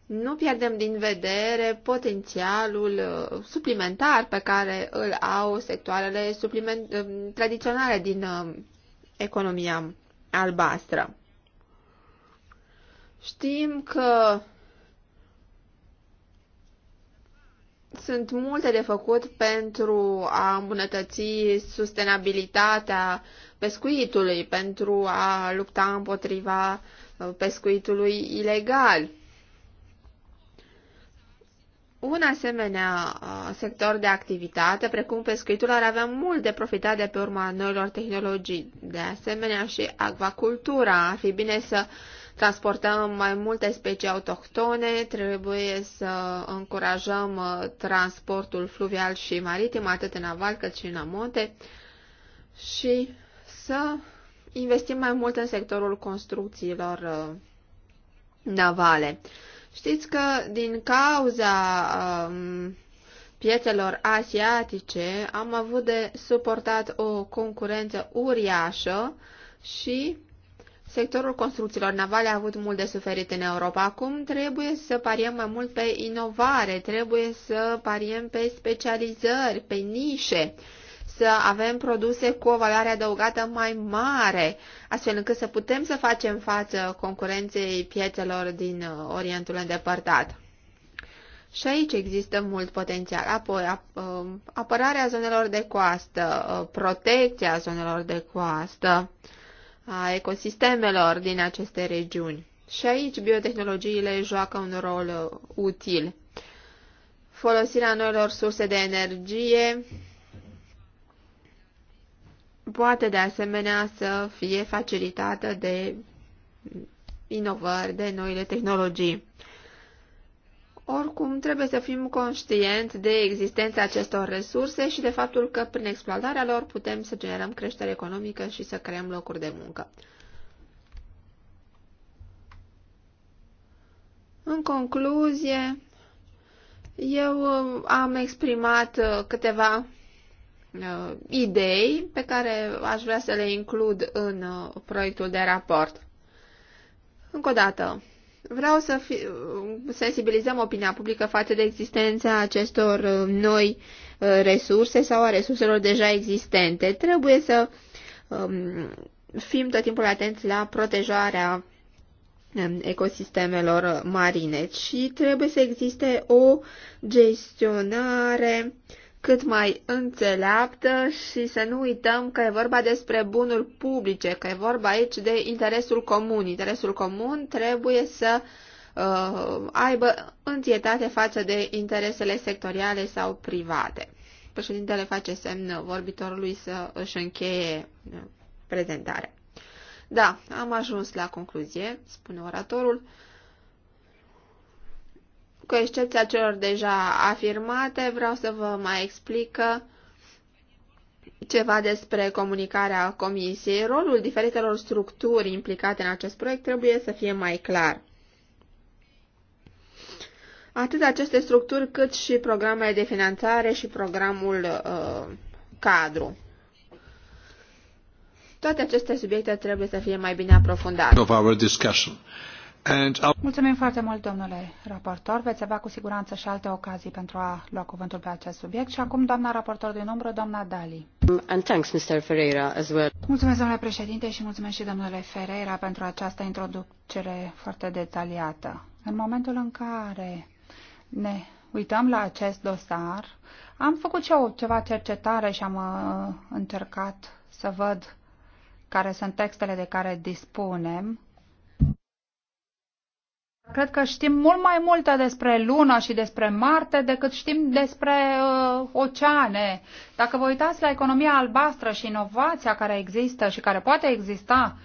nu pierdem din vedere potențialul uh, suplimentar pe care îl au sectoarele supliment, uh, tradiționale din uh, economia albastră. Știm că Sunt multe de făcut pentru a îmbunătăți sustenabilitatea pescuitului, pentru a lupta împotriva uh, pescuitului ilegal. Un asemenea uh, sector de activitate, precum pescuitul, ar avea mult de profitat de pe urma noilor tehnologii. De asemenea, și acvacultura. Ar fi bine să transportăm mai multe specii autohtone, trebuie să încurajăm uh, transportul fluvial și maritim, atât în aval cât și în amonte, și să investim mai mult în sectorul construcțiilor uh, navale. Știți că din cauza um, piețelor asiatice am avut de suportat o concurență uriașă și Sectorul construcțiilor navale a avut mult de suferit în Europa. Acum trebuie să pariem mai mult pe inovare, trebuie să pariem pe specializări, pe nișe, să avem produse cu o valoare adăugată mai mare, astfel încât să putem să facem față concurenței piețelor din Orientul îndepărtat. Și aici există mult potențial. Apoi, um, apărarea zonelor de coastă, uh, protecția zonelor de coastă, a ecosistemelor din aceste regiuni. Și aici biotehnologiile joacă un rol uh, util. Folosirea noilor surse de energie poate de asemenea să fie facilitată de inovări, de noile tehnologii. Oricum, trebuie să fim conștienți de existența acestor resurse și de faptul că prin exploatarea lor putem să generăm creștere economică și să creăm locuri de muncă. În concluzie, eu uh, am exprimat uh, câteva uh, idei pe care aș vrea să le includ în proiectul de raport. Încă o dată, Vreau să fi, sensibilizăm opinia publică față de existența acestor uh, noi uh, resurse sau a resurselor deja existente. Trebuie să um, fim tot timpul atenți la protejarea um, ecosistemelor uh, marine și trebuie să existe o gestionare uh, cât mai înțeleaptă și să nu uităm că e vorba despre bunuri publice, că e vorba aici de interesul comun. Interesul comun trebuie să uh, aibă întietate față de interesele sectoriale sau private. Președintele face semn vorbitorului să își încheie uh, prezentarea. Da, am ajuns la concluzie, spune oratorul. Cu excepția celor deja afirmate, vreau să vă mai explic ceva despre comunicarea Comisiei. Rolul diferitelor structuri implicate în acest proiect trebuie să fie mai clar. Atât aceste structuri cât și programele de finanțare și programul uh, cadru. Toate aceste subiecte trebuie să fie mai bine aprofundate. Of our discussion. Mulțumim foarte mult, domnule raportor. Veți avea cu siguranță și alte ocazii pentru a lua cuvântul pe acest subiect. Și acum, doamna raportor din umbră, doamna Dali. Um, and thanks, Mr. Ferreira, as well. Mulțumesc, domnule președinte, și mulțumesc și domnule Ferreira pentru această introducere foarte detaliată. În momentul în care ne uităm la acest dosar, am făcut și eu ceva cercetare și am uh, încercat să văd care sunt textele de care dispunem Cred că știm mult mai multe despre Luna și despre Marte decât știm despre uh, oceane. Dacă vă uitați la economia albastră și inovația care există și care poate exista,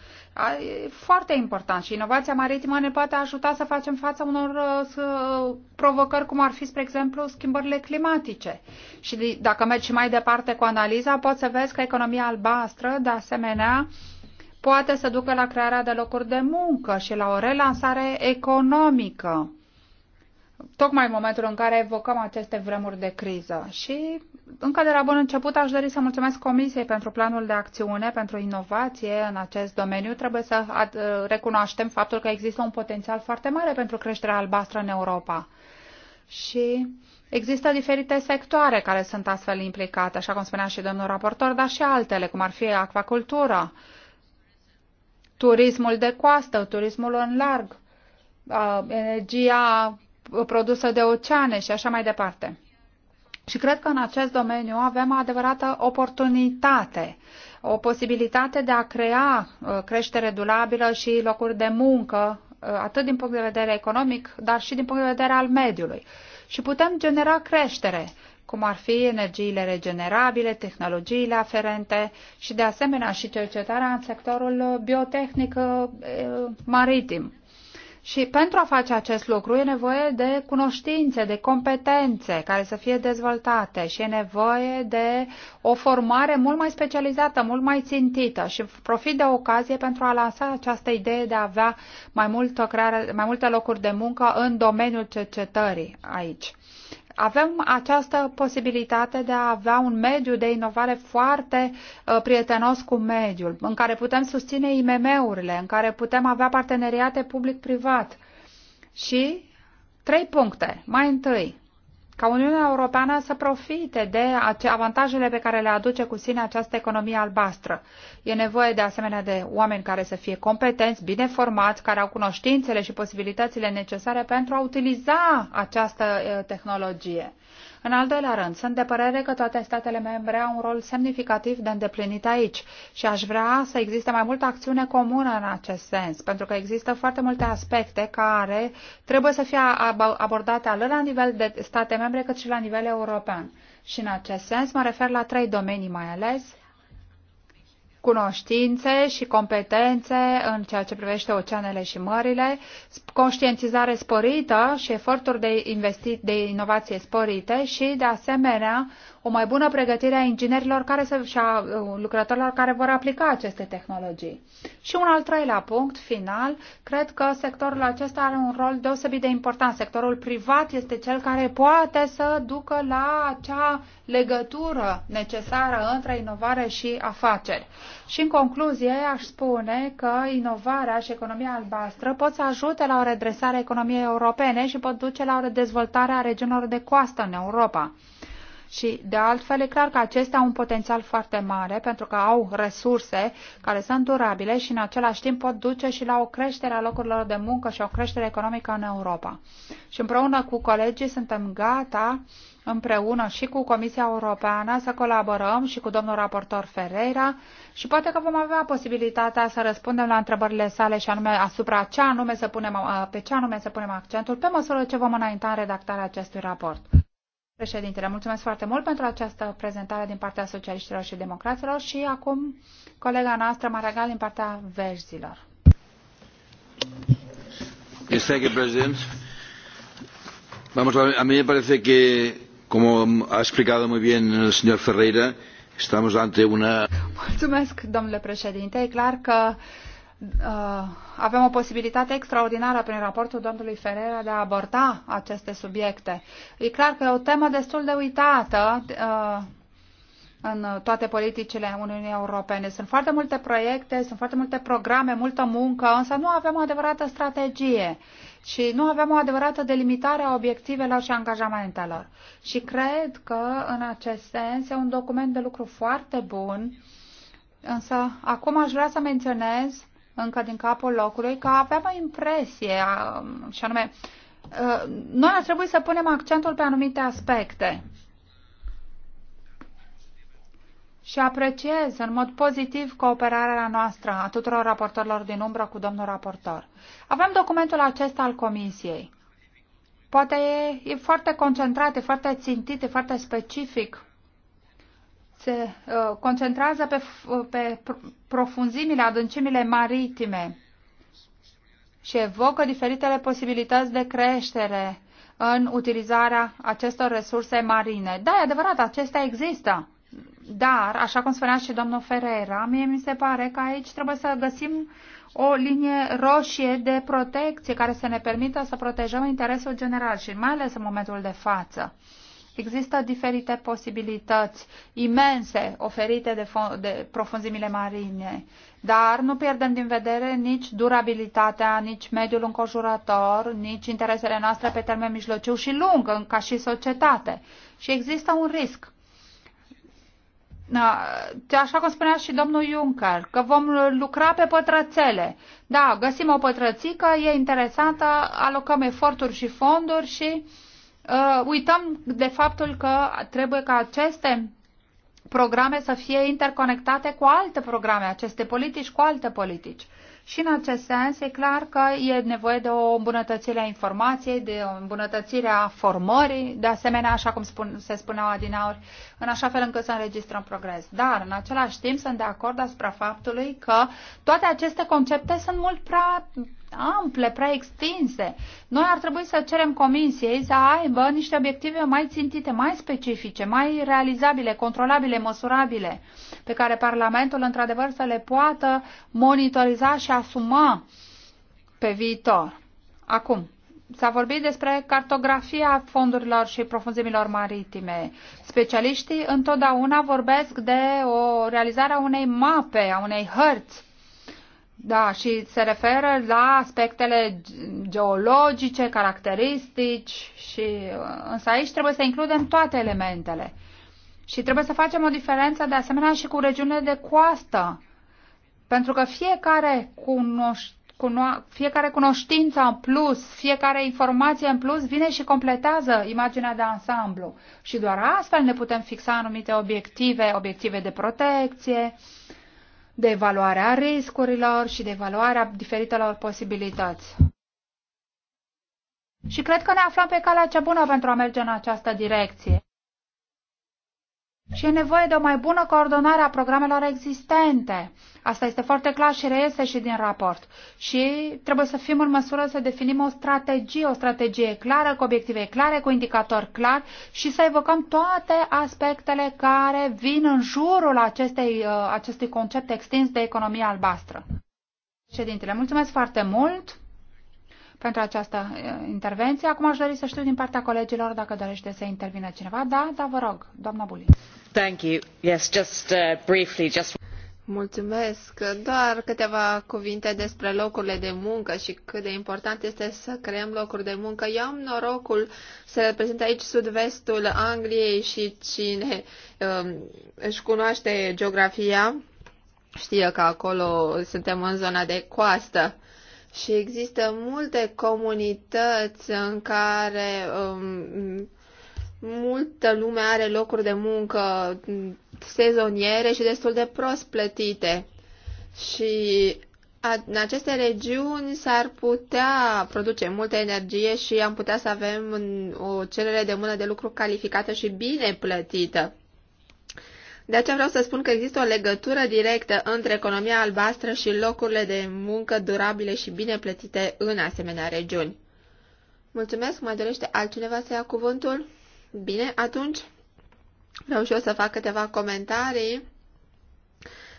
e foarte important și inovația maritimă ne poate ajuta să facem față unor uh, uh provocări cum ar fi, spre exemplu, schimbările climatice. Și dacă mergi mai departe cu analiza, poți să vezi că economia albastră, de asemenea, uh, poate să ducă la crearea de locuri de muncă și la o relansare economică. Tocmai în momentul în care evocăm aceste vremuri de criză. Și încă de la bun început aș dori să mulțumesc Comisiei pentru planul de acțiune, pentru inovație în acest domeniu. Trebuie să recunoaștem faptul că există un potențial foarte mare pentru creșterea albastră în Europa. Și Există diferite sectoare care sunt astfel implicate, așa cum spunea și domnul raportor, dar și altele, cum ar fi acvacultura, turismul de coastă, turismul în larg, energia produsă de oceane și așa mai departe. Și cred că în acest domeniu avem adevărată oportunitate, o posibilitate de a crea creștere durabilă și locuri de muncă, atât din punct de vedere economic, dar și din punct de vedere al mediului. Și putem genera creștere cum ar fi energiile regenerabile, tehnologiile aferente și, de asemenea, și cercetarea în sectorul biotehnic uh, maritim. Și pentru a face acest lucru e nevoie de cunoștințe, de competențe care să fie dezvoltate și e nevoie de o formare mult mai specializată, mult mai țintită și profit de ocazie pentru a lansa această idee de a avea mai, multă creare, mai multe locuri de muncă în domeniul cercetării aici avem această posibilitate de a avea un mediu de inovare foarte uh, prietenos cu mediul, în care putem susține IMM-urile, în care putem avea parteneriate public-privat. Și trei puncte. Mai întâi, ca Uniunea Europeană să profite de avantajele pe care le aduce cu sine această economie albastră. E nevoie de asemenea de oameni care să fie competenți, bine formați, care au cunoștințele și posibilitățile necesare pentru a utiliza această tehnologie. În al doilea rând, sunt de părere că toate statele membre au un rol semnificativ de îndeplinit aici și aș vrea să existe mai multă acțiune comună în acest sens, pentru că există foarte multe aspecte care trebuie să fie abordate atât la nivel de state membre cât și la nivel european. Și în acest sens mă refer la trei domenii mai ales cunoștințe și competențe în ceea ce privește oceanele și mările, conștientizare sporită și eforturi de, investi- de inovație sporite și, de asemenea, o mai bună pregătire a inginerilor care să, și a uh, lucrătorilor care vor aplica aceste tehnologii. Și un al treilea punct, final, cred că sectorul acesta are un rol deosebit de important. Sectorul privat este cel care poate să ducă la acea legătură necesară între inovare și afaceri. Și în concluzie aș spune că inovarea și economia albastră pot să ajute la o redresare a economiei europene și pot duce la o dezvoltare a regiunilor de coastă în Europa. Și de altfel e clar că acestea au un potențial foarte mare pentru că au resurse care sunt durabile și în același timp pot duce și la o creștere a locurilor de muncă și o creștere economică în Europa. Și împreună cu colegii suntem gata împreună și cu Comisia Europeană să colaborăm și cu domnul raportor Ferreira și poate că vom avea posibilitatea să răspundem la întrebările sale și anume asupra ce anume să punem, pe ce anume să punem accentul pe măsură ce vom înainta în redactarea acestui raport. Președintele, mulțumesc foarte mult pentru această prezentare din partea socialiștilor și democraților și acum colega noastră Maragal din partea verzilor. Este thank președinte. President. Vamos, a mí me parece que, como ha explicado muy bien el señor Ferreira, estamos ante una... Mulțumesc, domnule președinte. E clar că uh, avem o posibilitate extraordinară prin raportul domnului Ferreira de a aborda aceste subiecte. E clar că e o temă destul de uitată uh, în toate politicile Uniunii Europene. Sunt foarte multe proiecte, sunt foarte multe programe, multă muncă, însă nu avem o adevărată strategie și nu avem o adevărată delimitare a obiectivelor și angajamentelor. Și cred că, în acest sens, e un document de lucru foarte bun, însă acum aș vrea să menționez încă din capul locului că aveam o impresie, um, și anume, uh, noi ar trebui să punem accentul pe anumite aspecte. Și apreciez în mod pozitiv cooperarea noastră a tuturor raportorilor din umbră cu domnul raportor. Avem documentul acesta al Comisiei. Poate e, e foarte concentrat, e foarte țintit, e foarte specific se uh, concentrează pe, uh, pe profunzimile, adâncimile maritime și evocă diferitele posibilități de creștere în utilizarea acestor resurse marine. Da, e adevărat, acestea există. Dar, așa cum spunea și domnul Ferreira, mie mi se pare că aici trebuie să găsim o linie roșie de protecție care să ne permită să protejăm interesul general și mai ales în momentul de față. Uh, Există diferite posibilități imense oferite de, de profunzimile marine, dar nu pierdem din vedere nici durabilitatea, nici mediul înconjurător, nici interesele noastre pe termen mijlociu și lung, ca și societate. Și există un risc așa cum spunea și domnul Juncker, că vom lucra pe pătrățele. Da, găsim o pătrățică, e interesantă, alocăm eforturi și fonduri și uh, uh, uităm de faptul că trebuie ca aceste programe să fie interconectate cu alte programe, aceste politici cu alte politici. Și în acest sens e clar că e nevoie de o îmbunătățire a informației, de o îmbunătățire a formării, de asemenea, așa cum spun, se spunea adinauri, în așa fel încât să înregistrăm progres. Dar, în același timp, sunt de acord asupra faptului că toate aceste concepte sunt mult prea ample, prea extinse. Noi ar trebui să cerem comisiei să aibă niște obiective mai țintite, mai specifice, mai realizabile, controlabile, măsurabile, pe care Parlamentul într-adevăr să le poată monitoriza și asuma pe viitor. Acum, S-a vorbit despre cartografia fondurilor și profunzimilor maritime. Specialiștii întotdeauna vorbesc de o realizare a unei mape, a unei hărți da, și se referă la aspectele geologice, caracteristici și însă aici trebuie să includem toate elementele. Și trebuie să facem o diferență de asemenea și cu regiunile de coastă, pentru că fiecare, cunoș, cuno, fiecare cunoștință în plus, fiecare informație în plus vine și completează imaginea de ansamblu. Și doar astfel ne putem fixa anumite obiective, obiective de protecție, uh, de evaluare a riscurilor și de evaluare a diferitelor posibilități. Și cred că ne aflăm pe calea cea bună pentru a merge în această direcție. Și e nevoie de o mai bună coordonare a programelor existente. Asta este foarte clar și reiese și din raport. Și trebuie să fim în măsură să definim o strategie, o strategie clară, cu obiective clare, cu indicatori clar și să evocăm toate aspectele care vin în jurul acestei, uh, acestui concept extins de economie albastră. Ședintele, mulțumesc foarte mult pentru această uh, intervenție. Acum aș dori să știu din partea colegilor dacă dorește să intervină cineva. Da, da, vă rog, doamna Bulin. Yes, just, uh, briefly, just... Mulțumesc. Doar câteva cuvinte despre locurile de muncă și cât de important este să creăm locuri de muncă. Eu am norocul să reprezint aici sud-vestul Angliei și cine um, își cunoaște geografia știe că acolo suntem în zona de coastă și există multe comunități în care um, multă lume are locuri de muncă sezoniere și destul de prost plătite. Și a, în aceste regiuni s-ar putea produce multă energie și am putea să avem o cerere de mână de lucru calificată și bine plătită. De aceea vreau să spun că există o legătură directă între economia albastră și locurile de muncă durabile și bine plătite în asemenea regiuni. Mulțumesc, mai dorește altcineva să ia cuvântul? Bine, atunci vreau și eu să fac câteva comentarii.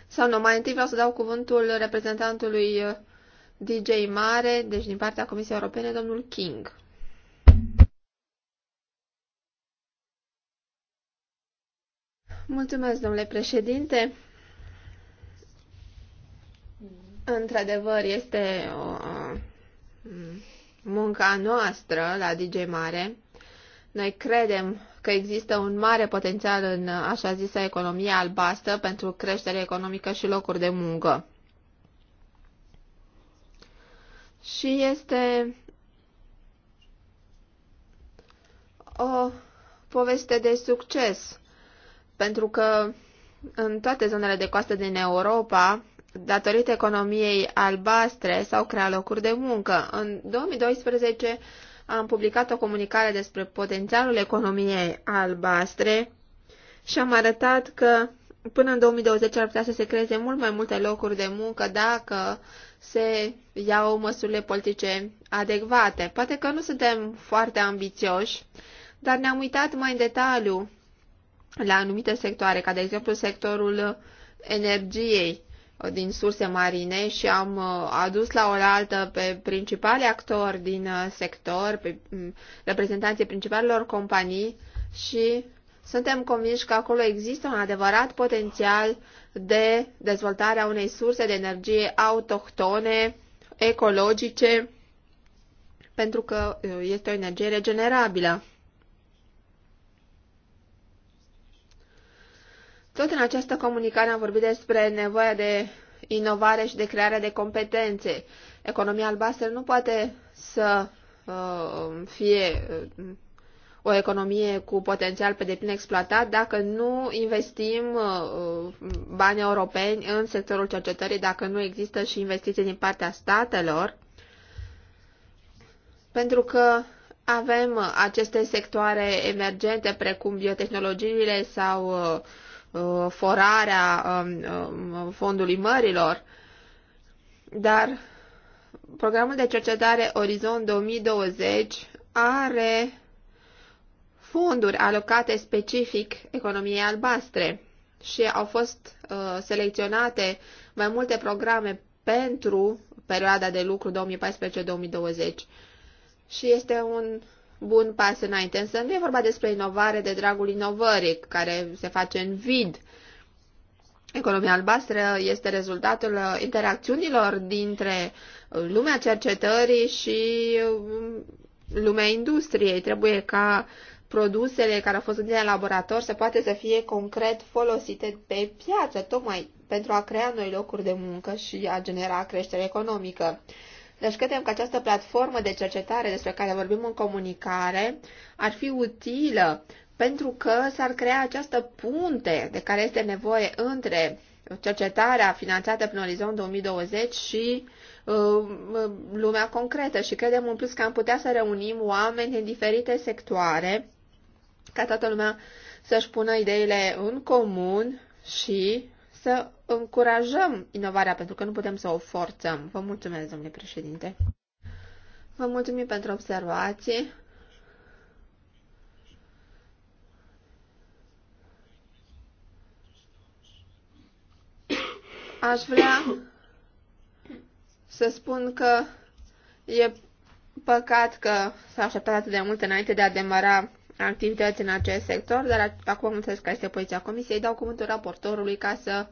Sau nu, mai întâi vreau să dau cuvântul reprezentantului uh, DJ Mare, deci din partea Comisiei Europene, domnul King. Mulțumesc, domnule președinte. Într-adevăr, este o uh, uh, munca noastră la DJ Mare noi credem că există un mare potențial în așa zisă economie albastră pentru creștere economică și locuri de muncă. Și este o poveste de succes, pentru că în toate zonele de coastă din Europa, datorită economiei albastre, s-au creat locuri de muncă. În 2012, am publicat o comunicare despre potențialul economiei albastre și am arătat că până în 2020 ar putea să se creeze mult mai multe locuri de muncă dacă se iau măsurile politice adecvate. Poate că nu suntem foarte ambițioși, dar ne-am uitat mai în detaliu la anumite sectoare, ca de exemplu sectorul energiei din surse marine și am uh, adus la oaltă pe principali actori din uh, sector, pe mm, reprezentanții principalilor companii și suntem convinși că acolo există un adevărat potențial de dezvoltare a unei surse de energie autohtone, ecologice, pentru că uh, este o energie regenerabilă. Tot în această comunicare am vorbit despre nevoia de inovare și de creare de competențe. Economia albastră nu poate să uh, fie uh, o economie cu potențial pe deplin exploatat dacă nu investim uh, uh bani europeni în sectorul cercetării, dacă nu există și investiții din partea statelor, pentru că avem aceste sectoare emergente precum biotehnologiile sau uh, Uh, forarea um, um, fondului mărilor, dar programul de cercetare Orizont 2020 are fonduri alocate specific economiei albastre și au fost uh, selecționate mai multe programe pentru perioada de lucru 2014-2020. Și este un bun pas înainte, însă nu e vorba despre inovare de dragul inovării, care se face în vid. Economia albastră este rezultatul interacțiunilor dintre lumea cercetării și um, lumea industriei. Trebuie ca produsele care au fost în laborator să poate să fie concret folosite pe piață, tocmai pentru a crea noi locuri de muncă și a genera creștere economică. Deci credem că această platformă de cercetare despre care vorbim în comunicare ar fi utilă pentru că s-ar crea această punte de care este nevoie între cercetarea finanțată prin Orizont 2020 și uh, lumea concretă și credem în plus că am putea să reunim oameni din diferite sectoare ca toată lumea să-și pună ideile în comun și să încurajăm inovarea, pentru că nu putem să o forțăm. Vă mulțumesc, domnule președinte. Vă mulțumim pentru observații. Aș vrea să spun că e păcat că s-a așteptat atât de mult înainte de a demara activități în acest sector, dar acum am înțeles care este poziția Comisiei, dau cuvântul raportorului ca să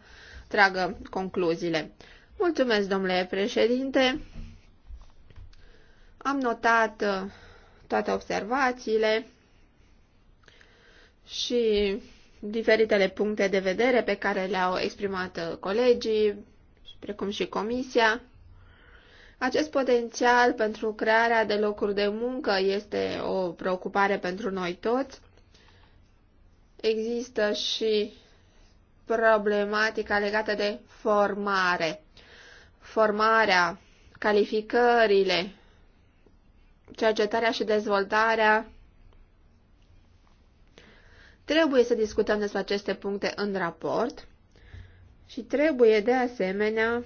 tragă concluziile. Mulțumesc, domnule președinte. Am notat uh, toate observațiile și diferitele puncte de vedere pe care le-au exprimat uh, colegii, precum și comisia. Acest potențial pentru crearea de locuri de muncă este o preocupare pentru noi toți. Există și problematica legată de formare. Formarea, calificările, cercetarea și dezvoltarea. Trebuie să discutăm despre aceste puncte în raport și trebuie de asemenea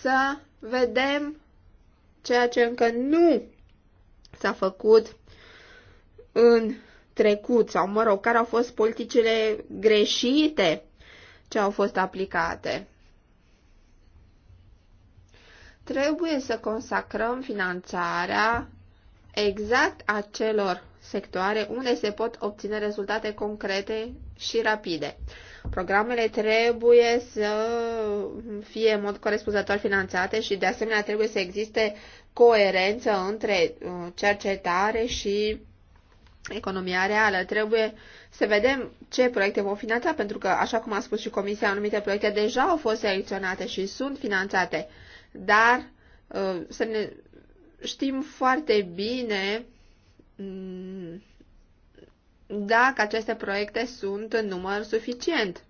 să vedem ceea ce încă nu s-a făcut în trecut sau, mă rog, care au fost politicile greșite ce au fost aplicate. Trebuie să consacrăm finanțarea exact acelor sectoare unde se pot obține rezultate concrete și rapide. Programele trebuie să fie în mod corespunzător finanțate și de asemenea trebuie să existe coerență între uh, cercetare și economia reală. Trebuie să vedem ce proiecte vom finanța, pentru că, așa cum a spus și Comisia, anumite proiecte deja au fost selecționate și sunt finanțate, dar uh, să ne știm foarte bine mm, dacă aceste proiecte sunt în număr suficient.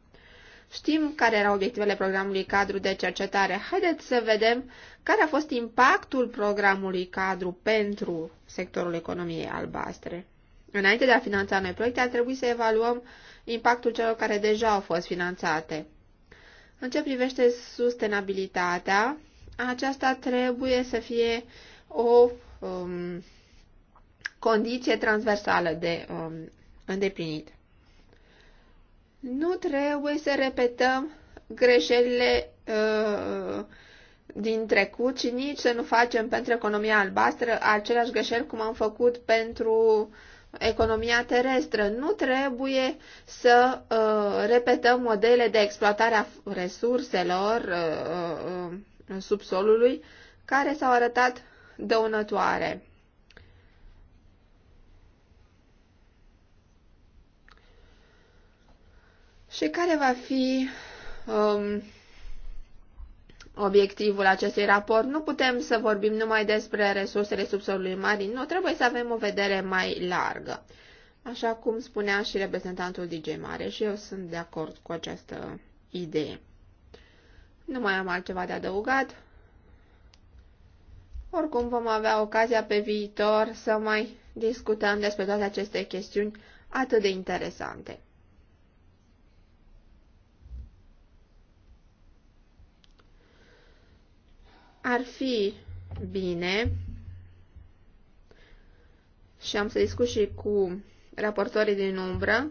Știm care erau obiectivele programului cadru de cercetare. Haideți să vedem care a fost impactul programului cadru pentru sectorul economiei albastre. Înainte de a finanța noi proiecte, ar trebui să evaluăm impactul celor care deja au fost finanțate. În ce privește sustenabilitatea, aceasta trebuie să fie o um, condiție transversală de um, îndeplinit. Nu trebuie să repetăm greșelile uh, din trecut și nici să nu facem pentru economia albastră aceleași greșeli cum am făcut pentru economia terestră. Nu trebuie să uh, repetăm modele de exploatare a resurselor uh, uh, uh subsolului care s-au arătat dăunătoare. Și care va fi um, obiectivul acestui raport? Nu putem să vorbim numai despre resursele subsolului marin, nu, trebuie să avem o vedere mai largă. Așa cum spunea și reprezentantul DJ Mare și eu sunt de acord cu această idee. Nu mai am altceva de adăugat. Oricum vom avea ocazia pe viitor să mai discutăm despre toate aceste chestiuni atât de interesante. ar fi bine și am să discut și cu raportorii din umbră,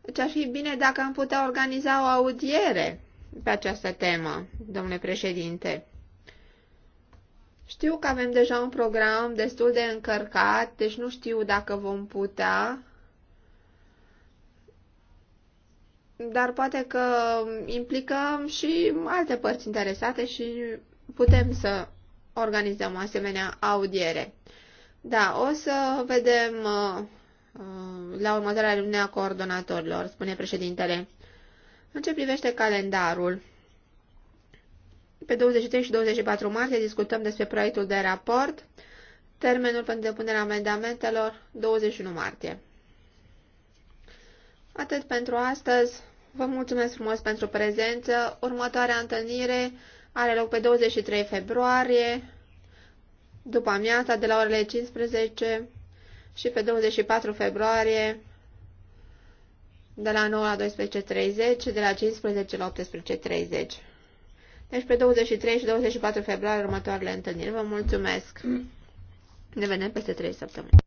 deci ar fi bine dacă am putea organiza o audiere pe această temă, domnule președinte. Știu că avem deja un program destul de încărcat, deci nu știu dacă vom putea, dar poate că implicăm și alte părți interesate și putem să organizăm o asemenea audiere. Da, o să vedem uh, uh, la următoarea reuniune coordonatorilor, spune președintele. În ce privește calendarul? Pe 23 și 24 martie discutăm despre proiectul de raport, termenul pentru depunerea amendamentelor 21 martie. Atât pentru astăzi. Vă mulțumesc frumos pentru prezență. Următoarea întâlnire are loc pe 23 februarie, după amiaza, de la orele 15 și pe 24 februarie, de la 9 la 12.30 și de la 15 la 18.30. Deci pe 23 și 24 februarie următoarele întâlniri. Vă mulțumesc! Ne vedem peste 3 săptămâni.